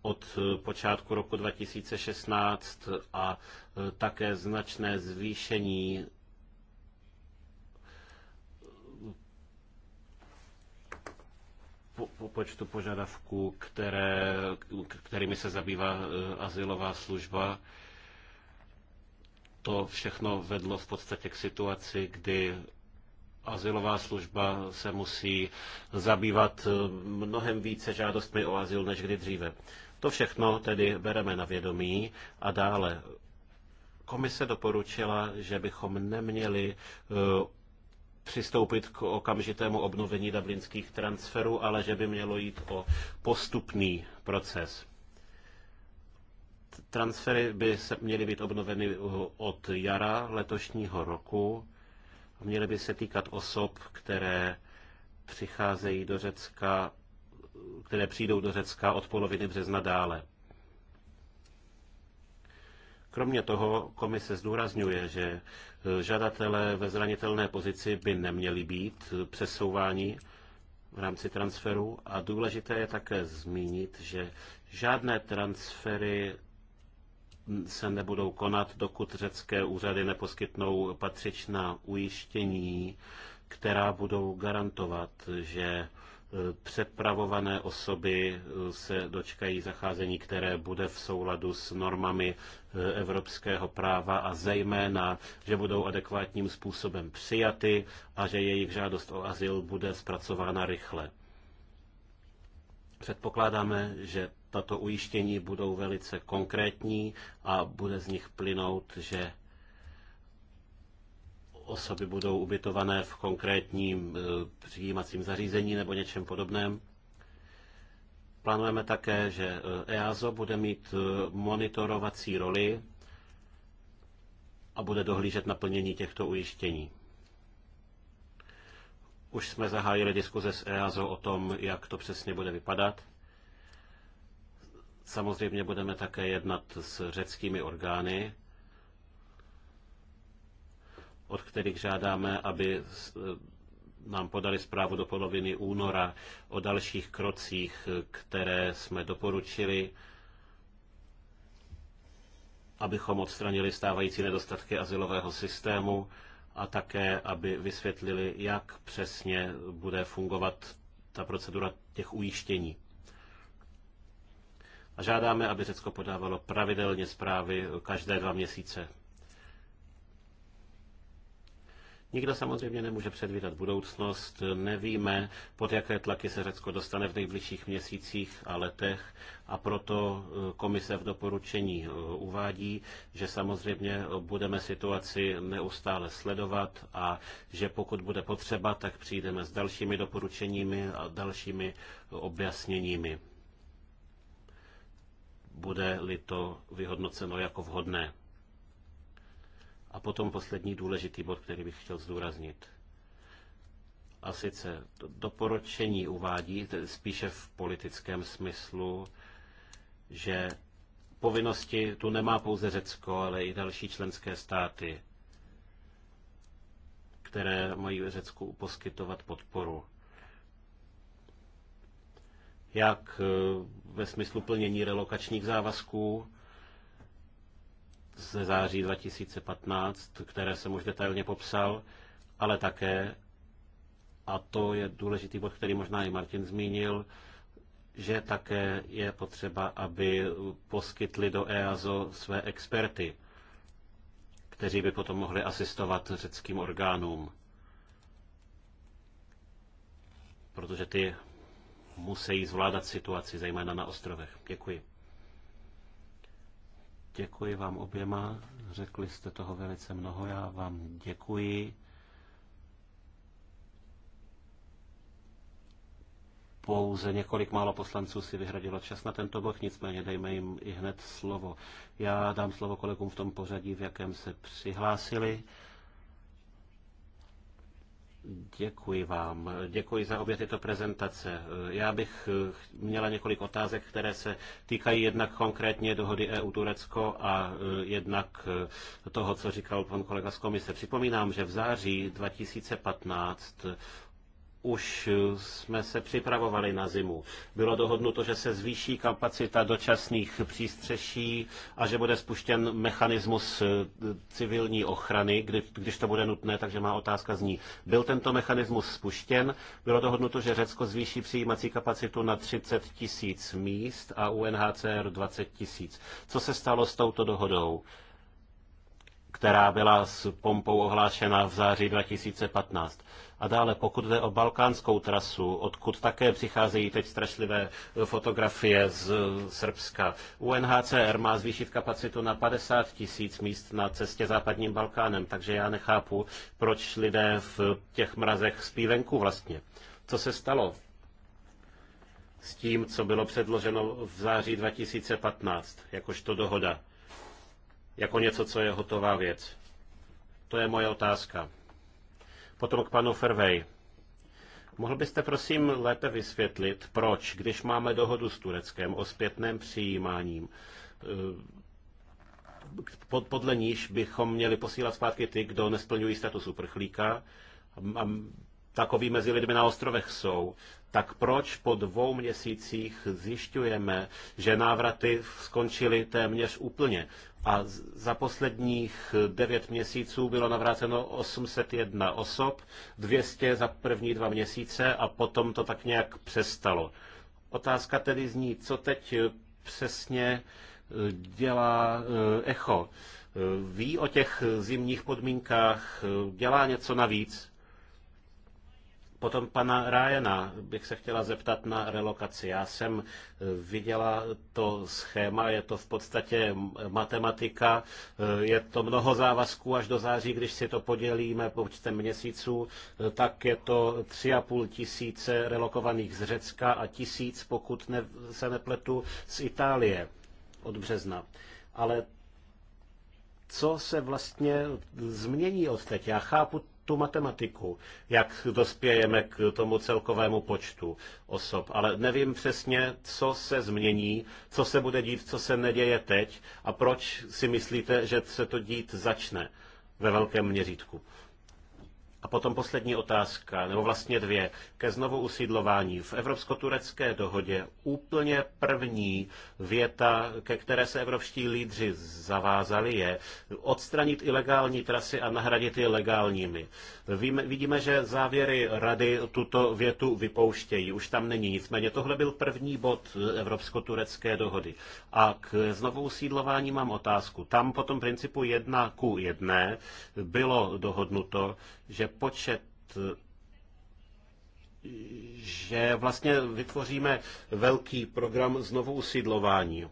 od počátku roku 2016 a e, také značné zvýšení po, počtu požadavků, které, kterými se zabývá e, asilová služba to všechno vedlo v podstatě k situaci, kdy azylová služba se musí zabývat eh, mnohem více žádostmi o azyl než kdy dříve. To všechno tedy bereme na vědomí a dále. Komise doporučila, že bychom neměli eh, přistoupit k okamžitému obnovení dublinských transferů, ale že by mělo jít o postupný proces. Transfery by se měly být obnoveny od jara letošního roku. Měly by se týkat osob, které přicházejí do Řecka, které přijdou do Řecka od poloviny března dále. Kromě toho komise zdůrazňuje, že žadatelé ve zranitelné pozici by neměli být přesouváni v rámci transferu a důležité je také zmínit, že žádné transfery se nebudou konat, dokud řecké úřady neposkytnou patřičná ujištění, která budou garantovat, že e, přepravované osoby e, se dočkají zacházení, které bude v souladu s normami e, evropského práva a zejména, že budou adekvátním způsobem přijaty a že jejich žádost o azyl bude zpracována rychle. Předpokládáme, že tato ujištění budou velice konkrétní a bude z nich plynout, že osoby budou ubytované v konkrétním e, přijímacím zařízení nebo něčem podobném. Plánujeme také, že e, EASO bude mít e, monitorovací roli a bude dohlížet na plnění těchto ujištění. Už jsme zahájili diskuze s EASO o tom, jak to přesně bude vypadat. Samozřejmě budeme také jednat s řeckými orgány, od kterých žádáme, aby e, nám podali zprávu do poloviny února o dalších krocích, které jsme doporučili, abychom odstranili stávající nedostatky asilového systému a také, aby vysvětlili, jak přesně bude fungovat ta procedura těch ujištění a žádáme, aby Řecko podávalo pravidelně zprávy každé dva měsíce. Nikdo samozřejmě nemůže předvídat budoucnost, nevíme, pod jaké tlaky se Řecko dostane v nejbližších měsících a letech a proto eh, komise v doporučení eh, uvádí, že samozřejmě budeme situaci neustále sledovat a že pokud bude potřeba, tak přijdeme s dalšími doporučeními a dalšími eh, objasněními bude-li to vyhodnoceno jako vhodné. A potom poslední důležitý bod, který bych chtěl zdůraznit. A sice doporučení uvádí, spíše v politickém smyslu, že povinnosti tu nemá pouze Řecko, ale i další členské státy, které mají Řecku poskytovat podporu jak eh, ve smyslu plnění relokačních závazků ze září 2015, které jsem už detailně popsal, ale také, a to je důležitý bod, který možná i Martin zmínil, že také je potřeba, aby poskytli do EASO své experty, kteří by potom mohli asistovat řeckým orgánům. Protože ty musí zvládat situaci, zejména na ostrovech. Děkuji. Děkuji vám oběma, řekli jste toho velice mnoho, já vám děkuji. pouze několik málo poslanců si vyhradilo čas na tento bod, nicméně dejme jim i hned slovo. Já dám slovo kolegům v tom pořadí, v jakém se přihlásili. Děkuji vám. Děkuji za obě tyto prezentace. Já bych eh, měla několik otázek, které se týkají jednak konkrétně dohody EU-Turecko a eh, jednak eh, toho, co říkal pan kolega z komise. Připomínám, že v září 2015 už jsme se připravovali na zimu. Bylo dohodnuto, že se zvýší kapacita dočasných přístřeší a že bude spuštěn mechanismus eh, civilní ochrany, kdy, když to bude nutné, takže má otázka zní. Byl tento mechanismus spuštěn? Bylo dohodnuto, že Řecko zvýší přijímací kapacitu na 30 tisíc míst a UNHCR 20 tisíc. Co se stalo s touto dohodou? která byla s pompou ohlášena v září 2015. A dále, pokud jde o balkánskou trasu, odkud také přicházejí teď strašlivé eh, fotografie z eh, Srbska. UNHCR má zvýšit kapacitu na 50 tisíc míst na cestě západním Balkánem, takže já nechápu, proč lidé v těch mrazech spí venku vlastně. Co se stalo? s tím, co bylo předloženo v září 2015, jakožto dohoda, jako něco, co je hotová věc. To je moje otázka. Potom k panu Fervej. Mohl byste prosím lépe vysvětlit, proč, když máme dohodu s Tureckem o zpětném přijímání, eh, podle níž bychom měli posílat zpátky ty, kdo nesplňují status uprchlíka, a takový mezi lidmi na ostrovech jsou, tak proč po dvou měsících zjišťujeme, že návraty skončily téměř úplně? a za posledních 9 měsíců bylo navráceno 801 osob, 200 za první dva měsíce a potom to tak nějak přestalo. Otázka tedy zní, co teď přesně e, dělá e, ECHO. E, ví o těch zimních podmínkách, dělá něco navíc? Potom pana Ryana bych se chtěla zeptat na relokaci. Já jsem eh, viděla to schéma, je to v podstatě matematika, eh, je to mnoho závazků až do září, když si to podělíme počtem měsíců, eh, tak je to 3,5 tisíce relokovaných z Řecka a tisíc, pokud ne, se nepletu, z Itálie od března. Ale co se vlastně změní od teď? Já chápu tu matematiku, jak dospějeme k tomu celkovému počtu osob. Ale nevím přesně, co se změní, co se bude dít, co se neděje teď a proč si myslíte, že se to dít začne ve velkém měřítku. A potom poslední otázka, nebo vlastně dvě, ke znovu usídlování. V evropsko-turecké dohodě úplně první věta, ke které se evropští lídři zavázali, je odstranit ilegální trasy a nahradit je legálními. Víme, vidíme, že závěry rady tuto větu vypouštějí, už tam není nicméně. Tohle byl první bod evropsko-turecké dohody. A k znovu usídlování mám otázku. Tam potom principu jedna ku jedné bylo dohodnuto, že počet že vlastně vytvoříme velký program znovu usídlování,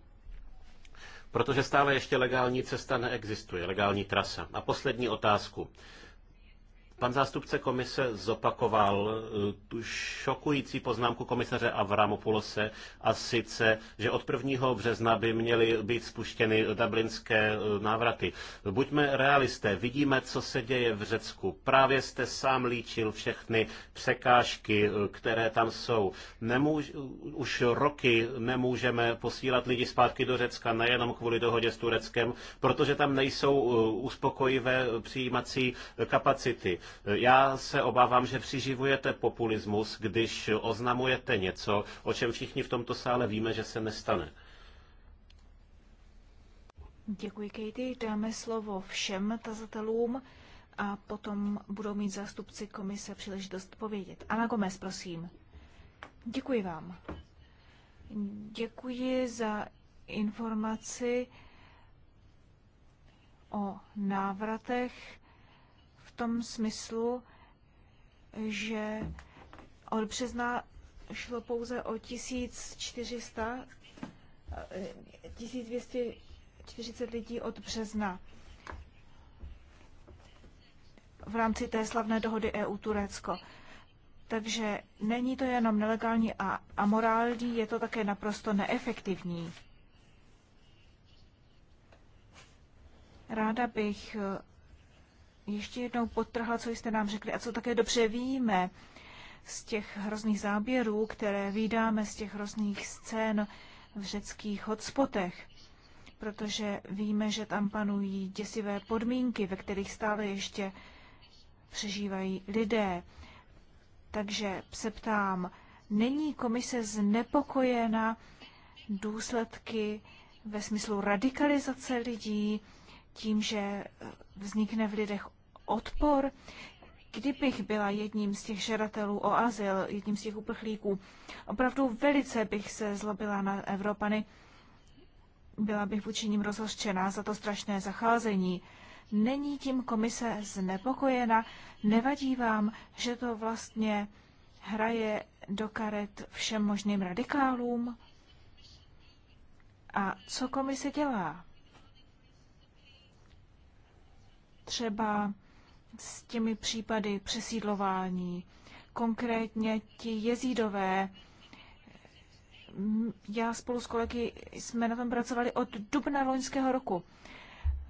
protože stále ještě legální cesta neexistuje, legální trasa. A poslední otázku. Pan zástupce komise zopakoval eh, tu šokující poznámku komisaře Avramopulose a sice, že od 1. března by měly být spuštěny dublinské eh, návraty. Buďme realisté, vidíme, co se děje v Řecku. Právě jste sám líčil všechny překážky, eh, které tam jsou. Nemůž, už roky nemůžeme posílat lidi zpátky do Řecka, nejenom kvůli dohodě s Tureckem, protože tam nejsou uspokojivé přijímací kapacity. Já se obávám, že přiživujete populismus, když oznamujete něco, o čem všichni v tomto sále víme, že se nestane. Děkuji, Katie. Dáme slovo všem tazatelům a potom budou mít zástupci komise příležitost povědět. Ana Gomez, prosím. Děkuji vám. Děkuji za informaci o návratech tom smyslu, že od března šlo pouze o 1400, 1240 eh, lidí od března v rámci té slavné dohody EU-Turecko. Takže není to jenom nelegální a amorální, je to také naprosto neefektivní. Ráda bych eh, ještě jednou potrhla, co jste nám řekli a co také dobře víme z těch hrozných záběrů, které vydáme z těch hrozných scén v řeckých hotspotech, protože víme, že tam panují děsivé podmínky, ve kterých stále ještě přežívají lidé. Takže se ptám, není komise znepokojena důsledky ve smyslu radikalizace lidí tím, že vznikne v lidech odpor. Kdybych byla jedním z těch žadatelů o azyl, jedním z těch uprchlíků, opravdu velice bych se zlobila na Evropany. Byla bych vůči ním rozhořčená za to strašné zacházení. Není tím komise znepokojena? Nevadí vám, že to vlastně hraje do karet všem možným radikálům? A co komise dělá? Třeba s těmi případy přesídlování. Konkrétně ti jezídové, já spolu s kolegy jsme na tom pracovali od dubna loňského roku.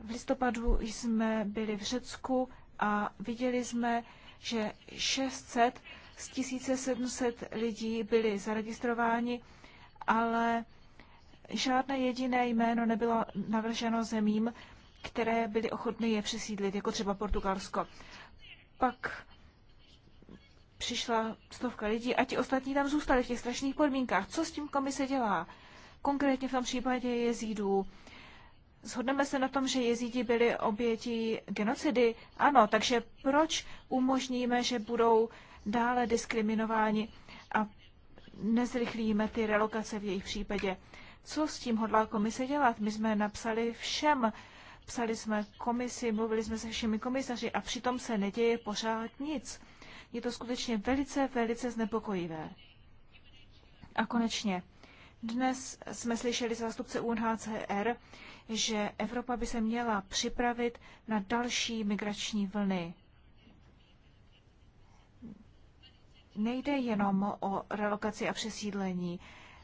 V listopadu jsme byli v Řecku a viděli jsme, že 600 z 1700 lidí byli zaregistrováni, ale žádné jediné jméno nebylo navrženo zemím, které byly ochotny je přesídlit, jako třeba Portugalsko. Pak přišla stovka lidí a ti ostatní tam zůstali v těch strašných podmínkách. Co s tím komise dělá? Konkrétně v tom případě jezídů. Shodneme se na tom, že jezídi byli obětí genocidy? Ano, takže proč umožníme, že budou dále diskriminováni a nezrychlíme ty relokace v jejich případě? Co s tím hodlá komise dělat? My jsme napsali všem psali jsme komisi, mluvili jsme se všemi komisaři a přitom se neděje pořád nic. Je to skutečně velice, velice znepokojivé. A konečně, dnes jsme slyšeli zástupce UNHCR, že Evropa by se měla připravit na další migrační vlny. Nejde jenom o relokaci a přesídlení,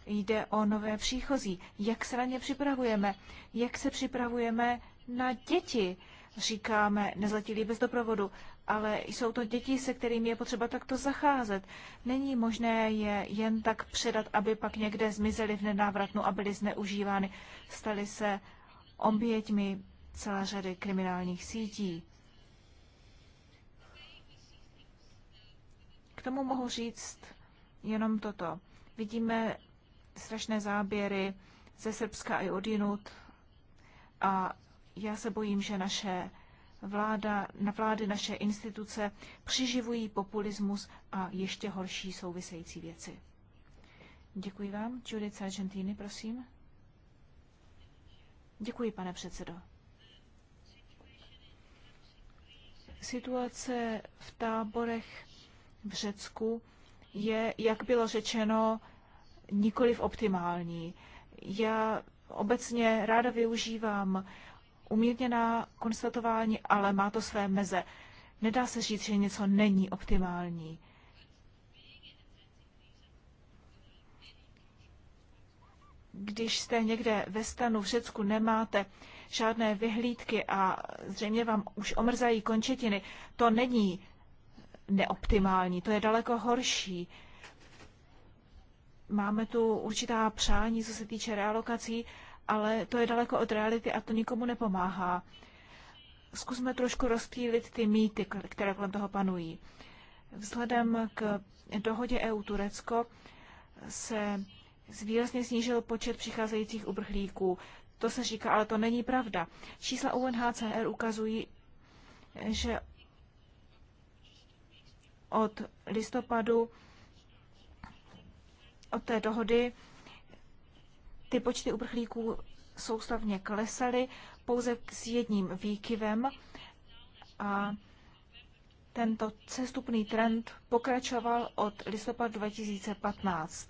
jde o nové příchozí. Jak se na ně připravujeme? Jak se připravujeme na děti, říkáme nezletilí bez doprovodu, ale jsou to děti, se kterými je potřeba takto zacházet. Není možné je jen tak předat, aby pak někde zmizeli v nenávratnu a byly zneužívány. stali se oběťmi celá řady kriminálních sítí. K tomu mohu říct jenom toto. Vidíme strašné záběry ze Srbska i odinut a já se bojím, že naše vláda, na vlády naše instituce přiživují populismus a ještě horší související věci. Děkuji vám. Judith Argentini, prosím. Děkuji, pane předsedo. Situace v táborech v Řecku je, jak bylo řečeno, nikoliv optimální. Já obecně ráda využívám umírněná konstatování, ale má to své meze. Nedá se říct, že něco není optimální. Když jste někde ve stanu v Řecku, nemáte žádné vyhlídky a zřejmě vám už omrzají končetiny, to není neoptimální, to je daleko horší. Máme tu určitá přání, co se týče realokací, ale to je daleko od reality a to nikomu nepomáhá. Zkusme trošku rozptýlit ty mýty, které kolem toho panují. Vzhledem k dohodě EU-Turecko se výrazně snížil počet přicházejících uprchlíků. To se říká, ale to není pravda. Čísla UNHCR ukazují, že od listopadu od té dohody ty počty uprchlíků soustavně klesaly pouze s jedním výkyvem a tento cestupný trend pokračoval od listopadu 2015.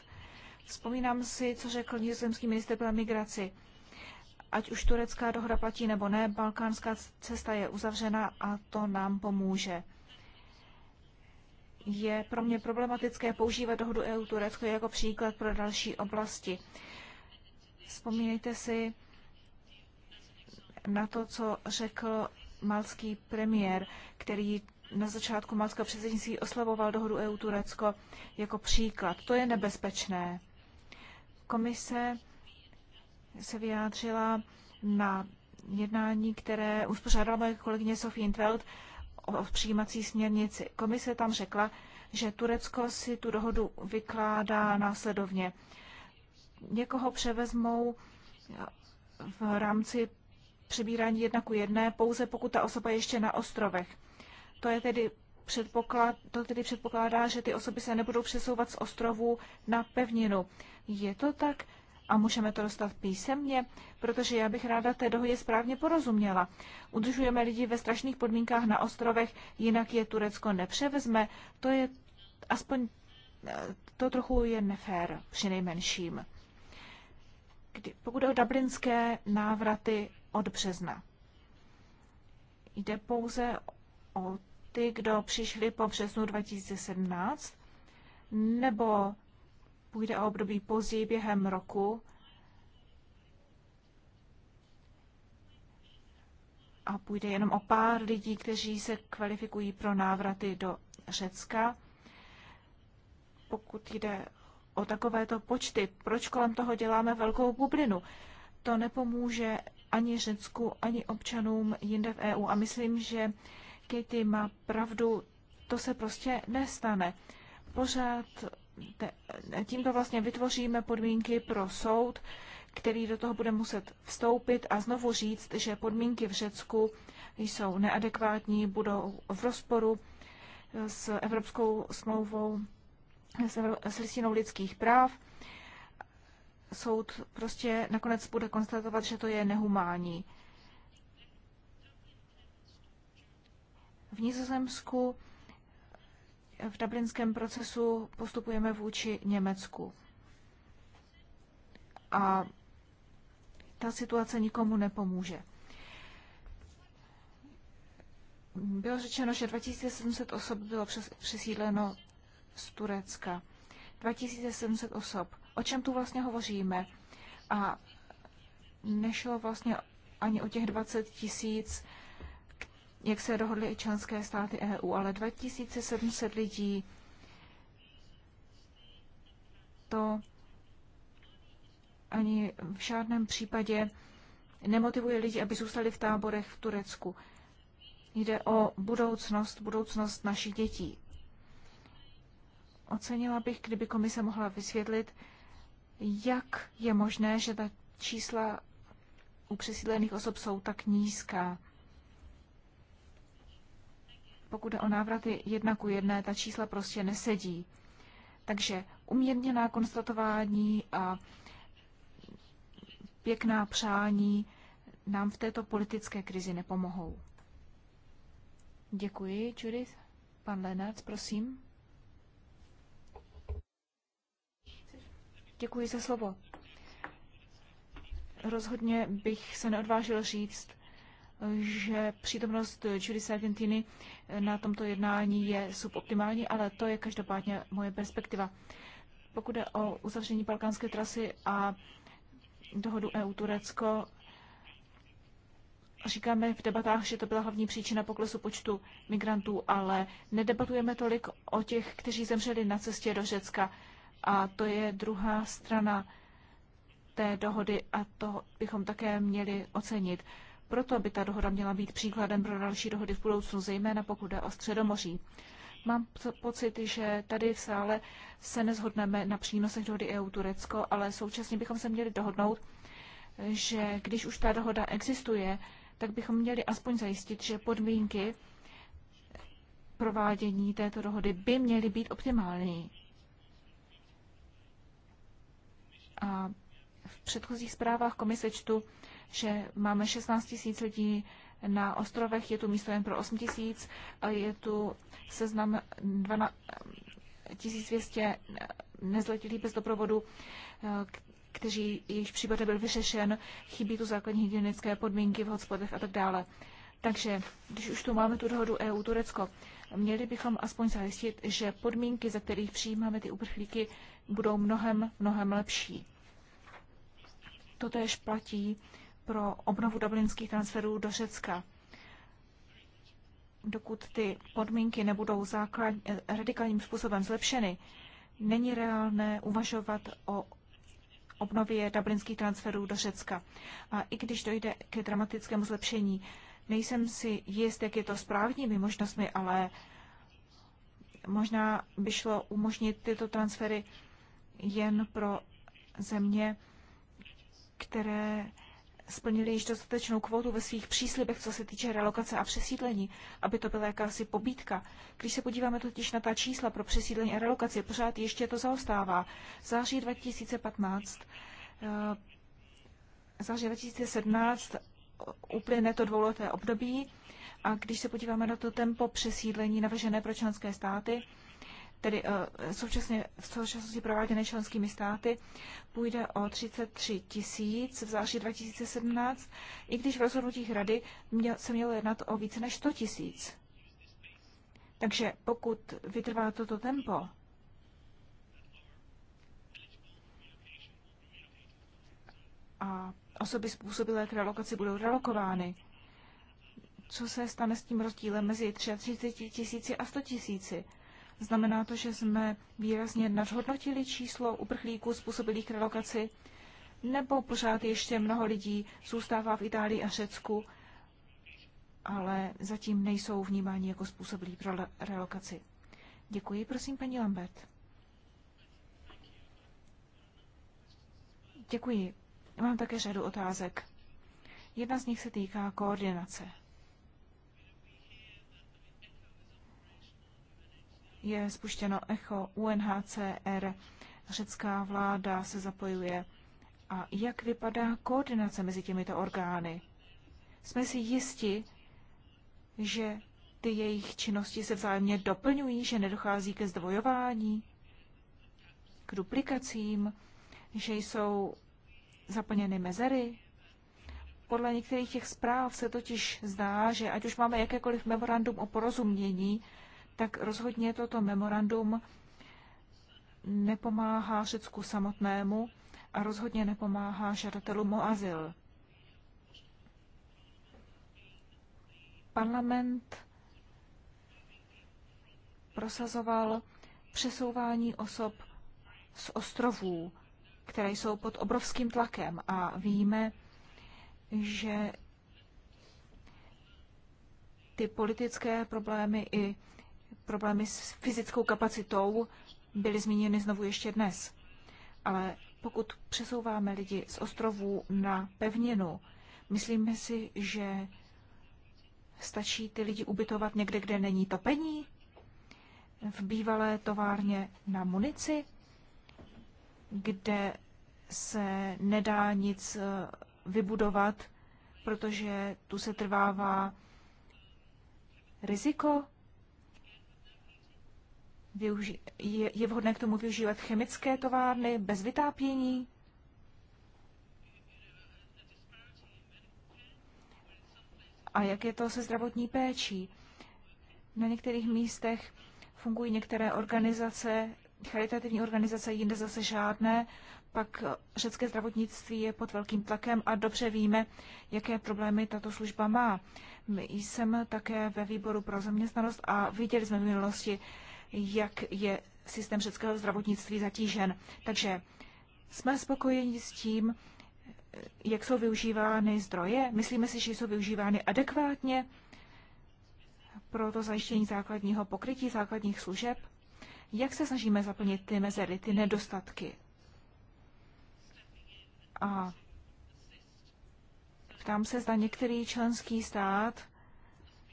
Vzpomínám si, co řekl nizozemský minister pro migraci. Ať už turecká dohoda platí nebo ne, balkánská cesta je uzavřena a to nám pomůže. Je pro mě problematické používat dohodu EU-Turecko jako příklad pro další oblasti. Vzpomínejte si na to, co řekl malský premiér, který na začátku malského předsednictví oslavoval dohodu EU Turecko jako příklad. To je nebezpečné. Komise se vyjádřila na jednání, které uspořádala moje kolegyně Sophie Intveld o přijímací směrnici. Komise tam řekla, že Turecko si tu dohodu vykládá následovně někoho převezmou v rámci přebírání jedna ku jedné, pouze pokud ta osoba je ještě na ostrovech. To je tedy předpoklad, to tedy předpokládá, že ty osoby se nebudou přesouvat z ostrovů na pevninu. Je to tak? A můžeme to dostat písemně, protože já bych ráda té dohodě správně porozuměla. Udržujeme lidi ve strašných podmínkách na ostrovech, jinak je Turecko nepřevezme. To je aspoň, eh, to trochu je nefér, při nejmenším. Kdy, pokud o dublinské návraty od března, jde pouze o ty, kdo přišli po březnu 2017, nebo půjde o období později během roku a půjde jenom o pár lidí, kteří se kvalifikují pro návraty do Řecka. Pokud jde o takovéto počty. Proč kolem toho děláme velkou bublinu? To nepomůže ani Řecku, ani občanům jinde v EU. A myslím, že Katie má pravdu, to se prostě nestane. Pořád tímto vlastně vytvoříme podmínky pro soud, který do toho bude muset vstoupit a znovu říct, že podmínky v Řecku jsou neadekvátní, budou v rozporu s Evropskou smlouvou s listinou lidských práv. Soud prostě nakonec bude konstatovat, že to je nehumání. V Nizozemsku v dublinském procesu postupujeme vůči Německu. A ta situace nikomu nepomůže. Bylo řečeno, že 2700 osob bylo přesídleno z Turecka. 2700 osob. O čem tu vlastně hovoříme? A nešlo vlastně ani o těch 20 tisíc, jak se dohodly i členské státy EU, ale 2700 lidí to ani v žádném případě nemotivuje lidi, aby zůstali v táborech v Turecku. Jde o budoucnost, budoucnost našich dětí. Ocenila bych, kdyby komise mohla vysvětlit, jak je možné, že ta čísla u přesídlených osob jsou tak nízká. Pokud je o návraty jedna ku jedné, ta čísla prostě nesedí. Takže umírněná konstatování a pěkná přání nám v této politické krizi nepomohou. Děkuji, Judith. Pan Lenard, prosím. Děkuji za slovo. Rozhodně bych se neodvážil říct, že přítomnost Judy Sargentini na tomto jednání je suboptimální, ale to je každopádně moje perspektiva. Pokud je o uzavření balkánské trasy a dohodu EU-Turecko, říkáme v debatách, že to byla hlavní příčina poklesu počtu migrantů, ale nedebatujeme tolik o těch, kteří zemřeli na cestě do Řecka. A to je druhá strana té dohody a to bychom také měli ocenit. Proto by ta dohoda měla být příkladem pro další dohody v budoucnu, zejména pokud jde o Středomoří. Mám pocit, že tady v sále se nezhodneme na přínosech dohody EU-Turecko, ale současně bychom se měli dohodnout, že když už ta dohoda existuje, tak bychom měli aspoň zajistit, že podmínky provádění této dohody by měly být optimální. A v předchozích zprávách komise čtu, že máme 16 tisíc lidí na ostrovech, je tu místo jen pro 8 tisíc, je tu seznam 1200 nezletilých bez doprovodu, kteří již případ byl vyřešen, chybí tu základní hygienické podmínky v hotspotech a tak dále. Takže když už tu máme tu dohodu EU-Turecko, měli bychom aspoň zajistit, že podmínky, za kterých přijímáme ty uprchlíky, budou mnohem, mnohem lepší. Totež platí pro obnovu dublinských transferů do Řecka. Dokud ty podmínky nebudou základ, radikálním způsobem zlepšeny, není reálné uvažovat o obnově dublinských transferů do Řecka. A i když dojde k dramatickému zlepšení, nejsem si jist, jak je to s právními možnostmi, ale možná by šlo umožnit tyto transfery jen pro země, které splnili již dostatečnou kvotu ve svých příslibech, co se týče relokace a přesídlení, aby to byla jakási pobídka. Když se podíváme totiž na ta čísla pro přesídlení a relokaci, pořád ještě to zaostává. V září 2015, eh, září 2017 uplyne to dvouleté období a když se podíváme na to tempo přesídlení navržené pro členské státy, tedy eh, současně, v současnosti prováděné členskými státy, půjde o 33 tisíc v září 2017, i když v rozhodnutích rady měl, se mělo jednat o více než 100 tisíc. Takže pokud vytrvá toto tempo, a osoby způsobilé k relokaci budou relokovány, co se stane s tím rozdílem mezi 33 tisíci a 100 tisíci? Znamená to, že jsme výrazně nadhodnotili číslo uprchlíků způsobilých k relokaci, nebo pořád ještě mnoho lidí zůstává v Itálii a Řecku, ale zatím nejsou vnímáni jako způsobilí pro relokaci. Děkuji, prosím, paní Lambert. Děkuji. Mám také řadu otázek. Jedna z nich se týká koordinace. je spuštěno echo UNHCR, řecká vláda se zapojuje. A jak vypadá koordinace mezi těmito orgány? Jsme si jisti, že ty jejich činnosti se vzájemně doplňují, že nedochází ke zdvojování, k duplikacím, že jsou zaplněny mezery. Podle některých těch zpráv se totiž zdá, že ať už máme jakékoliv memorandum o porozumění, tak rozhodně toto memorandum nepomáhá Řecku samotnému a rozhodně nepomáhá žadatelům o azyl. Parlament prosazoval přesouvání osob z ostrovů, které jsou pod obrovským tlakem a víme, že ty politické problémy i problémy s fyzickou kapacitou byly zmíněny znovu ještě dnes. Ale pokud přesouváme lidi z ostrovů na pevninu, myslíme si, že stačí ty lidi ubytovat někde, kde není topení? V bývalé továrně na munici, kde se nedá nic eh, vybudovat, protože tu se trvává riziko Využi- je, je vhodné k tomu využívat chemické továrny bez vytápění? A jak je to se zdravotní péčí? Na některých místech fungují některé organizace, charitativní organizace, jinde zase žádné. Pak řecké zdravotnictví je pod velkým tlakem a dobře víme, jaké problémy tato služba má. My jsem také ve výboru pro zaměstnanost a viděli jsme v minulosti, jak je systém řeckého zdravotnictví zatížen. Takže jsme spokojeni s tím, jak jsou využívány zdroje. Myslíme si, že jsou využívány adekvátně pro to zajištění základního pokrytí, základních služeb. Jak se snažíme zaplnit ty mezery, ty nedostatky? A ptám se, zda některý členský stát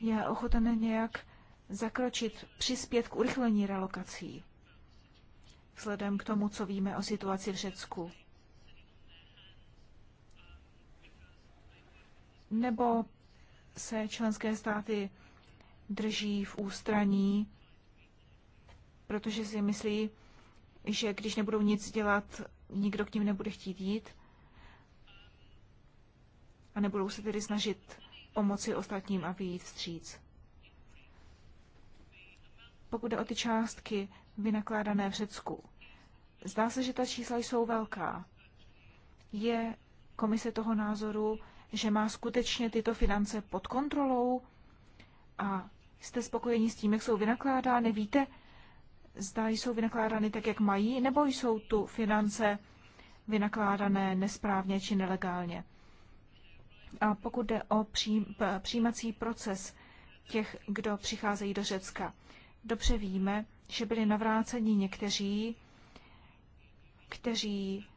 je ochoten nějak zakročit, přispět k urychlení relokací, vzhledem k tomu, co víme o situaci v Řecku. Nebo se členské státy drží v ústraní, protože si myslí, že když nebudou nic dělat, nikdo k ním nebude chtít jít a nebudou se tedy snažit pomoci ostatním a vyjít vstříc pokud jde o ty částky vynakládané v Řecku. Zdá se, že ta čísla jsou velká. Je komise toho názoru, že má skutečně tyto finance pod kontrolou a jste spokojeni s tím, jak jsou vynakládány? Víte, zda jsou vynakládány tak, jak mají, nebo jsou tu finance vynakládané nesprávně či nelegálně? A pokud jde o přijímací proces těch, kdo přicházejí do Řecka, dobře víme, že byli navráceni někteří, kteří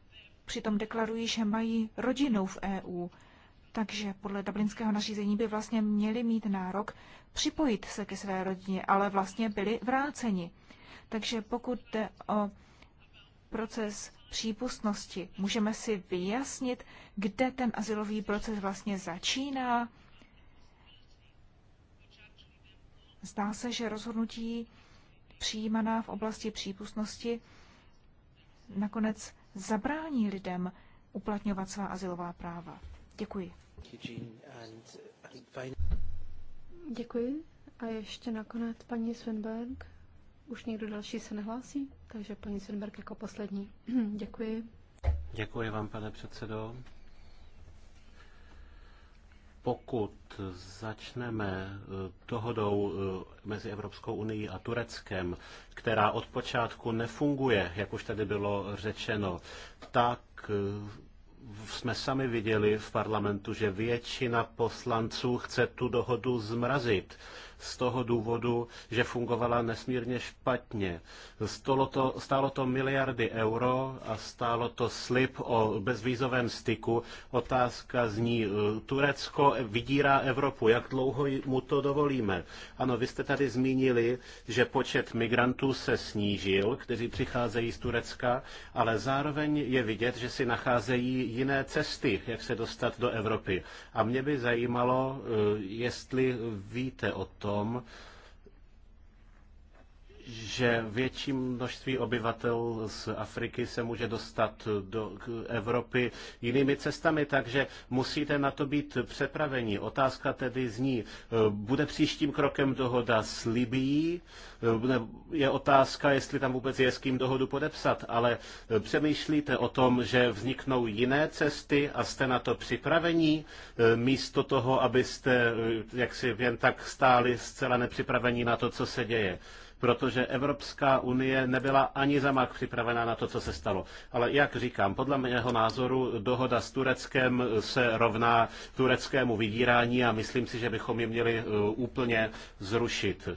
přitom deklarují, že mají rodinu v EU, takže podle dublinského nařízení by vlastně měli mít nárok připojit se ke své rodině, ale vlastně byli vráceni. Takže pokud jde o proces přípustnosti, můžeme si vyjasnit, kde ten asilový proces vlastně začíná Zdá se, že rozhodnutí přijímaná v oblasti přípustnosti nakonec zabrání lidem uplatňovat svá asilová práva. Děkuji. Děkuji. A ještě nakonec paní Svenberg. Už někdo další se nehlásí, takže paní Svenberg jako poslední. Děkuji. Děkuji vám, pane předsedo pokud začneme eh, dohodou eh, mezi Evropskou unii a Tureckem, která od počátku nefunguje, jak už tady bylo řečeno, tak eh, jsme sami viděli v parlamentu, že většina poslanců chce tu dohodu zmrazit z toho důvodu, že fungovala nesmírně špatně. Stalo to, stálo to miliardy euro a stálo to slib o bezvízovém styku. Otázka zní, e, Turecko vydírá Evropu, jak dlouho mu to dovolíme? Ano, vy jste tady zmínili, že počet migrantů se snížil, kteří přicházejí z Turecka, ale zároveň je vidět, že si nacházejí jiné cesty, jak se dostat do Evropy. A mě by zajímalo, e, jestli víte o tom, tom, že větší množství obyvatel z Afriky se může dostat do Evropy jinými cestami, takže musíte na to být přepraveni. Otázka tedy zní, eh, bude příštím krokem dohoda s Libií? Eh, je otázka, jestli tam vůbec je s kým dohodu podepsat, ale eh, přemýšlíte o tom, že vzniknou jiné cesty a jste na to připravení, místo toho, abyste jaksi jen tak stáli zcela nepřipravení na to, co se děje protože Evropská unie nebyla ani za mak připravená na to, co se stalo. Ale jak říkám, podle mého názoru dohoda s Tureckem se rovná tureckému vydírání a myslím si, že bychom ji měli e, úplně zrušit. E,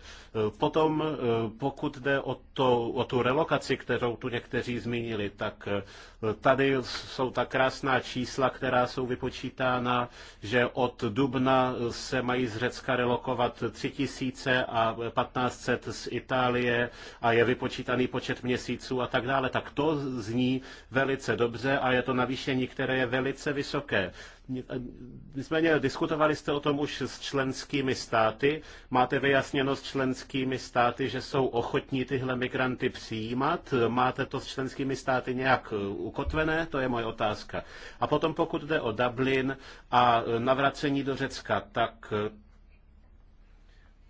potom, e, pokud jde o, to, o tu relokaci, kterou tu někteří zmínili, tak tady jsou ta krásná čísla, která jsou vypočítána, že od dubna se mají z Řecka relokovat 3000 a 1500 z Itálie Itálie a je vypočítaný počet měsíců a tak dále, tak to zní velice dobře a je to navýšení, které je velice vysoké. Nicméně diskutovali jste o tom už s členskými státy. Máte vyjasněno s členskými státy, že jsou ochotní tyhle migranty přijímat? Máte to s členskými státy nějak ukotvené? To je moje otázka. A potom pokud jde o Dublin a navracení do Řecka, tak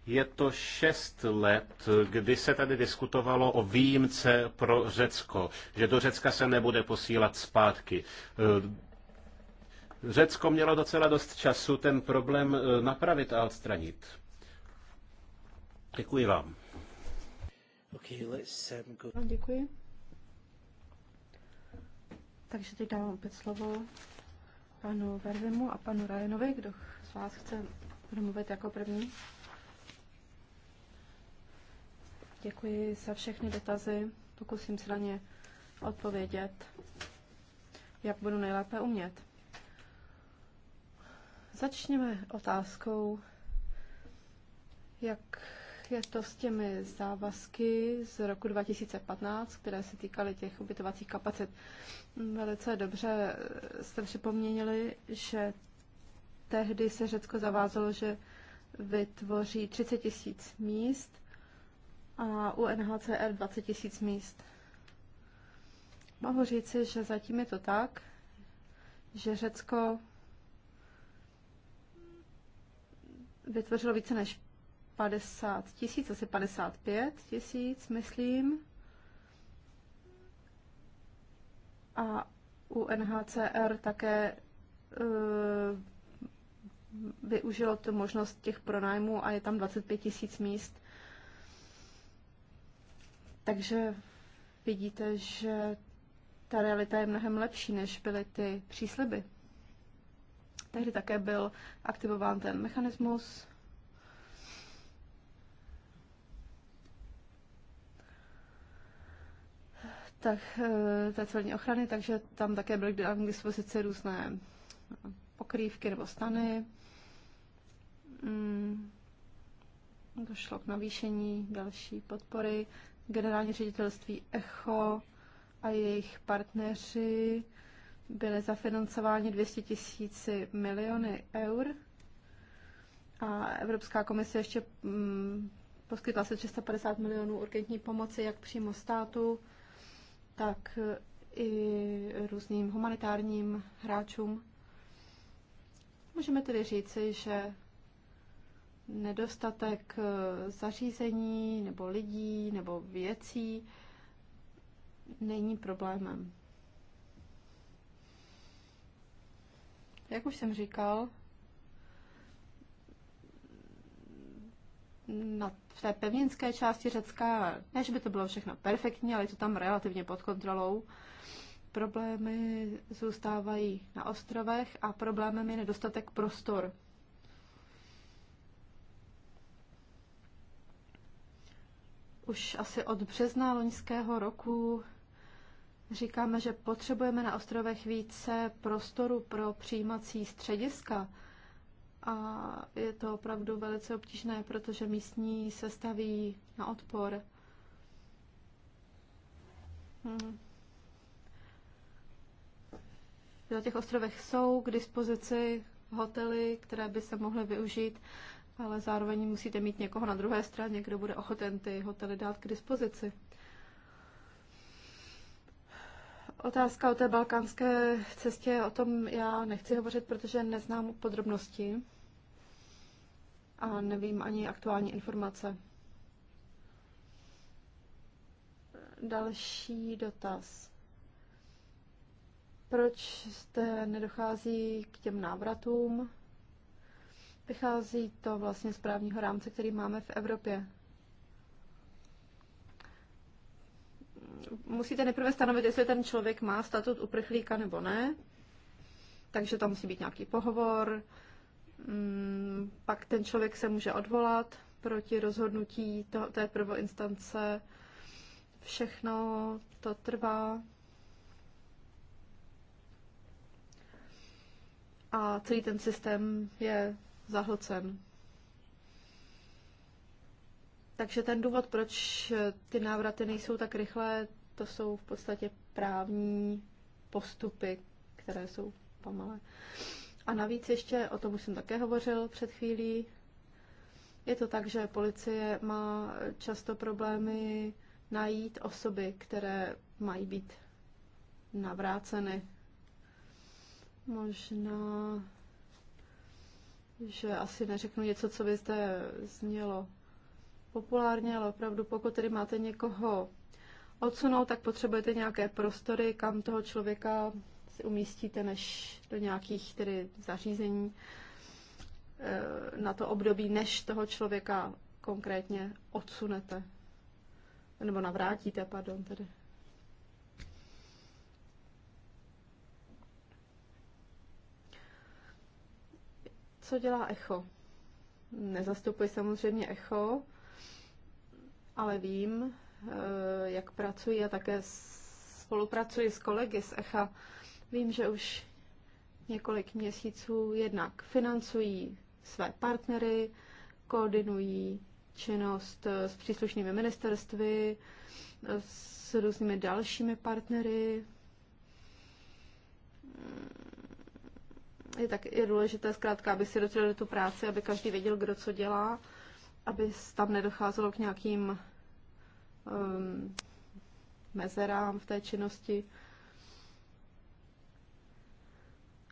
je to šest let, kdy se tady diskutovalo o výjimce pro Řecko, že do Řecka se nebude posílat zpátky. Řecko mělo docela dost času ten problém eh, napravit a odstranit. Děkuji vám. Okay, let's, um, go. Děkuji. Takže teď dávám opět slovo panu Vervemu a panu Rajenovi, kdo z vás chce promluvit jako první. Děkuji za všechny dotazy. Pokusím se na ně odpovědět, jak budu nejlépe umět. Začněme otázkou, jak je to s těmi závazky z roku 2015, které se týkaly těch ubytovacích kapacit. Velice dobře jste připomněli, že tehdy se Řecko zavázalo, že vytvoří 30 tisíc míst a u NHCR 20 tisíc míst. Mohu říci, že zatím je to tak, že Řecko vytvořilo více než 50 tisíc, asi 55 tisíc, myslím. A u NHCR také eh, využilo tu možnost těch pronájmů a je tam 25 tisíc míst. Takže vidíte, že ta realita je mnohem lepší, než byly ty přísliby. Tehdy také byl aktivován ten mechanismus. Tak, eh, té celní ochrany, takže tam také byly k dispozici různé pokrývky nebo stany. Mm, došlo k navýšení další podpory generální ředitelství ECHO a jejich partneři byly zafinancováni 200 tisíci miliony eur a Evropská komise ještě mm, poskytla se 350 milionů urgentní pomoci jak přímo státu, tak i různým humanitárním hráčům. Můžeme tedy říci, že nedostatek eh, zařízení nebo lidí nebo věcí není problémem. Jak už jsem říkal, na, v té pevninské části Řecka, ne, že by to bylo všechno perfektní, ale je to tam relativně pod kontrolou. Problémy zůstávají na ostrovech a problémem je nedostatek prostor už asi od března loňského roku říkáme, že potřebujeme na ostrovech více prostoru pro přijímací střediska. A je to opravdu velice obtížné, protože místní se staví na odpor. Hmm. Na těch ostrovech jsou k dispozici hotely, které by se mohly využít ale zároveň musíte mít někoho na druhé straně, kdo bude ochoten ty hotely dát k dispozici. Otázka o té balkánské cestě, o tom já nechci hovořit, protože neznám podrobnosti a nevím ani aktuální informace. Další dotaz. Proč jste nedochází k těm návratům? Vychází to vlastně z právního rámce, který máme v Evropě. Musíte nejprve stanovit, jestli ten člověk má statut uprchlíka nebo ne. Takže tam musí být nějaký pohovor. Mm, pak ten člověk se může odvolat proti rozhodnutí to, té prvoinstance. Všechno to trvá. A celý ten systém je zahlcen. Takže ten důvod, proč ty návraty nejsou tak rychlé, to jsou v podstatě právní postupy, které jsou pomalé. A navíc ještě, o tom už jsem také hovořil před chvílí, je to tak, že policie má často problémy najít osoby, které mají být navráceny. Možná že asi neřeknu něco, co by zde znělo populárně, ale opravdu pokud tedy máte někoho odsunout, tak potřebujete nějaké prostory, kam toho člověka si umístíte, než do nějakých tedy zařízení eh, na to období, než toho člověka konkrétně odsunete. Nebo navrátíte, pardon, tedy. Co dělá ECHO? Nezastupuji samozřejmě ECHO, ale vím, eh, jak pracuji a také spolupracuji s kolegy z ECHA. Vím, že už několik měsíců jednak financují své partnery, koordinují činnost eh, s příslušnými ministerstvy, eh, s různými dalšími partnery, je, tak, je důležité zkrátka, aby si do tu práci, aby každý věděl, kdo co dělá, aby tam nedocházelo k nějakým um, mezerám v té činnosti.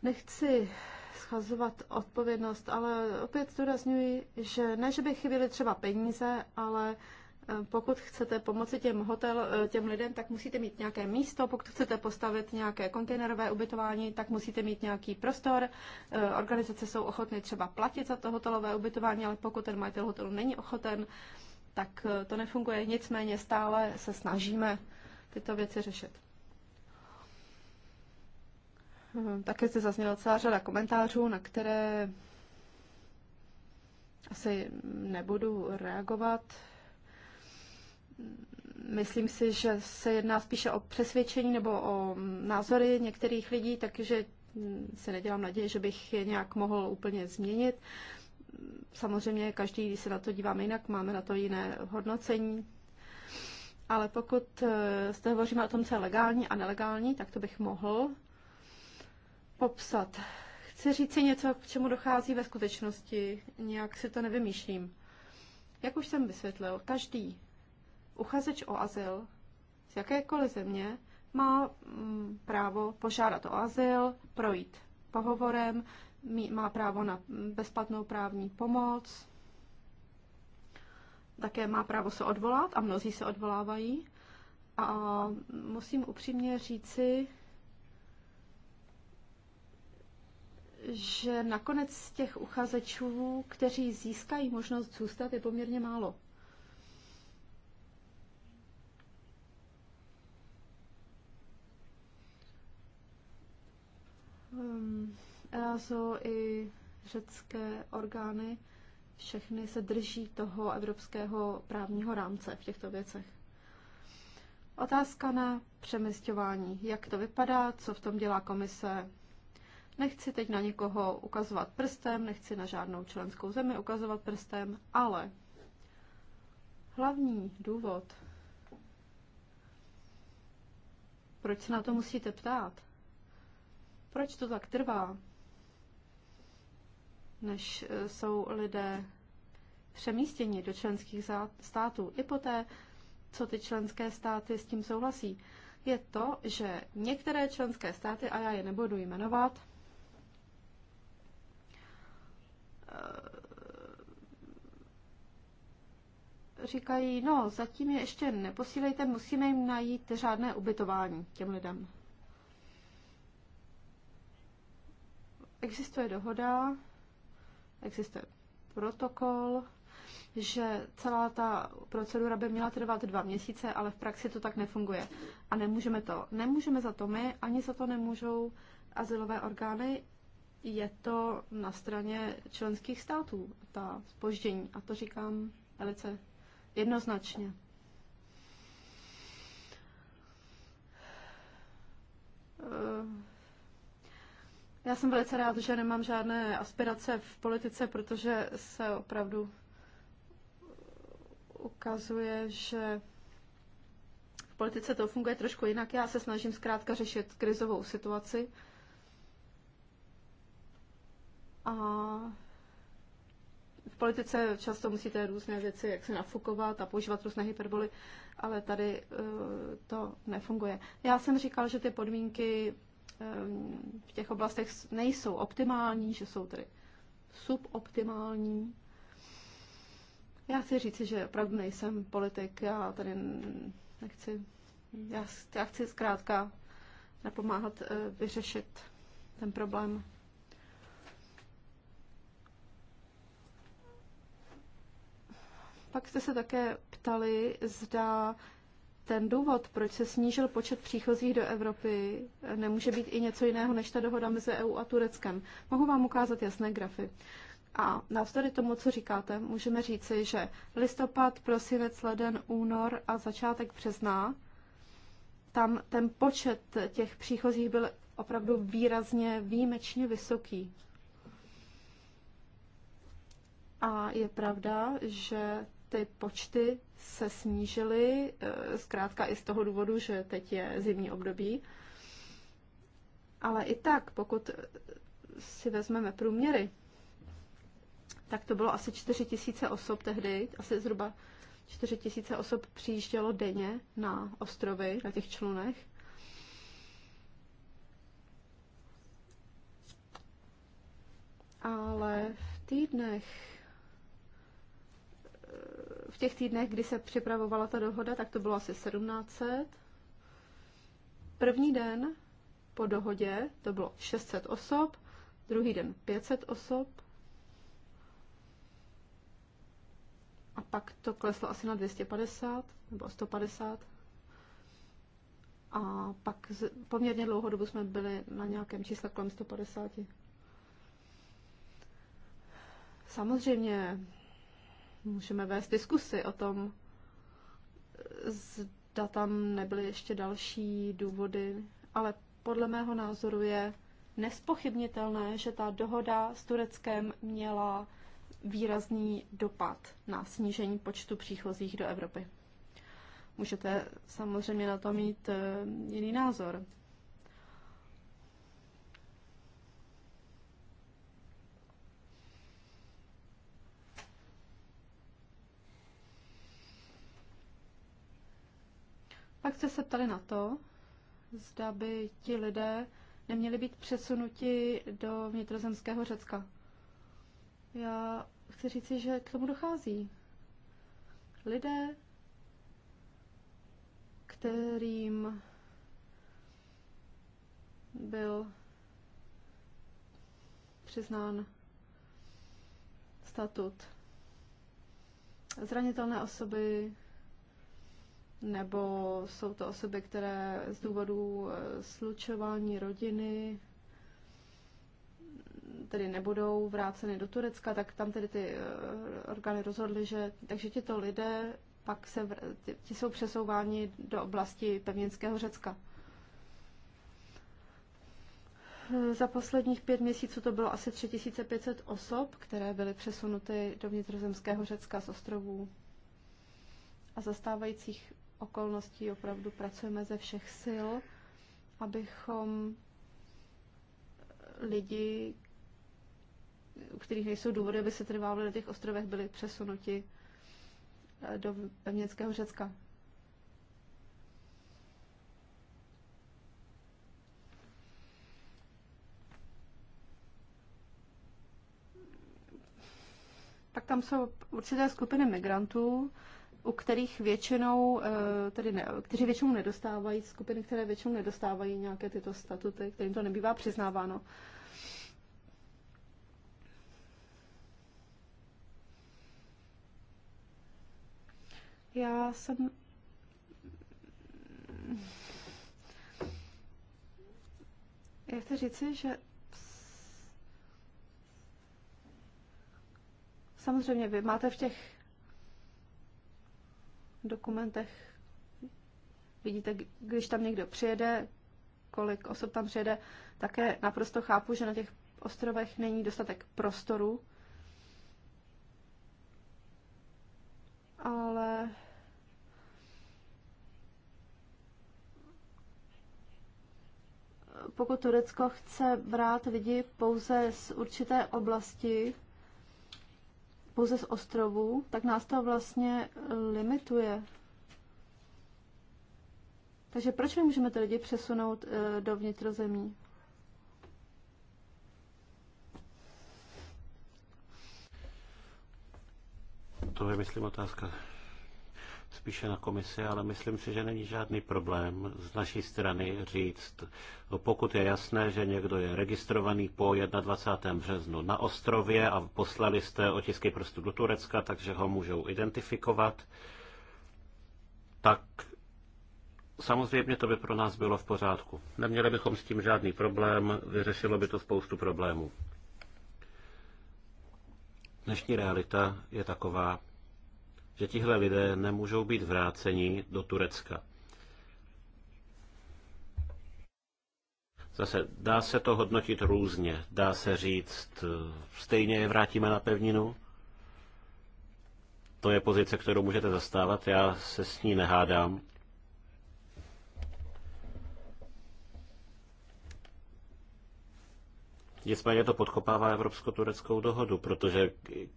Nechci schazovat odpovědnost, ale opět zdůrazňuji, že ne, že by chyběly třeba peníze, ale pokud chcete pomoci těm hotel, eh, těm lidem, tak musíte mít nějaké místo, pokud chcete postavit nějaké kontejnerové ubytování, tak musíte mít nějaký prostor. Eh, organizace jsou ochotny třeba platit za to hotelové ubytování, ale pokud ten majitel hotelu není ochoten, tak eh, to nefunguje. Nicméně stále se snažíme tyto věci řešit. Hm, také se zazněla celá řada komentářů, na které asi nebudu reagovat. Myslím si, že se jedná spíše o přesvědčení nebo o názory některých lidí, takže se nedělám naději, že bych je nějak mohl úplně změnit. Samozřejmě každý, když se na to díváme jinak, máme na to jiné hodnocení. Ale pokud eh, zde hovoříme o tom, co je legální a nelegální, tak to bych mohl popsat. Chci říct si něco, k čemu dochází ve skutečnosti. Nějak si to nevymýšlím. Jak už jsem vysvětlil, každý uchazeč o azyl z jakékoliv země má mm, právo požádat o azyl, projít pohovorem, má právo na bezplatnou právní pomoc, také má právo se odvolat a mnozí se odvolávají. A musím upřímně říci, že nakonec těch uchazečů, kteří získají možnost zůstat, je poměrně málo. EASO ehm, i řecké orgány všechny se drží toho evropského právního rámce v těchto věcech. Otázka na přemysťování. Jak to vypadá, co v tom dělá komise? Nechci teď na někoho ukazovat prstem, nechci na žádnou členskou zemi ukazovat prstem, ale hlavní důvod, proč se na to musíte ptát, proč to tak trvá, než e, jsou lidé přemístěni do členských států i poté, co ty členské státy s tím souhlasí, je to, že některé členské státy, a já je nebudu jmenovat, e, říkají, no, zatím je ještě neposílejte, musíme jim najít řádné ubytování těm lidem. existuje dohoda, existuje protokol, že celá ta procedura by měla trvat dva měsíce, ale v praxi to tak nefunguje. A nemůžeme to. Nemůžeme za to my, ani za to nemůžou asilové orgány. Je to na straně členských států, ta spoždění. A to říkám velice jednoznačně. Uh já jsem velice rád, že nemám žádné aspirace v politice, protože se opravdu ukazuje, že v politice to funguje trošku jinak. Já se snažím zkrátka řešit krizovou situaci. A v politice často musíte různé věci, jak se nafukovat a používat různé hyperboly, ale tady uh, to nefunguje. Já jsem říkal, že ty podmínky v těch oblastech nejsou optimální, že jsou tedy suboptimální. Já chci říci, že opravdu nejsem politik, já tady nechci, já, já chci zkrátka napomáhat eh, vyřešit ten problém. Pak jste se také ptali, zda ten důvod, proč se snížil počet příchozích do Evropy, nemůže být i něco jiného než ta dohoda mezi EU a Tureckem. Mohu vám ukázat jasné grafy. A navzdory tomu, co říkáte, můžeme říci, že listopad, prosinec, leden, únor a začátek března, tam ten počet těch příchozích byl opravdu výrazně výjimečně vysoký. A je pravda, že ty počty se snížily, eh, zkrátka i z toho důvodu, že teď je zimní období. Ale i tak, pokud si vezmeme průměry, tak to bylo asi 4 tisíce osob tehdy, asi zhruba 4 tisíce osob přijíždělo denně na ostrovy, na těch člunech. Ale v týdnech v těch týdnech, kdy se připravovala ta dohoda, tak to bylo asi 1700. První den po dohodě to bylo 600 osob, druhý den 500 osob a pak to kleslo asi na 250 nebo 150. A pak z, poměrně dlouhou dobu jsme byli na nějakém čísle kolem 150. Samozřejmě můžeme vést diskusy o tom, zda tam nebyly ještě další důvody, ale podle mého názoru je nespochybnitelné, že ta dohoda s Tureckem měla výrazný dopad na snížení počtu příchozích do Evropy. Můžete samozřejmě na to mít eh, jiný názor. Pak jste se ptali na to, zda by ti lidé neměli být přesunuti do vnitrozemského Řecka. Já chci říci, že k tomu dochází. Lidé, kterým byl přiznán statut zranitelné osoby, nebo jsou to osoby, které z důvodu eh, slučování rodiny tedy nebudou vráceny do Turecka, tak tam tedy ty eh, orgány rozhodly, že takže tito lidé pak se, ti, ti jsou přesouváni do oblasti pevninského Řecka. Eh, za posledních pět měsíců to bylo asi 3500 osob, které byly přesunuty do vnitrozemského Řecka z ostrovů. A zastávajících okolností opravdu pracujeme ze všech sil, abychom lidi, u kterých nejsou důvody, aby se trvávali na těch ostrovech, byli přesunuti eh, do pevnického Řecka. Pak tam jsou určité skupiny migrantů, u kterých většinou, eh, tedy ne, kteří většinou nedostávají, skupiny, které většinou nedostávají nějaké tyto statuty, kterým to nebývá přiznáváno. Já jsem... Já chci říci, že samozřejmě vy máte v těch dokumentech vidíte, když tam někdo přijede, kolik osob tam přijede, také naprosto chápu, že na těch ostrovech není dostatek prostoru, ale pokud Turecko chce brát lidi pouze z určité oblasti, pouze z ostrovů, tak nás to vlastně eh, limituje. Takže proč můžeme ty lidi přesunout eh, do vnitrozemí? To je, myslím, otázka spíše na komisi, ale myslím si, že není žádný problém z naší strany říct, no, pokud je jasné, že někdo je registrovaný po 21. březnu na ostrově a poslali jste otisky prostu do Turecka, takže ho můžou identifikovat, tak samozřejmě to by pro nás bylo v pořádku. Neměli bychom s tím žádný problém, vyřešilo by to spoustu problémů. Dnešní realita je taková, že tihle lidé nemůžou být vráceni do Turecka. Zase dá se to hodnotit různě. Dá se říct, eh, stejně je vrátíme na pevninu. To je pozice, kterou můžete zastávat, já se s ní nehádám. Nicméně to podkopává evropsko-tureckou dohodu, protože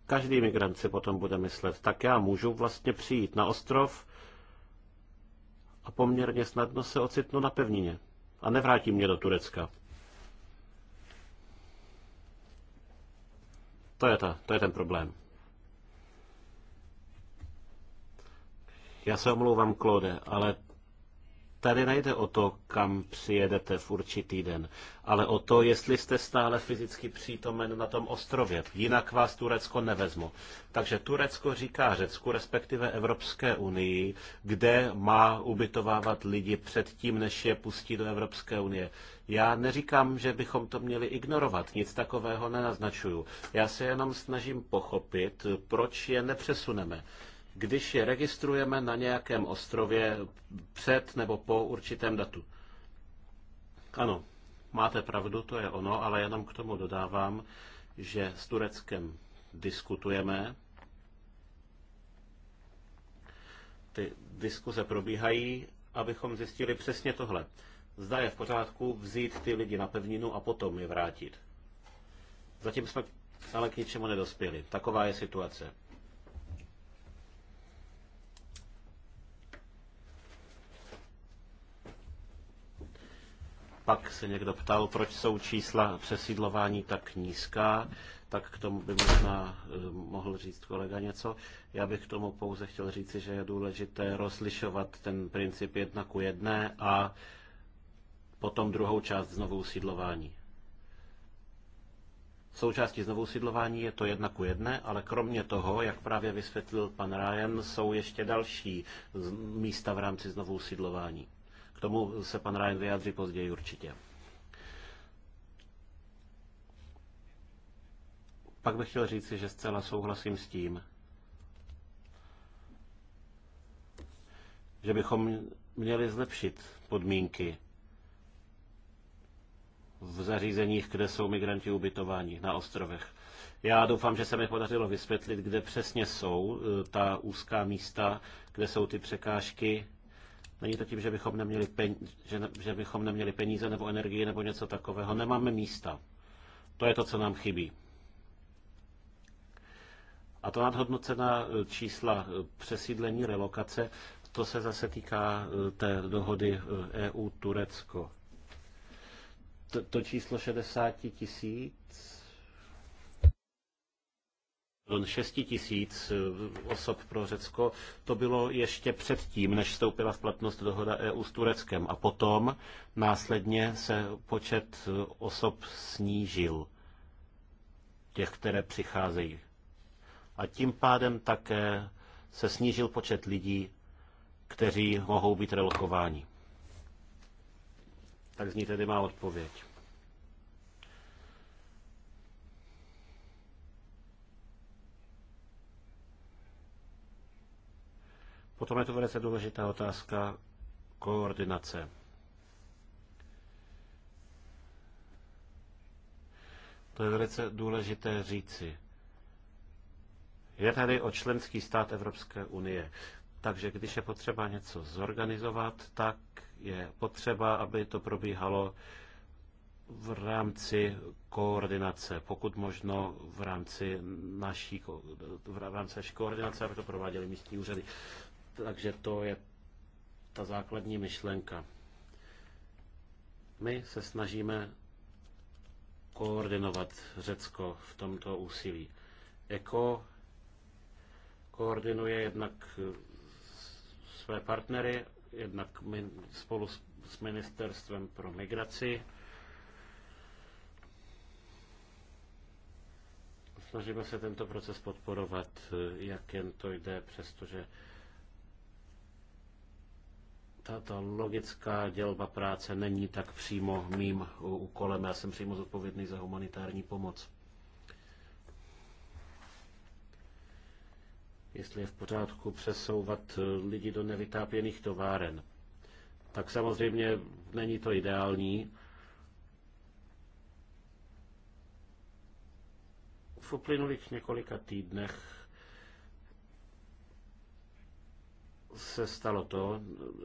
každý migrant si potom bude myslet, tak já můžu vlastně přijít na ostrov a poměrně snadno se ocitnu na pevnině a nevrátí mě do Turecka. To je, ta, to je ten problém. Já se omlouvám, Klode, ale tady nejde o to, kam přijedete v určitý den, ale o to, jestli jste stále fyzicky přítomen na tom ostrově. Jinak vás Turecko nevezmu. Takže Turecko říká Řecku, respektive Evropské unii, kde má ubytovávat lidi před tím, než je pustí do Evropské unie. Já neříkám, že bychom to měli ignorovat, nic takového nenaznačuju. Já se jenom snažím pochopit, proč je nepřesuneme když je registrujeme na nějakém ostrově před nebo po určitém datu. Ano, máte pravdu, to je ono, ale jenom k tomu dodávám, že s Tureckem diskutujeme. Ty diskuze probíhají, abychom zjistili přesně tohle. Zda je v pořádku vzít ty lidi na pevninu a potom je vrátit. Zatím jsme ale k ničemu nedospěli. Taková je situace. Pak se někdo ptal, proč jsou čísla přesídlování tak nízká, tak k tomu by možná eh, mohl říct kolega něco. Já bych k tomu pouze chtěl říci, že je důležité rozlišovat ten princip jedna ku jedné a potom druhou část znovu usídlování. Součástí znovu usídlování je to jedna ku jedné, ale kromě toho, jak právě vysvětlil pan Ryan, jsou ještě další místa v rámci znovu usídlování. K tomu se pan Ryan vyjádří později určitě. Pak bych chtěl říci, že zcela souhlasím s tím, že bychom měli zlepšit podmínky v zařízeních, kde jsou migranti ubytováni na ostrovech. Já doufám, že se mi podařilo vysvětlit, kde přesně jsou e, ta úzká místa, kde jsou ty překážky Není to tím, že bychom neměli, peníze, že, ne, že bychom neměli peníze nebo energii nebo něco takového. Nemáme místa. To je to, co nám chybí. A to nadhodnocená e, čísla e, přesídlení, relokace, to se zase týká e, té dohody EU-Turecko. To, to číslo 60 tisíc 6 tisíc eh, osob pro Řecko, to bylo ještě předtím, než vstoupila v platnost dohoda EU s Tureckem. A potom následně se počet eh, osob snížil, těch, které přicházejí. A tím pádem také se snížil počet lidí, kteří mohou být relokováni. Tak ní tedy má odpověď. Potom je to velice důležitá otázka koordinace. To je velice důležité říci. Je tady o členský stát Evropské unie. Takže když je potřeba něco zorganizovat, tak je potřeba, aby to probíhalo v rámci koordinace, pokud možno v rámci naší, v rámci koordinace, aby to prováděly místní úřady. Takže to je ta základní myšlenka. My se snažíme koordinovat Řecko v tomto úsilí. ECO koordinuje jednak eh, své partnery, jednak spolu s, s Ministerstvem pro migraci. Snažíme se tento proces podporovat, eh, jak jen to jde, přestože tato logická dělba práce není tak přímo mým úkolem. Já jsem přímo zodpovědný za humanitární pomoc. Jestli je v pořádku přesouvat eh, lidi do nevytápěných továren. Tak samozřejmě není to ideální. V uplynulých několika týdnech se stalo to,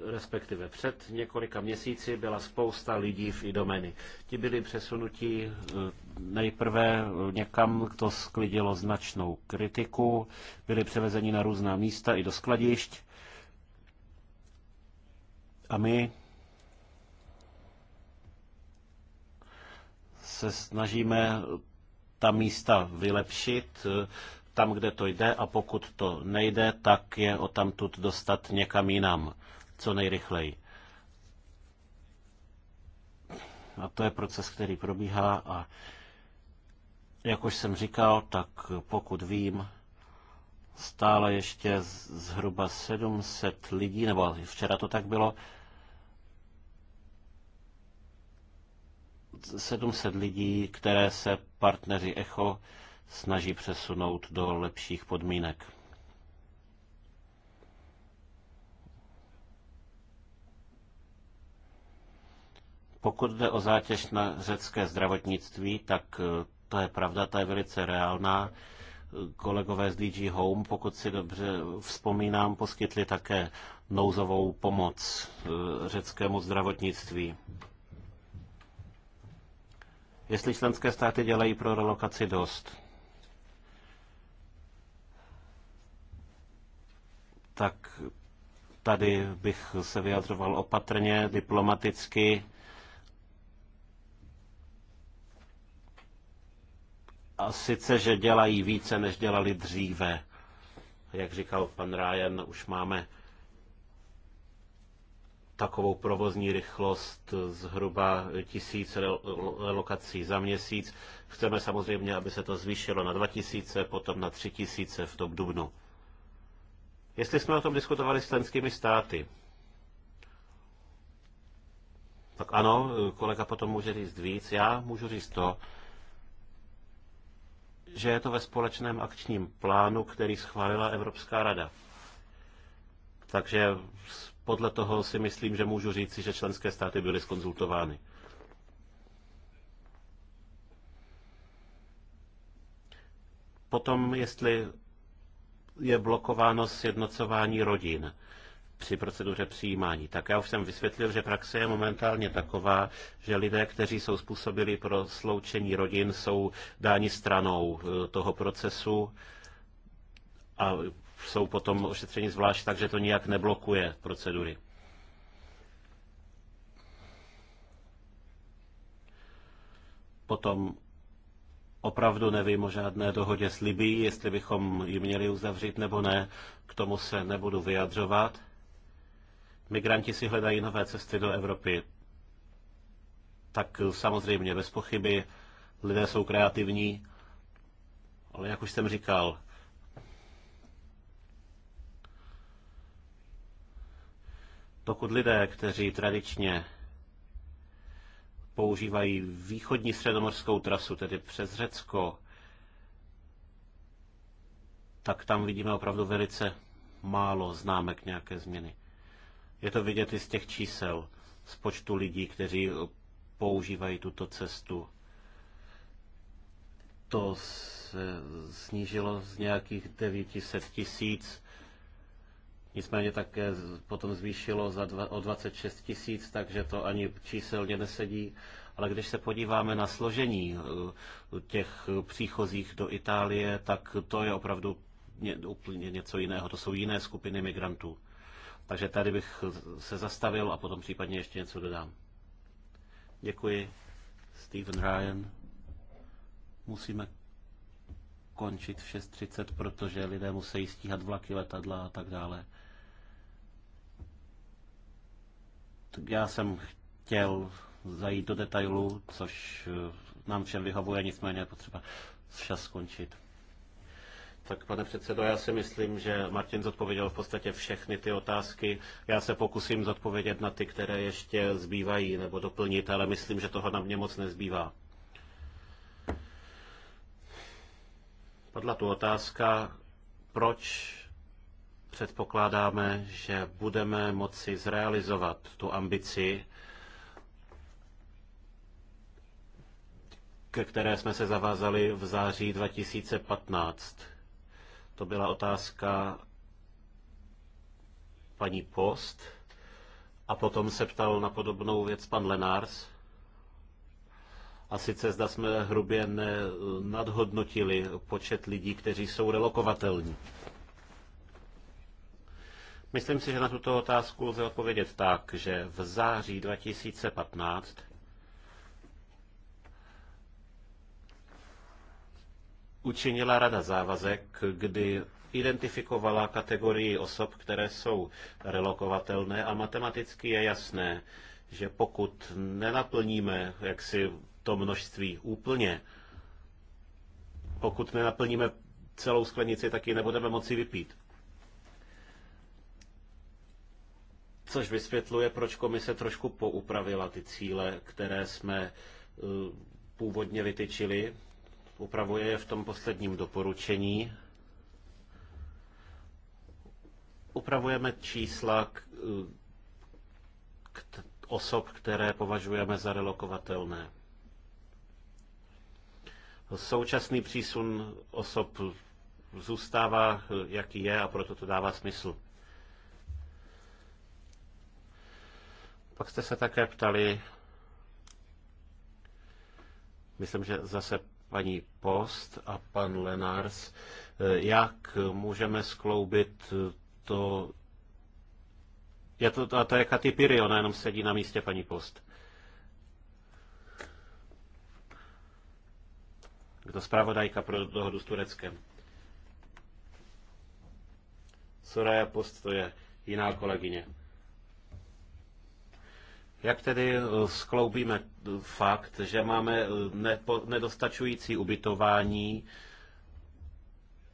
respektive před několika měsíci byla spousta lidí v Idomeny. Ti byli přesunutí eh, nejprve eh, někam, to sklidilo značnou kritiku, byli převezeni na různá místa i do skladišť. A my se snažíme ta místa vylepšit, eh, tam, kde to jde a pokud to nejde, tak je o tamtud dostat někam jinam, co nejrychleji. A to je proces, který probíhá a jak už jsem říkal, tak pokud vím, stále ještě zhruba 700 lidí, nebo včera to tak bylo, 700 lidí, které se partneři ECHO snaží přesunout do lepších podmínek. Pokud jde o zátěž na řecké zdravotnictví, tak eh, to je pravda, ta je velice reálná. Kolegové z DG Home, pokud si dobře vzpomínám, poskytli také nouzovou pomoc eh, řeckému zdravotnictví. Jestli členské státy dělají pro relokaci dost, tak tady bych se vyjadřoval opatrně, diplomaticky. A sice, že dělají více, než dělali dříve. Jak říkal pan Ryan, už máme takovou provozní rychlost zhruba tisíc lokací za měsíc. Chceme samozřejmě, aby se to zvýšilo na 2000, potom na 3000 v tom dubnu. Jestli jsme o tom diskutovali s členskými státy, tak ano, kolega potom může říct víc, já můžu říct to, že je to ve společném akčním plánu, který schválila Evropská rada. Takže podle toho si myslím, že můžu říci, že členské státy byly skonzultovány. Potom, jestli je blokováno sjednocování rodin při proceduře přijímání. Tak já už jsem vysvětlil, že praxe je momentálně taková, že lidé, kteří jsou způsobili pro sloučení rodin, jsou dáni stranou eh, toho procesu a jsou potom ošetřeni zvlášť, takže to nijak neblokuje procedury. Potom opravdu nevím o žádné dohodě s Libií, jestli bychom ji měli uzavřít nebo ne, k tomu se nebudu vyjadřovat. Migranti si hledají nové cesty do Evropy. Tak samozřejmě, bez pochyby, lidé jsou kreativní, ale jak už jsem říkal, pokud lidé, kteří tradičně používají východní středomorskou trasu, tedy přes Řecko, tak tam vidíme opravdu velice málo známek nějaké změny. Je to vidět i z těch čísel, z počtu lidí, kteří používají tuto cestu. To se snížilo z nějakých 900 tisíc Nicméně také eh, potom zvýšilo za dva, o 26 tisíc, takže to ani číselně nesedí. Ale když se podíváme na složení eh, těch eh, příchozích do Itálie, tak to je opravdu ně, úplně něco jiného. To jsou jiné skupiny migrantů. Takže tady bych se zastavil a potom případně ještě něco dodám. Děkuji. Steven Ryan. Musíme končit v 6.30, protože lidé musí stíhat vlaky, letadla a tak dále. Tak já jsem chtěl zajít do detailů, což eh, nám všem vyhovuje, nicméně je potřeba včas skončit. Tak pane předsedo, já si myslím, že Martin zodpověděl v podstatě všechny ty otázky. Já se pokusím zodpovědět na ty, které ještě zbývají nebo doplnit, ale myslím, že toho na mě moc nezbývá. Padla tu otázka, proč předpokládáme, že budeme moci zrealizovat tu ambici, ke které jsme se zavázali v září 2015. To byla otázka paní Post a potom se ptal na podobnou věc pan Lenárs. A sice zda jsme hrubě nadhodnotili počet lidí, kteří jsou relokovatelní. Myslím si, že na tuto otázku lze odpovědět tak, že v září 2015 učinila rada závazek, kdy identifikovala kategorii osob, které jsou relokovatelné a matematicky je jasné, že pokud nenaplníme jaksi to množství úplně, pokud nenaplníme celou sklenici, tak ji nebudeme moci vypít. což vysvětluje, proč komise trošku poupravila ty cíle, které jsme eh, původně vytyčili. Upravuje je v tom posledním doporučení. Upravujeme čísla k, eh, k osob, které považujeme za relokovatelné. Současný přísun osob zůstává, eh, jaký je, a proto to dává smysl. Pak jste se také ptali, myslím, že zase paní Post a pan Lenars, eh, jak můžeme skloubit to, je to, a to je Katy Piri, ona jenom sedí na místě paní Post. Kdo zpravodajka pro dohodu s Tureckem? Soraya Post to je jiná kolegyně. Jak tedy eh, skloubíme eh, fakt, že máme eh, nepo, nedostačující ubytování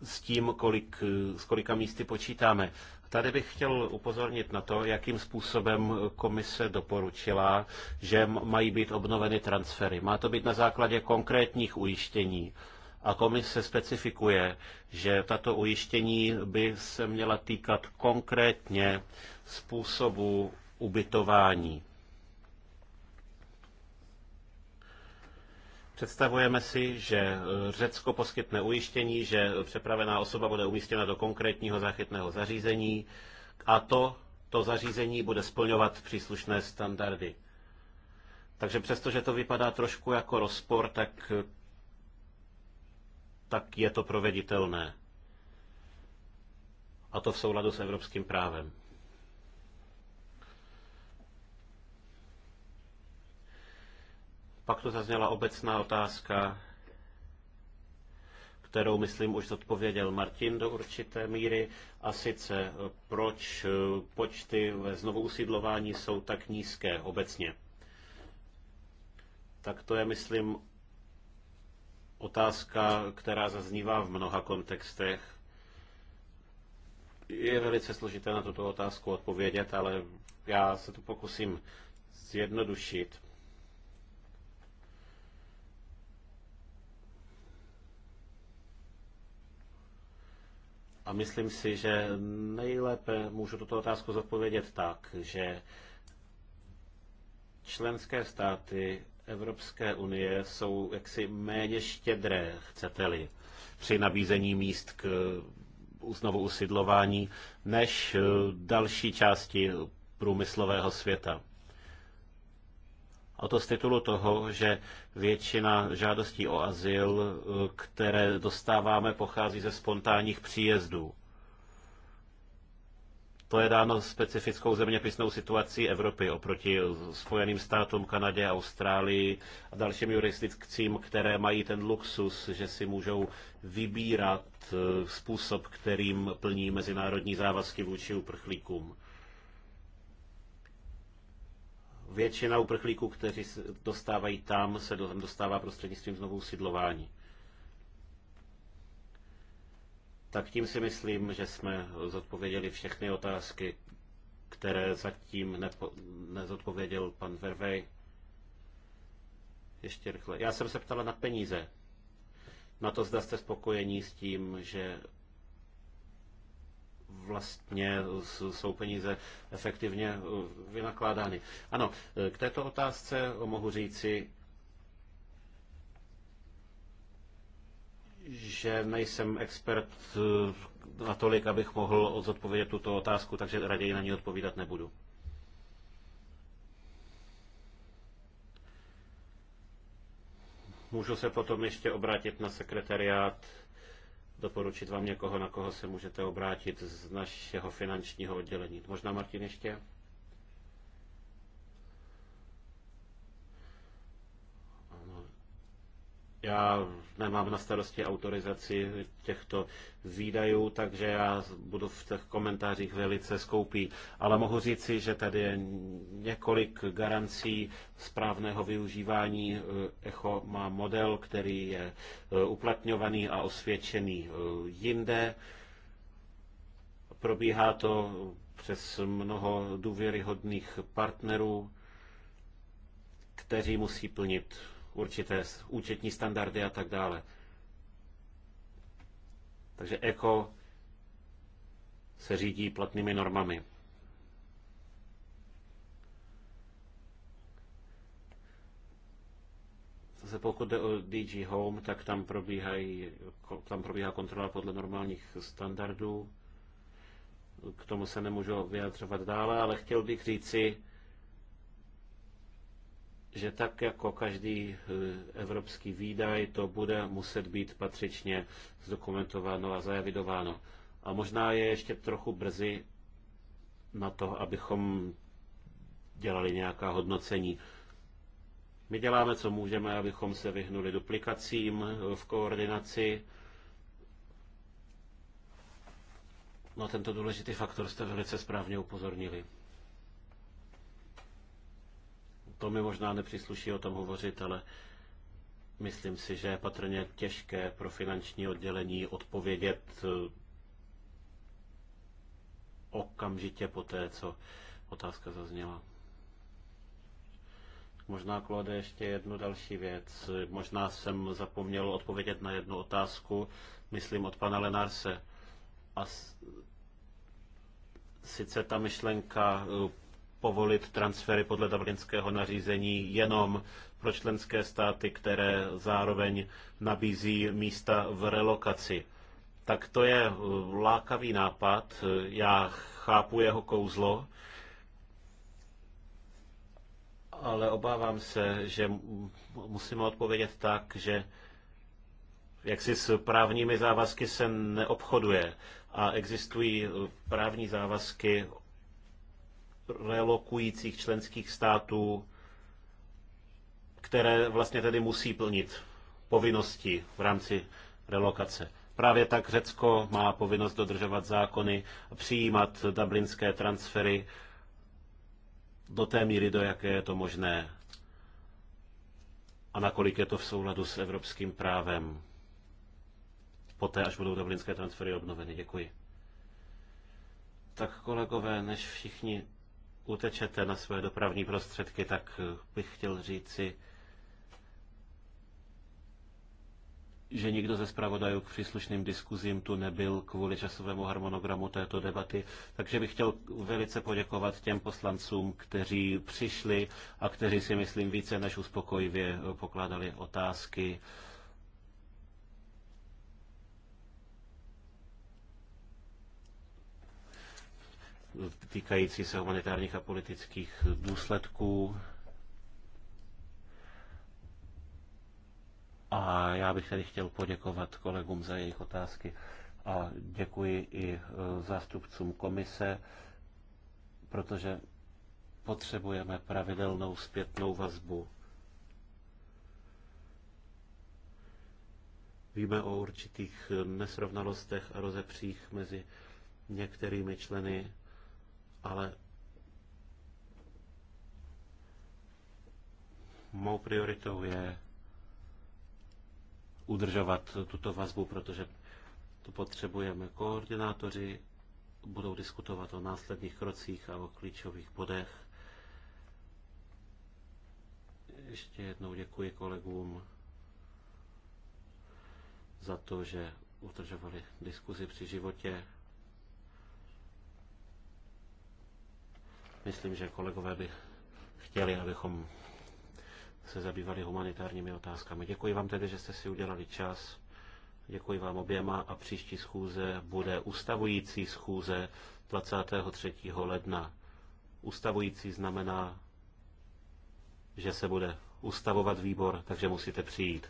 s tím, kolik, s kolika místy počítáme? Tady bych chtěl upozornit na to, jakým způsobem komise doporučila, že mají být obnoveny transfery. Má to být na základě konkrétních ujištění. A komise specifikuje, že tato ujištění by se měla týkat konkrétně způsobu ubytování. Představujeme si, že e, Řecko poskytne ujištění, že přepravená osoba bude umístěna do konkrétního záchytného zařízení a to, to zařízení bude splňovat příslušné standardy. Takže přesto, že to vypadá trošku jako rozpor, tak, tak je to proveditelné. A to v souladu s evropským právem. Pak tu zazněla obecná otázka, kterou, myslím, už zodpověděl Martin do určité míry, a sice proč počty ve znovu usídlování jsou tak nízké obecně. Tak to je, myslím, otázka, která zaznívá v mnoha kontextech. Je velice složité na tuto otázku odpovědět, ale já se to pokusím zjednodušit. A myslím si, že nejlépe můžu tuto otázku zodpovědět tak, že členské státy Evropské unie jsou jaksi méně štědré, chcete-li, při nabízení míst k znovu usidlování, než další části průmyslového světa. A to z titulu toho, že většina žádostí o azyl, které dostáváme, pochází ze spontánních příjezdů. To je dáno specifickou zeměpisnou situací Evropy oproti Spojeným státům, Kanadě, Austrálii a dalším jurisdikcím, které mají ten luxus, že si můžou vybírat eh, způsob, kterým plní mezinárodní závazky vůči uprchlíkům. Většina uprchlíků, kteří dostávají tam, se dostává prostřednictvím znovu usidlování. Tak tím si myslím, že jsme zodpověděli všechny otázky, které zatím nepo, nezodpověděl pan Vervej. Ještě rychle. Já jsem se ptala na peníze. Na to, zda jste spokojení s tím, že vlastně jsou peníze efektivně eh, vynakládány. Ano, eh, k této otázce mohu říci, že nejsem expert eh, natolik, abych mohl odpovědět tuto otázku, takže raději na ní odpovídat nebudu. Můžu se potom ještě obrátit na sekretariát doporučit vám někoho, na koho se můžete obrátit z našeho finančního oddělení. Možná Martin ještě? já nemám na starosti autorizaci těchto výdajů, takže já budu v těch komentářích velice skoupý. Ale mohu říci, že tady je několik garancí správného využívání. Eh, ECHO má model, který je eh, uplatňovaný a osvědčený eh, jinde. Probíhá to přes mnoho důvěryhodných partnerů, kteří musí plnit určité účetní standardy a tak dále. Takže ECO se řídí platnými normami. Zase pokud jde o DG Home, tak tam, probíhají, tam probíhá kontrola podle normálních standardů. K tomu se nemůžu vyjadřovat dále, ale chtěl bych říci, že tak jako každý eh, evropský výdaj, to bude muset být patřičně zdokumentováno a zajavidováno. A možná je ještě trochu brzy na to, abychom dělali nějaká hodnocení. My děláme, co můžeme, abychom se vyhnuli duplikacím eh, v koordinaci. no, tento důležitý faktor jste velice správně upozornili to mi možná nepřísluší o tom hovořit, ale myslím si, že je patrně těžké pro finanční oddělení odpovědět eh, okamžitě po té, co otázka zazněla. Možná, Klode, ještě jednu další věc. Možná jsem zapomněl odpovědět na jednu otázku, myslím od pana Lenarse. A sice ta myšlenka eh, povolit transfery podle dublinského nařízení jenom pro členské státy, které zároveň nabízí místa v relokaci. Tak to je uh, lákavý nápad, já chápu jeho kouzlo, ale obávám se, že musíme odpovědět tak, že jaksi s právními závazky se neobchoduje a existují uh, právní závazky relokujících členských států, které vlastně tedy musí plnit povinnosti v rámci relokace. Právě tak Řecko má povinnost dodržovat zákony, a přijímat dublinské transfery do té míry, do jaké je to možné a nakolik je to v souladu s evropským právem. Poté, až budou dublinské transfery obnoveny. Děkuji. Tak kolegové, než všichni utečete na své dopravní prostředky, tak bych chtěl říci, že nikdo ze zpravodajů k příslušným diskuzím tu nebyl kvůli časovému harmonogramu této debaty, takže bych chtěl velice poděkovat těm poslancům, kteří přišli a kteří si myslím více než uspokojivě pokládali otázky týkající se humanitárních a politických důsledků. A já bych tady chtěl poděkovat kolegům za jejich otázky a děkuji i e, zástupcům komise, protože potřebujeme pravidelnou zpětnou vazbu. Víme o určitých nesrovnalostech a rozepřích mezi některými členy ale mou prioritou je udržovat tuto vazbu, protože to potřebujeme. Koordinátoři budou diskutovat o následných krocích a o klíčových bodech. Ještě jednou děkuji kolegům za to, že udržovali diskuzi při životě. Myslím, že kolegové by chtěli, abychom se zabývali humanitárními otázkami. Děkuji vám tedy, že jste si udělali čas. Děkuji vám oběma a příští schůze bude ustavující schůze 23. ledna. Ustavující znamená, že se bude ustavovat výbor, takže musíte přijít.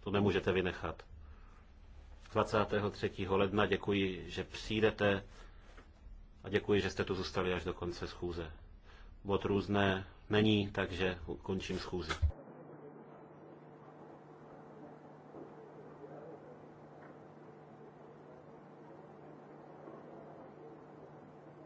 To nemůžete vynechat. 23. ledna děkuji, že přijdete a děkuji, že jste tu zůstali až do konce schůze. Bod různé není, takže končím schůzi.